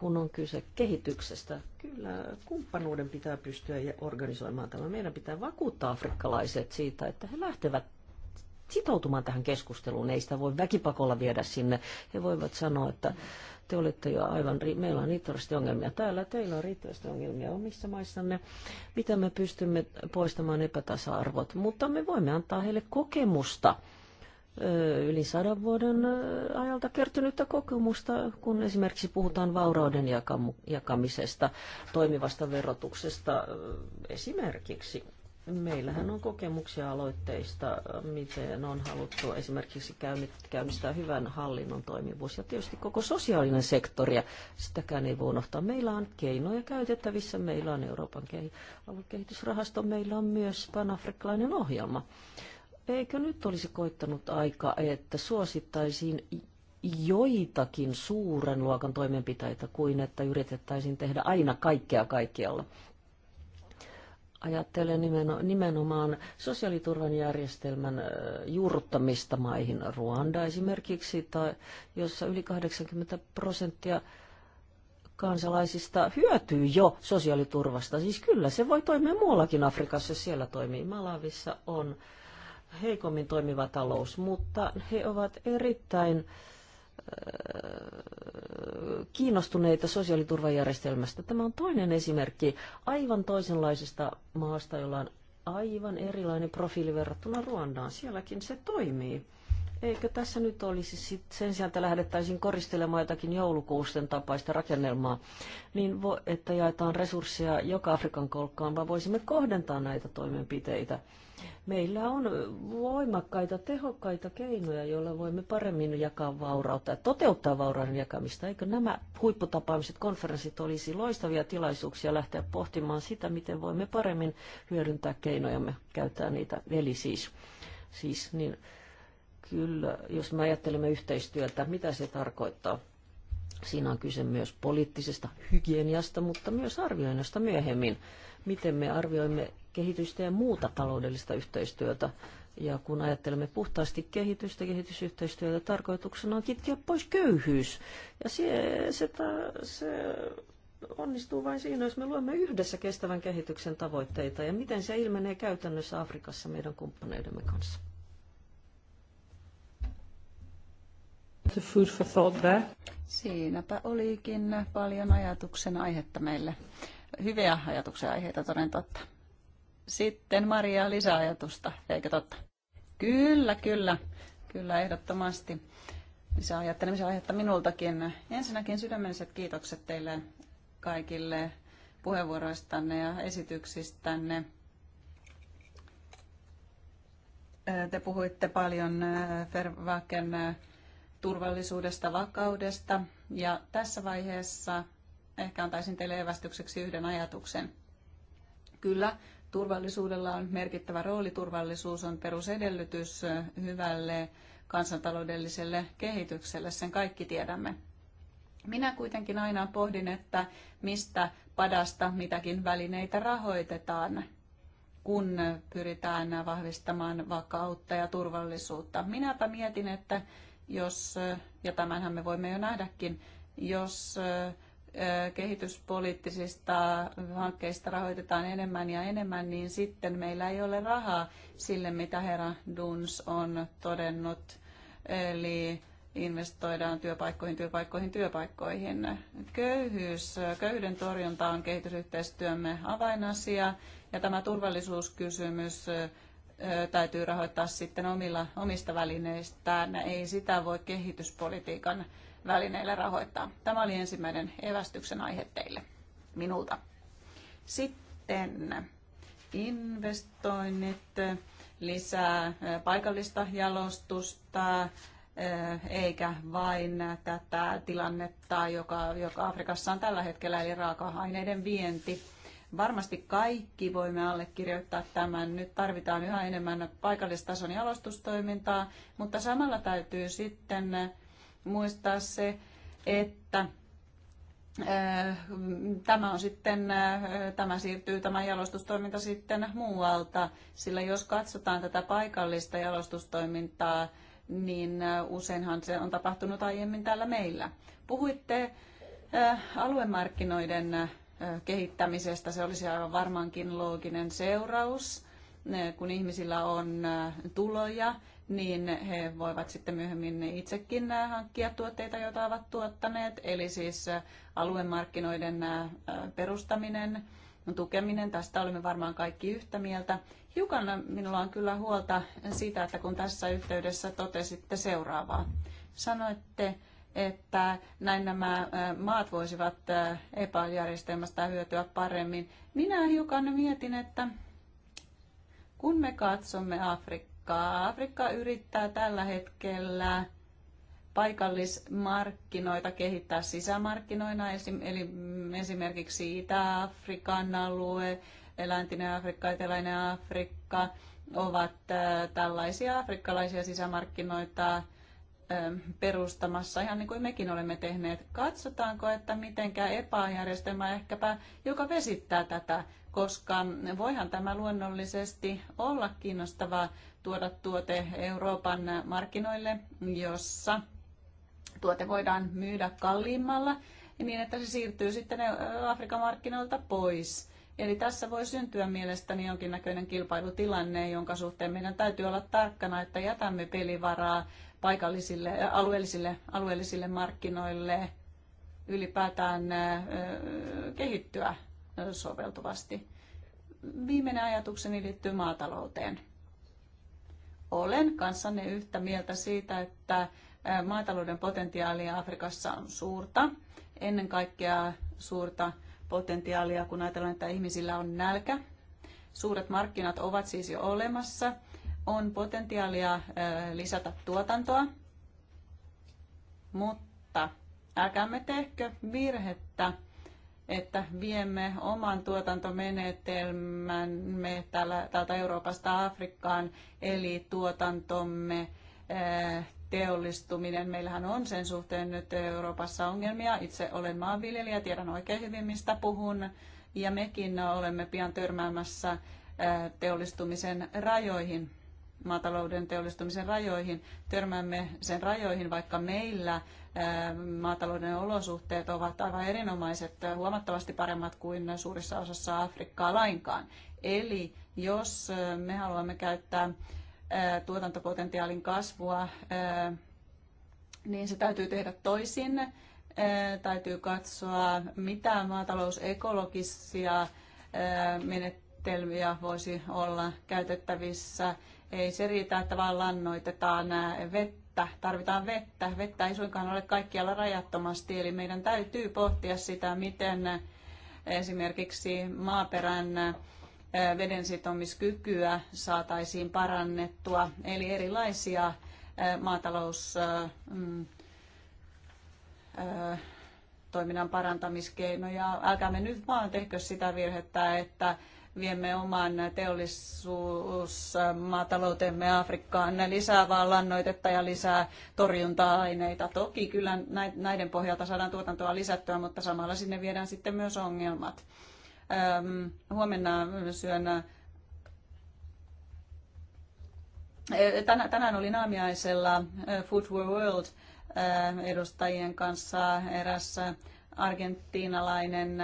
B: kun on kyse kehityksestä. Kyllä kumppanuuden pitää pystyä organisoimaan tämä. Meidän pitää vakuuttaa afrikkalaiset siitä, että he lähtevät sitoutumaan tähän keskusteluun. Ei sitä voi väkipakolla viedä sinne. He voivat sanoa, että te olette jo aivan, meillä on riittävästi ongelmia täällä, teillä on riittävästi ongelmia omissa maissanne, mitä me pystymme poistamaan epätasa-arvot, mutta me voimme antaa heille kokemusta – yli sadan vuoden ajalta kertynyttä kokemusta, kun esimerkiksi puhutaan vaurauden jakamisesta, toimivasta verotuksesta esimerkiksi. Meillähän on kokemuksia aloitteista, miten on haluttu esimerkiksi käynnistää hyvän hallinnon toimivuus ja tietysti koko sosiaalinen sektori, ja sitäkään ei voi unohtaa. Meillä on keinoja käytettävissä, meillä on Euroopan kehitysrahasto, meillä on myös panafrikkalainen ohjelma eikö nyt olisi koittanut aika, että suosittaisiin joitakin suuren luokan toimenpiteitä kuin että yritettäisiin tehdä aina kaikkea kaikkialla? Ajattelen nimenomaan sosiaaliturvan järjestelmän juurruttamista maihin. Ruanda esimerkiksi, tai jossa yli 80 prosenttia kansalaisista hyötyy jo sosiaaliturvasta. Siis kyllä se voi toimia muuallakin Afrikassa, jos siellä toimii. Malavissa on heikommin toimiva talous, mutta he ovat erittäin äh, kiinnostuneita sosiaaliturvajärjestelmästä. Tämä on toinen esimerkki aivan toisenlaisesta maasta, jolla on aivan erilainen profiili verrattuna Ruandaan. Sielläkin se toimii. Eikö tässä nyt olisi sit, sen sijaan, että lähdettäisiin koristelemaan jotakin joulukuusten tapaista rakennelmaa, niin vo, että jaetaan resursseja joka Afrikan kolkkaan, vaan voisimme kohdentaa näitä toimenpiteitä – Meillä on voimakkaita, tehokkaita keinoja, joilla voimme paremmin jakaa vaurautta ja toteuttaa vaurauden jakamista. Eikö nämä huipputapaamiset, konferenssit olisi loistavia tilaisuuksia lähteä pohtimaan sitä, miten voimme paremmin hyödyntää keinojamme, käyttää niitä. Eli siis, siis niin, kyllä, jos me ajattelemme yhteistyötä, mitä se tarkoittaa? Siinä on kyse myös poliittisesta hygieniasta, mutta myös arvioinnista myöhemmin, miten me arvioimme kehitystä ja muuta taloudellista yhteistyötä. Ja kun ajattelemme puhtaasti kehitystä, kehitysyhteistyötä, tarkoituksena on kitkeä pois köyhyys. Ja se, se, se onnistuu vain siinä, jos me luemme yhdessä kestävän kehityksen tavoitteita ja miten se ilmenee käytännössä Afrikassa meidän kumppaneidemme kanssa. The food for thought there.
D: Siinäpä olikin paljon ajatuksen aihetta meille. Hyviä ajatuksen aiheita toden totta. Sitten Maria lisäajatusta, eikö totta? Kyllä, kyllä. Kyllä, ehdottomasti. Lisäajattelemisen aihetta minultakin. Ensinnäkin sydämelliset kiitokset teille kaikille puheenvuoroistanne ja esityksistänne. Te puhuitte paljon Fervaken eh, eh, turvallisuudesta, vakaudesta. Ja tässä vaiheessa ehkä antaisin teille evästykseksi yhden ajatuksen. Kyllä, turvallisuudella on merkittävä rooli. Turvallisuus on perusedellytys hyvälle kansantaloudelliselle kehitykselle, sen kaikki tiedämme. Minä kuitenkin aina pohdin, että mistä padasta mitäkin välineitä rahoitetaan, kun pyritään vahvistamaan vakautta ja turvallisuutta. Minäpä mietin, että jos, eh, ja tämänhän me voimme jo nähdäkin, jos eh, eh, kehityspoliittisista hankkeista rahoitetaan enemmän ja enemmän, niin sitten meillä ei ole rahaa sille, mitä herra Duns on todennut. Eli investoidaan työpaikkoihin, työpaikkoihin, työpaikkoihin. Köyhyys, köyhyyden torjunta on kehitysyhteistyömme avainasia ja tämä turvallisuuskysymys täytyy rahoittaa sitten omilla, omista välineistään. Ei sitä voi kehityspolitiikan välineillä rahoittaa. Tämä oli ensimmäinen evästyksen aihe teille minulta. Sitten investoinnit lisää paikallista jalostusta, eikä vain tätä tilannetta, joka, joka Afrikassa on tällä hetkellä, eli raaka-aineiden vienti Varmasti kaikki voimme allekirjoittaa tämän. Nyt tarvitaan yhä enemmän paikallistason jalostustoimintaa, mutta samalla täytyy sitten äh, muistaa se, että äh, Tämä, on sitten, äh, tämä siirtyy tämä jalostustoiminta sitten muualta, sillä jos katsotaan tätä paikallista jalostustoimintaa, niin useinhan se on tapahtunut aiemmin täällä meillä. Puhuitte aluemarkkinoiden kehittämisestä. Se olisi aivan varmaankin looginen seuraus. Kun ihmisillä on tuloja, niin he voivat sitten myöhemmin itsekin hankkia tuotteita, joita ovat tuottaneet. Eli siis aluemarkkinoiden perustaminen, tukeminen, tästä olemme varmaan kaikki yhtä mieltä. Hiukan minulla on kyllä huolta siitä, että kun tässä yhteydessä totesitte seuraavaa. Sanoitte, että näin nämä maat voisivat epäjärjestelmästä hyötyä paremmin. Minä hiukan mietin, että kun me katsomme Afrikkaa, Afrikka yrittää tällä hetkellä paikallismarkkinoita kehittää sisämarkkinoina, eli esimerkiksi Itä-Afrikan alue, Läntinen Afrikka, Eteläinen Afrikka ovat tällaisia afrikkalaisia sisämarkkinoita, perustamassa, ihan niin kuin mekin olemme tehneet. Katsotaanko, että mitenkä epäjärjestelmä ehkäpä, joka vesittää tätä, koska voihan tämä luonnollisesti olla kiinnostavaa tuoda tuote Euroopan markkinoille, jossa tuote voidaan myydä kalliimmalla niin, että se siirtyy sitten Afrikan markkinoilta pois. Eli tässä voi syntyä mielestäni jonkinnäköinen kilpailutilanne, jonka suhteen meidän täytyy olla tarkkana, että jätämme pelivaraa paikallisille, alueellisille, alueellisille markkinoille ylipäätään kehittyä soveltuvasti. Viimeinen ajatukseni liittyy maatalouteen. Olen kanssanne yhtä mieltä siitä, että maatalouden potentiaalia Afrikassa on suurta. Ennen kaikkea suurta potentiaalia, kun ajatellaan, että ihmisillä on nälkä. Suuret markkinat ovat siis jo olemassa on potentiaalia äh, lisätä tuotantoa, mutta älkäämme tehkö virhettä, että viemme oman tuotantomenetelmämme täältä Euroopasta Afrikkaan, eli tuotantomme äh, teollistuminen. Meillähän on sen suhteen nyt Euroopassa ongelmia. Itse olen maanviljelijä, tiedän oikein hyvin mistä puhun. Ja mekin olemme pian törmäämässä äh, teollistumisen rajoihin maatalouden teollistumisen rajoihin. Törmäämme sen rajoihin, vaikka meillä maatalouden olosuhteet ovat aivan erinomaiset, huomattavasti paremmat kuin suurissa osassa Afrikkaa lainkaan. Eli jos me haluamme käyttää tuotantopotentiaalin kasvua, niin se täytyy tehdä toisin. Täytyy katsoa, mitä maatalousekologisia menettelyjä voisi olla käytettävissä ei se riitä, että vaan lannoitetaan vettä. Tarvitaan vettä. Vettä ei suinkaan ole kaikkialla rajattomasti, eli meidän täytyy pohtia sitä, miten esimerkiksi maaperän sitomiskykyä saataisiin parannettua. Eli erilaisia maatalous mm, toiminnan parantamiskeinoja. Älkää me nyt vaan tehkö sitä virhettä, että viemme oman teollisuusmaataloutemme Afrikkaan lisää vaan lannoitetta ja lisää torjunta-aineita. Toki kyllä näiden pohjalta saadaan tuotantoa lisättyä, mutta samalla sinne viedään sitten myös ongelmat. Huomenna syön Tänään oli naamiaisella Food for World edustajien kanssa eräs argentiinalainen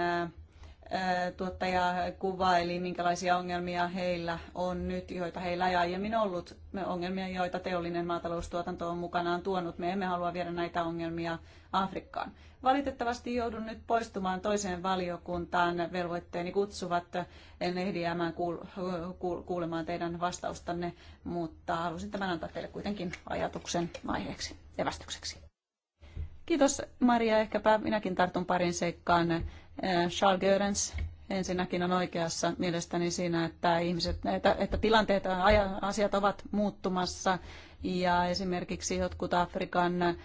D: tuottaja kuvaili, minkälaisia ongelmia heillä on nyt, joita heillä ei aiemmin ollut, ongelmia, joita teollinen maataloustuotanto on mukanaan tuonut. Me emme halua viedä näitä ongelmia Afrikkaan. Valitettavasti joudun nyt poistumaan toiseen valiokuntaan. Velvoitteeni kutsuvat, en ehdi jäämään kuulemaan teidän vastaustanne, mutta halusin tämän antaa teille kuitenkin ajatuksen aiheeksi, evästykseksi. Kiitos Maria, ehkäpä minäkin tartun parin seikkaan Eh, Charles Görens ensinnäkin on oikeassa mielestäni siinä, että, ihmiset, että, että tilanteet ja asiat ovat muuttumassa ja esimerkiksi jotkut Afrikan eh,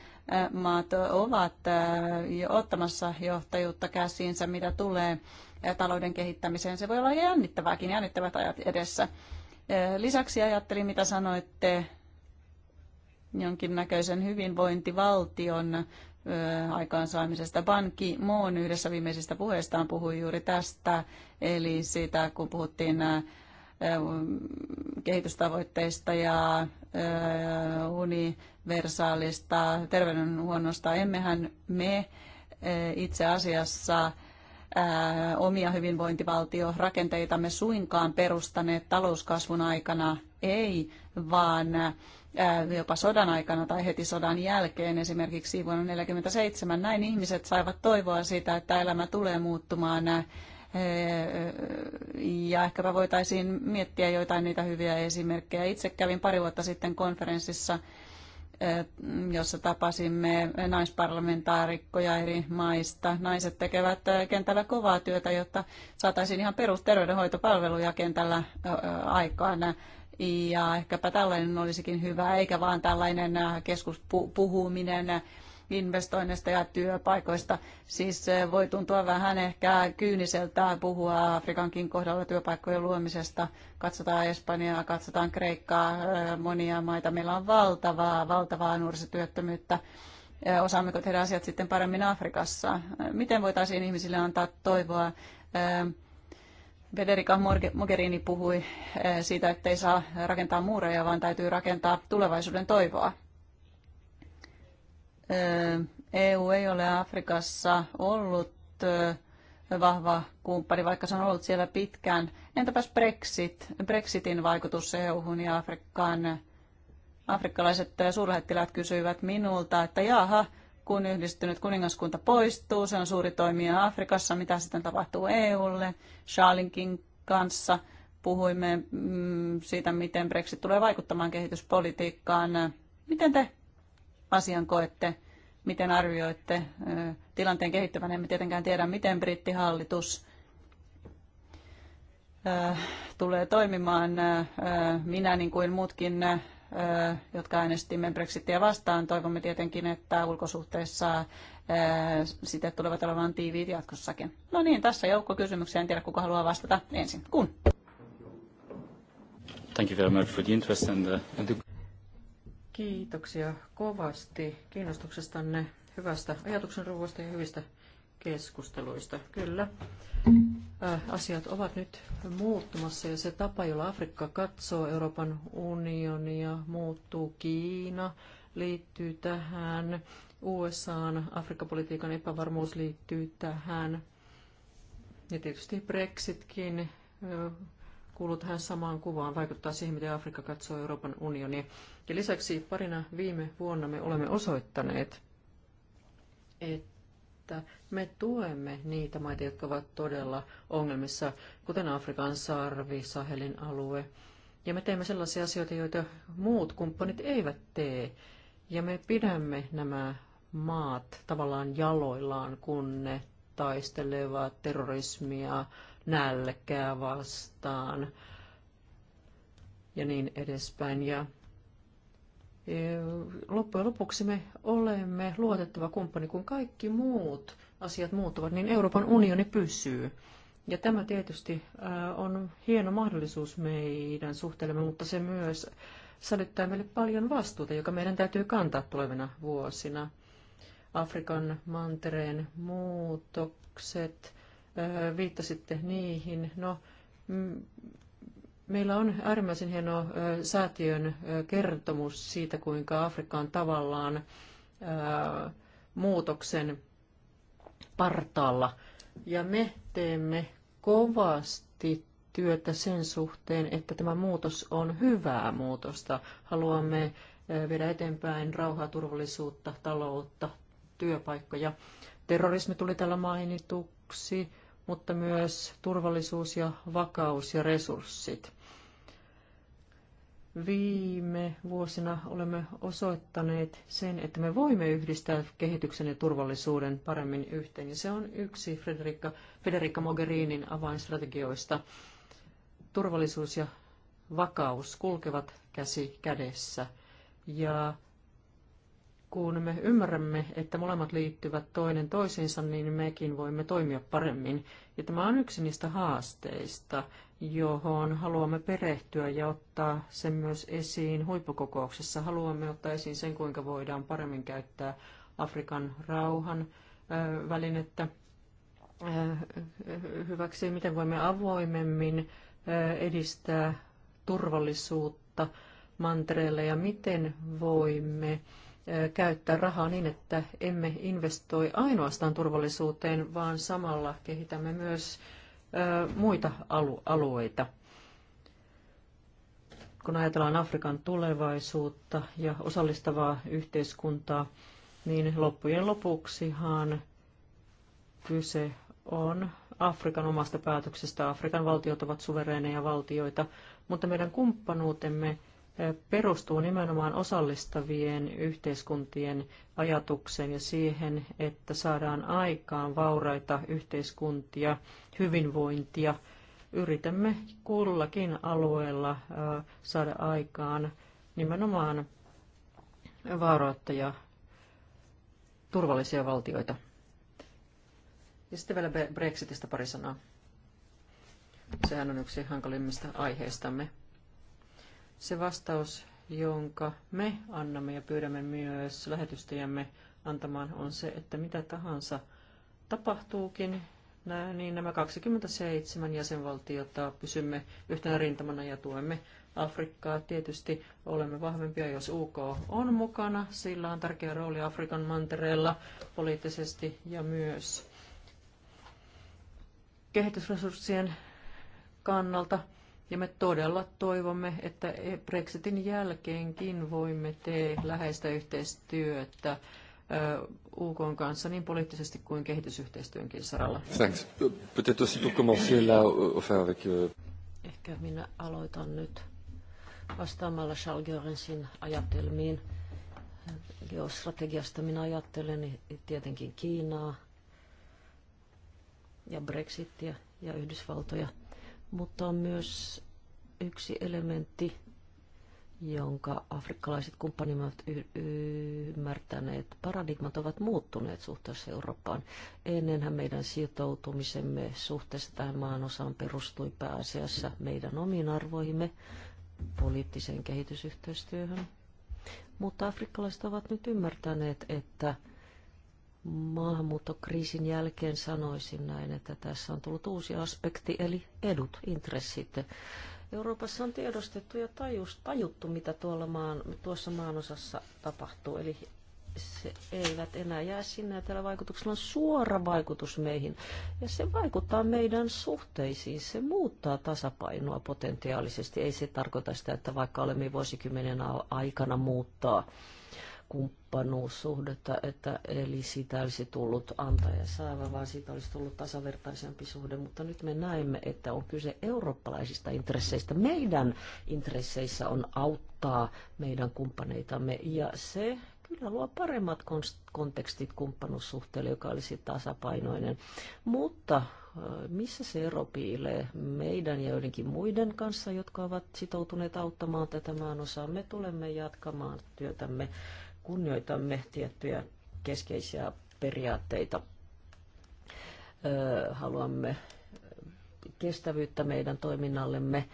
D: maat ovat eh, jo ottamassa johtajuutta käsiinsä, mitä tulee talouden kehittämiseen. Se voi olla jännittävääkin, jännittävät ajat edessä. Lisäksi ajattelin, mitä sanoitte jonkinnäköisen hyvinvointivaltion aikaansaamisesta. Ban Ki-moon yhdessä viimeisistä puheistaan puhui juuri tästä, eli siitä, kun puhuttiin kehitystavoitteista ja universaalista terveydenhuonnosta. Emmehän me itse asiassa omia hyvinvointivaltiorakenteitamme suinkaan perustaneet talouskasvun aikana, ei, vaan Äh, jopa sodan aikana tai heti sodan jälkeen, esimerkiksi vuonna 1947. Näin ihmiset saivat toivoa siitä, että elämä tulee muuttumaan äh, ja ehkäpä voitaisiin miettiä joitain niitä hyviä esimerkkejä. Itse kävin pari vuotta sitten konferenssissa, äh, jossa tapasimme naisparlamentaarikkoja eri maista. Naiset tekevät kentällä kovaa työtä, jotta saataisiin ihan perusterveydenhoitopalveluja kentällä aikaan. Ja ehkäpä tällainen olisikin hyvä, eikä vaan tällainen äh, keskuspuhuminen investoinneista ja työpaikoista. Siis äh, voi tuntua vähän ehkä kyyniseltä puhua Afrikankin kohdalla työpaikkojen luomisesta. Katsotaan Espanjaa, katsotaan Kreikkaa, äh, monia maita. Meillä on valtavaa, valtavaa nuorisotyöttömyyttä. Osaammeko tehdä asiat sitten paremmin Afrikassa? Miten voitaisiin ihmisille antaa toivoa? Federica Mogherini puhui eh, siitä, että ei saa rakentaa muureja, vaan täytyy rakentaa tulevaisuuden toivoa. EU eh, e ei ole Afrikassa ollut eh, vahva kumppani, vaikka se on ollut siellä pitkään. Entäpäs Brexit, Brexitin vaikutus EU-hun ja Afrikkaan? Afrikkalaiset suurlähettiläät kysyivät minulta, että jaha, kun yhdistynyt kuningaskunta poistuu, se on suuri toimija Afrikassa, mitä sitten tapahtuu EUlle. Charlinkin kanssa puhuimme mm, siitä, miten Brexit tulee vaikuttamaan kehityspolitiikkaan. Miten te asian koette? Miten arvioitte tilanteen kehittyvän? Emme tietenkään tiedä, miten brittihallitus tulee toimimaan. Minä, niin kuin muutkin jotka äänestimme Brexitia vastaan. Toivomme tietenkin, että ulkosuhteissa sitä tulevat olemaan tiiviit jatkossakin. No niin, tässä joukko kysymyksiä. En tiedä, kuka haluaa vastata ensin. Kun.
B: Thank you very much for the
D: interest and uh, the...
A: Kiitoksia kovasti kiinnostuksestanne, hyvästä ajatuksenruvusta ja hyvistä keskusteluista. Kyllä. Äh, asiat ovat nyt muuttumassa ja se tapa, jolla Afrikka katsoo Euroopan unionia, muuttuu. Kiina liittyy tähän, USAn Afrikka-politiikan epävarmuus liittyy tähän ja tietysti Brexitkin äh, kuuluu tähän samaan kuvaan, vaikuttaa siihen, miten Afrikka katsoo Euroopan unionia. Ja lisäksi parina viime vuonna me olemme osoittaneet, että että me tuemme niitä maita, jotka ovat todella ongelmissa, kuten Afrikan sarvi, Sahelin alue. Ja me teemme sellaisia asioita, joita muut kumppanit eivät tee. Ja me pidämme nämä maat tavallaan jaloillaan, kun ne taistelevat terrorismia, nälkää vastaan ja niin edespäin. Ja loppujen lopuksi me olemme luotettava kumppani, kun kaikki muut asiat muuttuvat, niin Euroopan unioni pysyy. Ja tämä tietysti äh, on hieno mahdollisuus meidän suhteellemme, mutta se myös sälyttää meille paljon vastuuta, joka meidän täytyy kantaa tulevina vuosina. Afrikan mantereen muutokset, äh, viittasitte niihin. No, mm, Meillä on äärimmäisen hieno säätiön kertomus siitä, kuinka Afrikka on tavallaan muutoksen partaalla. Ja me teemme kovasti työtä sen suhteen, että tämä muutos on hyvää muutosta. Haluamme viedä eteenpäin rauhaa, turvallisuutta, taloutta, työpaikkoja. Terrorismi tuli täällä mainituksi, mutta myös turvallisuus ja vakaus ja resurssit. Viime vuosina olemme osoittaneet sen, että me voimme yhdistää kehityksen ja turvallisuuden paremmin yhteen. Ja se on yksi Federica, Federica Mogherinin avainstrategioista. Turvallisuus ja vakaus kulkevat käsi kädessä. Ja kun me ymmärrämme, että molemmat liittyvät toinen toisiinsa, niin mekin voimme toimia paremmin. Ja tämä on yksi niistä haasteista, johon haluamme perehtyä ja ottaa sen myös esiin huippukokouksessa. Haluamme ottaa esiin sen, kuinka voidaan paremmin käyttää Afrikan rauhan välinettä hyväksi, miten voimme avoimemmin edistää turvallisuutta mantereelle ja miten voimme käyttää rahaa niin, että emme investoi ainoastaan turvallisuuteen, vaan samalla kehitämme myös muita alueita. Kun ajatellaan Afrikan tulevaisuutta ja osallistavaa yhteiskuntaa, niin loppujen lopuksihan kyse on Afrikan omasta päätöksestä. Afrikan valtiot ovat suvereeneja valtioita, mutta meidän kumppanuutemme perustuu nimenomaan osallistavien yhteiskuntien ajatukseen ja siihen, että saadaan aikaan vauraita yhteiskuntia, hyvinvointia. Yritämme kullakin alueella saada aikaan nimenomaan vaurautta ja turvallisia valtioita. Ja sitten vielä Brexitistä pari sanaa. Sehän on yksi hankalimmista aiheistamme. Se vastaus, jonka me annamme ja pyydämme myös lähetystäjämme antamaan, on se, että mitä tahansa tapahtuukin, niin nämä 27 jäsenvaltiota pysymme yhtenä rintamana ja tuemme Afrikkaa. Tietysti olemme vahvempia, jos UK on mukana. Sillä on tärkeä rooli Afrikan
B: mantereella
A: poliittisesti ja myös kehitysresurssien kannalta. Ja me todella toivomme, että e- Brexitin jälkeenkin voimme tehdä läheistä yhteistyötä UK kanssa niin poliittisesti kuin kehitysyhteistyönkin saralla.
C: Thanks. Peut-être aussi pour commencer là, euh, enfin avec... Euh,
B: Ehkä minä aloitan nyt vastaamalla Charles Görensin ajatelmiin. Geostrategiasta minä ajattelen tietenkin Kiinaa ja Brexitia ja Yhdysvaltoja – mutta on myös yksi elementti, jonka afrikkalaiset kumppanimat ymmärtäneet. Paradigmat ovat muuttuneet suhteessa Eurooppaan. Ennenhän meidän sitoutumisemme suhteessa tähän maanosaan perustui pääasiassa meidän omiin arvoihimme, poliittiseen kehitysyhteistyöhön. Mutta afrikkalaiset ovat nyt ymmärtäneet, että maahanmuuttokriisin jälkeen sanoisin näin, että tässä on tullut uusi aspekti, eli edut, intressit. Euroopassa on tiedostettu ja tajust, tajuttu, mitä tuolla maan, tuossa maanosassa tapahtuu, eli se eivät enää jää sinne ja tällä vaikutuksella on suora vaikutus meihin. Ja se vaikuttaa meidän suhteisiin, se muuttaa tasapainoa potentiaalisesti. Ei se tarkoita sitä, että vaikka olemme vuosikymmenen aikana muuttaa kumppanuussuhdetta, että eli sitä olisi tullut antaja saava, vaan siitä olisi tullut tasavertaisempi suhde. Mutta nyt me näemme, että on kyse eurooppalaisista intresseistä. Meidän intresseissä on auttaa meidän kumppaneitamme ja se kyllä luo paremmat kontekstit kumppanuussuhteelle, joka olisi tasapainoinen. Mutta missä se ero piilee meidän ja joidenkin muiden kanssa, jotka ovat sitoutuneet auttamaan tätä maanosaa? Me tulemme jatkamaan työtämme kunnioitamme tiettyjä keskeisiä periaatteita. Haluamme kestävyyttä meidän toiminnallemme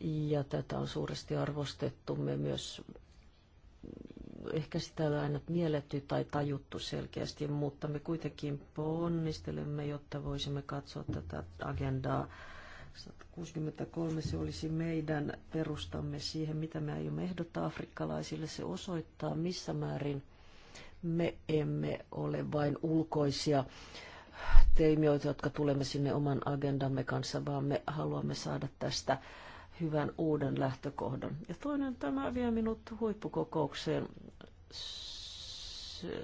B: ja tätä on suuresti arvostettu. Me myös ehkä sitä ei ole aina mielletty tai tajuttu selkeästi, mutta me kuitenkin ponnistelemme, jotta voisimme katsoa tätä agendaa 163, se olisi meidän perustamme siihen, mitä me aiomme ehdottaa afrikkalaisille. Se osoittaa, missä määrin me emme ole vain ulkoisia teimijoita, jotka tulemme sinne oman agendamme kanssa, vaan me haluamme saada tästä hyvän uuden lähtökohdan. Ja toinen, tämä vie minut huippukokoukseen.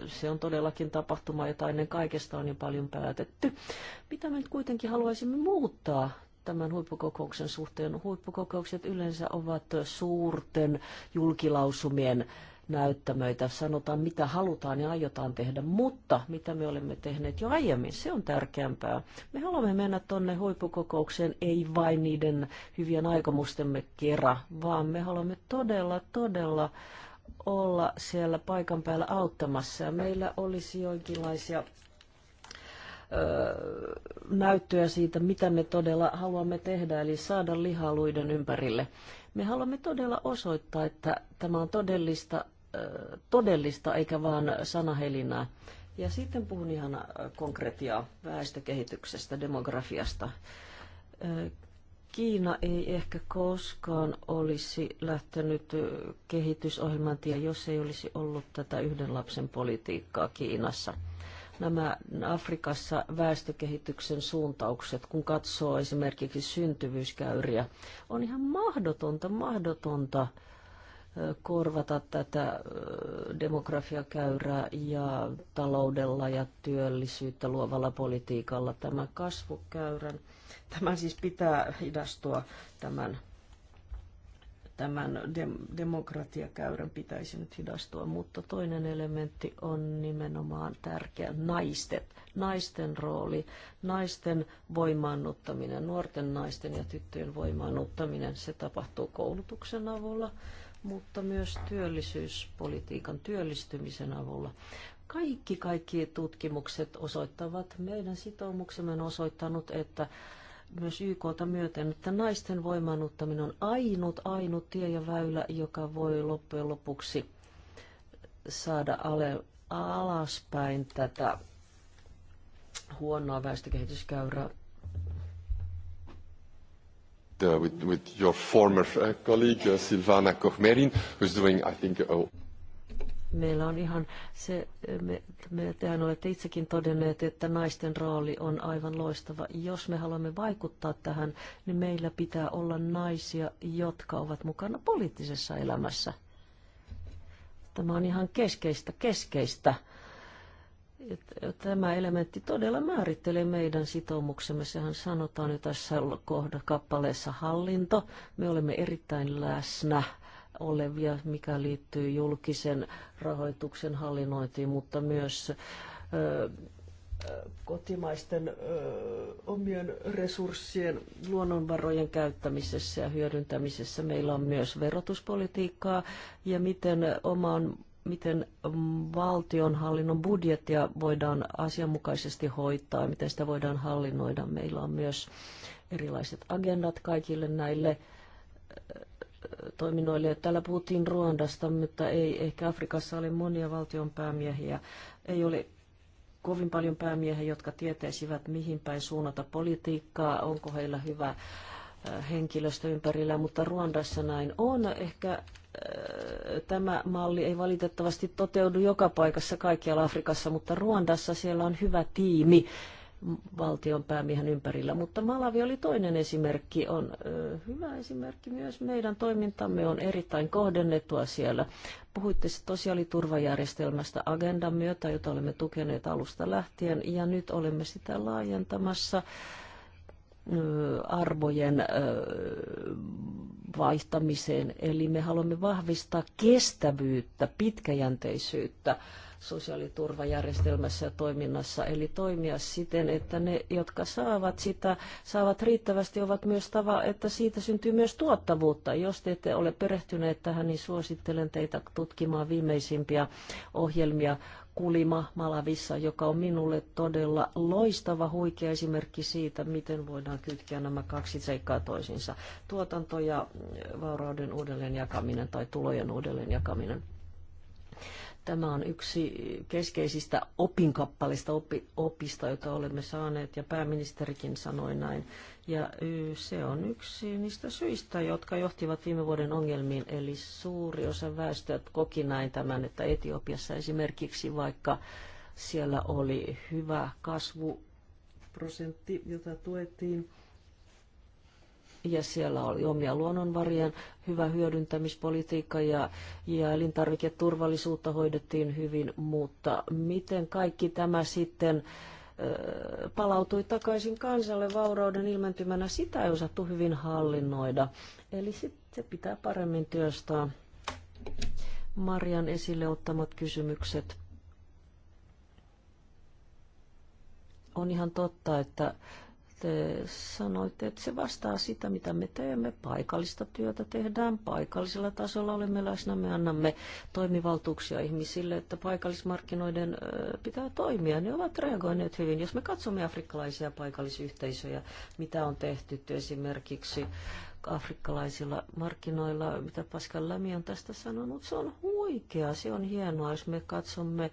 B: Se on todellakin tapahtuma, jota ennen kaikesta on jo paljon päätetty. Mitä me nyt kuitenkin haluaisimme muuttaa tämän huippukokouksen suhteen. Huippukokoukset yleensä ovat suurten julkilausumien näyttämöitä, sanotaan mitä halutaan ja aiotaan tehdä, mutta mitä me olemme tehneet jo aiemmin, se on tärkeämpää. Me haluamme mennä tuonne huippukokoukseen ei vain niiden hyvien aikomustemme kera, vaan me haluamme todella, todella olla siellä paikan päällä auttamassa. Ja meillä olisi jonkinlaisia näyttöä siitä, mitä me todella haluamme tehdä, eli saada lihaluiden ympärille. Me haluamme todella osoittaa, että tämä on todellista, todellista eikä vaan sanahelinää. Ja sitten puhun ihan konkretiaa väestökehityksestä, demografiasta. Kiina ei ehkä koskaan olisi lähtenyt kehitysohjelman tie, jos ei olisi ollut tätä yhden lapsen politiikkaa Kiinassa – nämä Afrikassa väestökehityksen suuntaukset, kun katsoo esimerkiksi syntyvyyskäyriä, on ihan mahdotonta, mahdotonta korvata tätä demografiakäyrää ja taloudella ja työllisyyttä luovalla politiikalla. Tämä kasvukäyrän, tämä siis pitää hidastua tämän tämän demokratiakäyrän pitäisi nyt hidastua, mutta toinen elementti on nimenomaan tärkeä naisten, naisten rooli, naisten voimaannuttaminen, nuorten naisten ja tyttöjen voimaannuttaminen. Se tapahtuu koulutuksen avulla, mutta myös työllisyyspolitiikan työllistymisen avulla. Kaikki, kaikki tutkimukset osoittavat, meidän sitoumuksemme on osoittanut, että myös YK myöten, että naisten voimaannuttaminen on ainut, ainut tie ja väylä, joka voi loppujen lopuksi saada ale, alaspäin tätä huonoa väestökehityskäyrää.
A: Uh, with, with your former uh, colleague uh, Silvana Kohmerin, who's doing, I think, a
B: meillä on ihan se, me, me tehän olette itsekin todenneet, että naisten rooli on aivan loistava. Jos me haluamme vaikuttaa tähän, niin meillä pitää olla naisia, jotka ovat mukana poliittisessa elämässä. Tämä on ihan keskeistä, keskeistä. Tämä elementti todella määrittelee meidän sitoumuksemme. Sehän sanotaan jo tässä kohdakappaleessa hallinto. Me olemme erittäin läsnä olevia, mikä liittyy julkisen rahoituksen hallinnointiin, mutta myös kotimaisten ö, omien resurssien, luonnonvarojen käyttämisessä ja hyödyntämisessä. Meillä on myös verotuspolitiikkaa ja miten oman miten valtionhallinnon budjettia voidaan asianmukaisesti hoitaa, miten sitä voidaan hallinnoida. Meillä on myös erilaiset agendat kaikille näille toiminnoille. Täällä puhuttiin Ruandasta, mutta ei ehkä Afrikassa ole monia valtion päämiehiä. Ei ole kovin paljon päämiehiä, jotka tietäisivät, mihin päin suunnata politiikkaa, onko heillä hyvä äh, henkilöstö ympärillä, mutta Ruandassa näin on. Ehkä äh, tämä malli ei valitettavasti toteudu joka paikassa kaikkialla Afrikassa, mutta Ruandassa siellä on hyvä tiimi, valtionpäämiehen ympärillä. Mutta Malavi oli toinen esimerkki, on hyvä esimerkki myös. Meidän toimintamme on erittäin kohdennettua siellä. Puhuitte sosiaaliturvajärjestelmästä agendan myötä, jota olemme tukeneet alusta lähtien, ja nyt olemme sitä laajentamassa arvojen vaihtamiseen. Eli me haluamme vahvistaa kestävyyttä, pitkäjänteisyyttä sosiaaliturvajärjestelmässä ja toiminnassa. Eli toimia siten, että ne, jotka saavat sitä, saavat riittävästi, ovat myös tava, että siitä syntyy myös tuottavuutta. Jos te ette ole perehtyneet tähän, niin suosittelen teitä tutkimaan viimeisimpiä ohjelmia Kulima Malavissa, joka on minulle todella loistava huikea esimerkki siitä, miten voidaan kytkeä nämä kaksi seikkaa toisiinsa. Tuotanto ja vaurauden uudelleenjakaminen tai tulojen uudelleenjakaminen. Tämä on yksi keskeisistä opinkappalista opi, opista, jota olemme saaneet, ja pääministerikin sanoi näin. Ja se on yksi niistä syistä, jotka johtivat viime vuoden ongelmiin, eli suuri osa väestöä koki näin tämän, että Etiopiassa esimerkiksi vaikka siellä oli hyvä kasvuprosentti, jota tuettiin, ja siellä oli omia luonnonvarien hyvä hyödyntämispolitiikka ja, ja elintarviketurvallisuutta hoidettiin hyvin, mutta miten kaikki tämä sitten palautui takaisin kansalle vaurauden ilmentymänä, sitä ei osattu hyvin hallinnoida. Eli sitten se pitää paremmin työstää. Marian esille ottamat kysymykset. On ihan totta, että te sanoitte, että se vastaa sitä, mitä me teemme. Paikallista työtä tehdään, paikallisella tasolla olemme läsnä, me annamme toimivaltuuksia ihmisille, että paikallismarkkinoiden pitää toimia. Ne ovat reagoineet hyvin. Jos me katsomme afrikkalaisia paikallisyhteisöjä, mitä on tehty esimerkiksi afrikkalaisilla markkinoilla, mitä Pascal Lämi on tästä sanonut, se on huikea, se on hienoa, jos me katsomme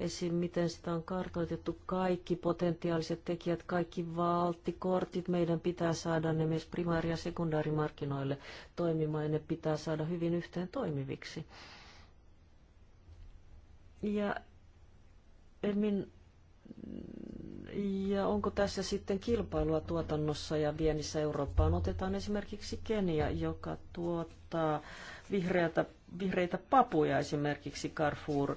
B: Esim. miten sitä on kartoitettu. Kaikki potentiaaliset tekijät, kaikki valttikortit, meidän pitää saada ne myös primaari- ja sekundaarimarkkinoille toimimaan ja ne pitää saada hyvin yhteen toimiviksi. Ja, min, ja onko tässä sitten kilpailua tuotannossa ja viennissä Eurooppaan? Otetaan esimerkiksi Kenia, joka tuottaa vihreitä papuja esimerkiksi Carrefour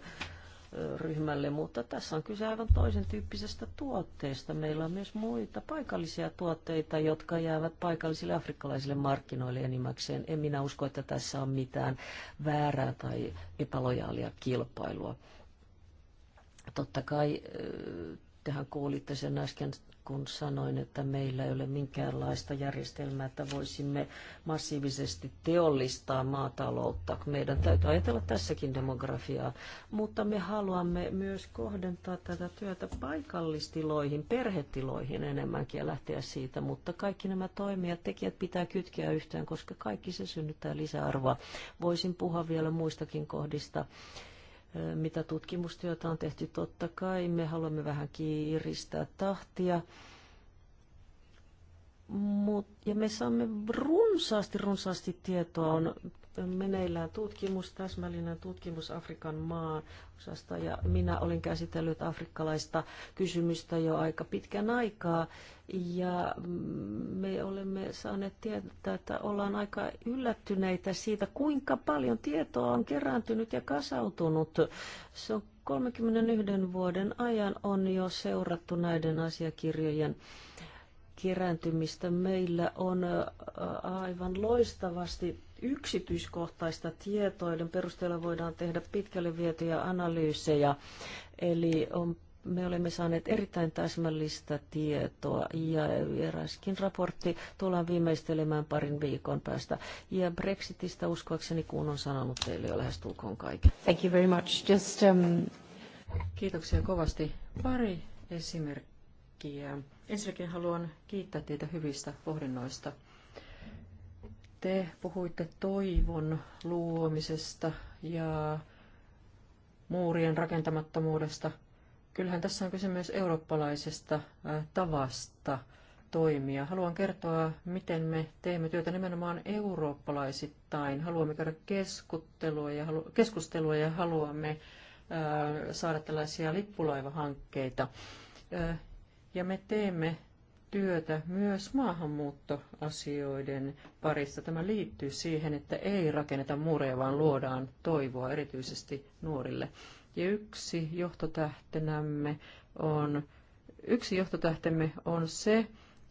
B: ryhmälle, mutta tässä on kyse aivan toisen tyyppisestä tuotteesta. Meillä on myös muita paikallisia tuotteita, jotka jäävät paikallisille afrikkalaisille markkinoille enimmäkseen. En minä usko, että tässä on mitään väärää tai epälojaalia kilpailua. Totta kai tehän kuulitte sen äsken kun sanoin, että meillä ei ole minkäänlaista järjestelmää, että voisimme massiivisesti teollistaa maataloutta. Meidän täytyy ajatella tässäkin demografiaa, mutta me haluamme myös kohdentaa tätä työtä paikallistiloihin, perhetiloihin enemmänkin ja lähteä siitä, mutta kaikki nämä toimijat, tekijät pitää kytkeä yhteen, koska kaikki se synnyttää lisäarvoa. Voisin puhua vielä muistakin kohdista mitä tutkimustyötä on tehty. Totta kai me haluamme vähän kiristää tahtia. Mut, ja me saamme runsaasti, runsaasti tietoa. On meneillään tutkimus, täsmällinen tutkimus Afrikan maan osasta. Ja minä olen käsitellyt afrikkalaista kysymystä jo aika pitkän aikaa. Ja mm, me olemme saaneet tietää, että ollaan aika yllättyneitä siitä, kuinka paljon tietoa on kerääntynyt ja kasautunut. Se on 31 vuoden ajan on jo seurattu näiden asiakirjojen kerääntymistä. Meillä on aivan loistavasti yksityiskohtaista tietoa, joiden perusteella voidaan tehdä pitkälle vietyjä analyysejä. Eli on me olemme saaneet erittäin täsmällistä tietoa ja eräskin raportti tullaan viimeistelemään parin viikon päästä. Ja Brexitistä uskoakseni kun on sanonut teille jo lähestulkoon kaiken.
A: Thank you very much. Just, um... Kiitoksia kovasti. Pari esimerkkiä. Ensinnäkin haluan kiittää teitä hyvistä pohdinnoista. Te puhuitte toivon luomisesta ja muurien rakentamattomuudesta – Kyllähän tässä on kysymys eurooppalaisesta tavasta toimia. Haluan kertoa, miten me teemme työtä nimenomaan eurooppalaisittain. Haluamme käydä keskustelua ja, halu- keskustelua ja haluamme saada tällaisia lippulaivahankkeita. Ja me teemme työtä myös maahanmuuttoasioiden parissa. Tämä liittyy siihen, että ei rakenneta muureja, vaan luodaan toivoa erityisesti nuorille. Ja yksi johtotähtenämme on, yksi johtotähtemme on se,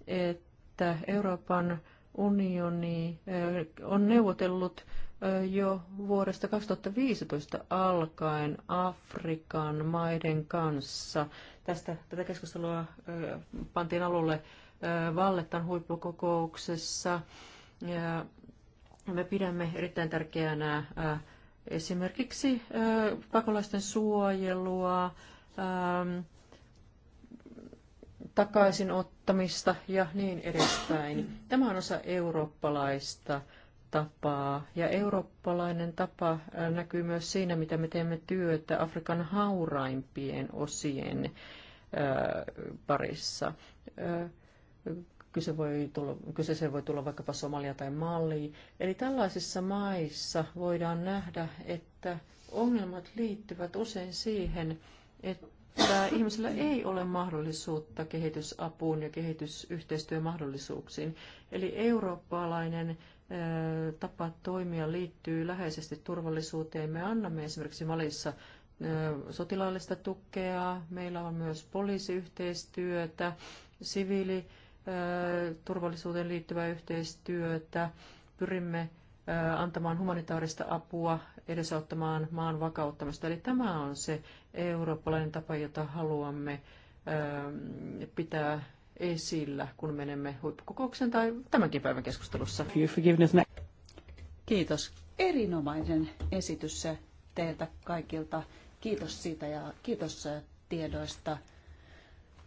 A: että Euroopan unioni eh, on neuvotellut eh, jo vuodesta 2015 alkaen Afrikan maiden kanssa. Tästä, tätä keskustelua eh, pantiin alulle Vallettan huippukokouksessa. Ja me pidämme erittäin tärkeänä esimerkiksi pakolaisten suojelua, ähm, takaisinottamista ja niin edespäin. Tämä on osa eurooppalaista tapaa. Ja eurooppalainen tapa äh, näkyy myös siinä, mitä me teemme työtä Afrikan hauraimpien osien äh, parissa. Kyse voi tulla, kyseeseen voi tulla vaikkapa Somalia tai Mali. Eli tällaisissa maissa voidaan nähdä, että ongelmat liittyvät usein siihen, että ihmisillä ei ole mahdollisuutta kehitysapuun ja kehitysyhteistyömahdollisuuksiin. Eli eurooppalainen tapa toimia liittyy läheisesti turvallisuuteen. Me annamme esimerkiksi Malissa sotilaallista tukea, meillä on myös poliisiyhteistyötä, siviili turvallisuuteen liittyvää yhteistyötä, pyrimme antamaan humanitaarista apua, edesauttamaan maan vakauttamista. Eli tämä on se eurooppalainen tapa, jota haluamme pitää esillä, kun menemme huippukokoukseen tai tämänkin päivän keskustelussa. Kiitos. Erinomainen
D: esitys teiltä kaikilta. Kiitos siitä ja kiitos tiedoista.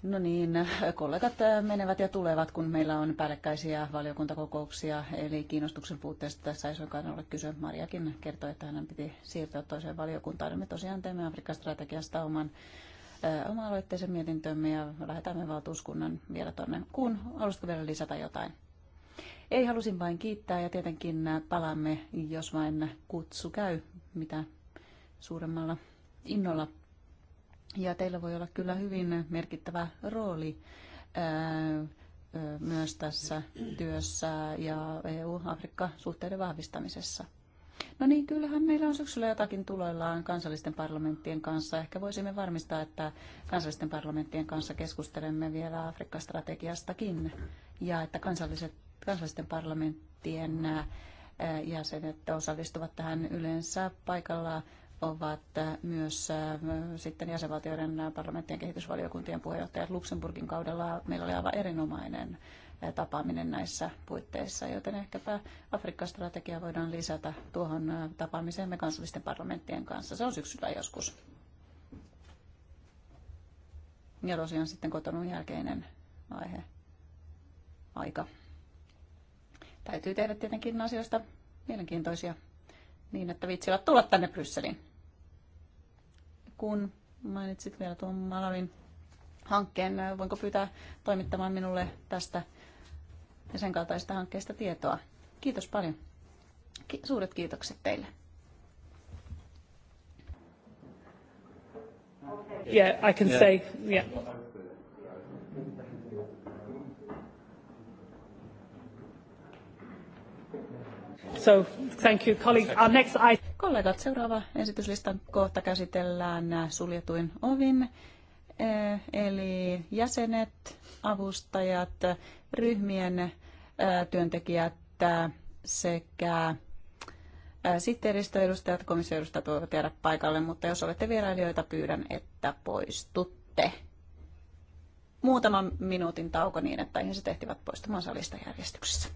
D: No niin, kollegat menevät ja tulevat, kun meillä on päällekkäisiä valiokuntakokouksia, eli kiinnostuksen puutteesta tässä ei suinkaan ole kyse. Mariakin kertoi, että hänen piti siirtyä toiseen valiokuntaan. Me tosiaan teemme Afrikan strategiasta oman äh, oma-aloitteisen mietintömme ja lähetämme valtuuskunnan vielä tuonne Kun Haluaisitko vielä lisätä jotain? Ei, halusin vain kiittää ja tietenkin palaamme, jos vain kutsu käy, mitä suuremmalla innolla ja teillä voi olla kyllä hyvin merkittävä rooli myös tässä työssä ja EU-Afrikka-suhteiden vahvistamisessa. No niin, kyllähän meillä on syksyllä jotakin tuloillaan kansallisten parlamenttien kanssa. Ehkä voisimme varmistaa, että kansallisten parlamenttien kanssa keskustelemme vielä Afrikka-strategiastakin ja että kansalliset, kansallisten parlamenttien jäsenet osallistuvat tähän yleensä paikalla ovat myös äh, sitten jäsenvaltioiden parlamenttien kehitysvaliokuntien puheenjohtajat Luxemburgin kaudella. Meillä oli aivan erinomainen äh, tapaaminen näissä puitteissa, joten ehkäpä Afrikka-strategia voidaan lisätä tuohon äh, tapaamiseemme kansallisten parlamenttien kanssa. Se on syksyllä joskus. Ja tosiaan sitten kotonun jälkeinen aihe, aika. Täytyy tehdä tietenkin asioista mielenkiintoisia niin, että viitsivät tulla tänne Brysseliin kun mainitsit vielä tuon Malavin hankkeen, voinko pyytää toimittamaan minulle tästä ja sen kaltaista hankkeesta tietoa? Kiitos paljon. Ki- suuret kiitokset teille.
C: Yeah, I can yeah. say, yeah. So, thank you, Our next
D: Kollegat, seuraava esityslistan kohta käsitellään suljetuin ovin, eh, eli jäsenet, avustajat, ryhmien eh, työntekijät eh, sekä sihteeristöedustajat, komissioedustajat voivat jäädä paikalle, mutta jos olette vierailijoita, pyydän, että poistutte. Muutaman minuutin tauko niin, että ihmiset ehtivät poistumaan salista järjestyksessä.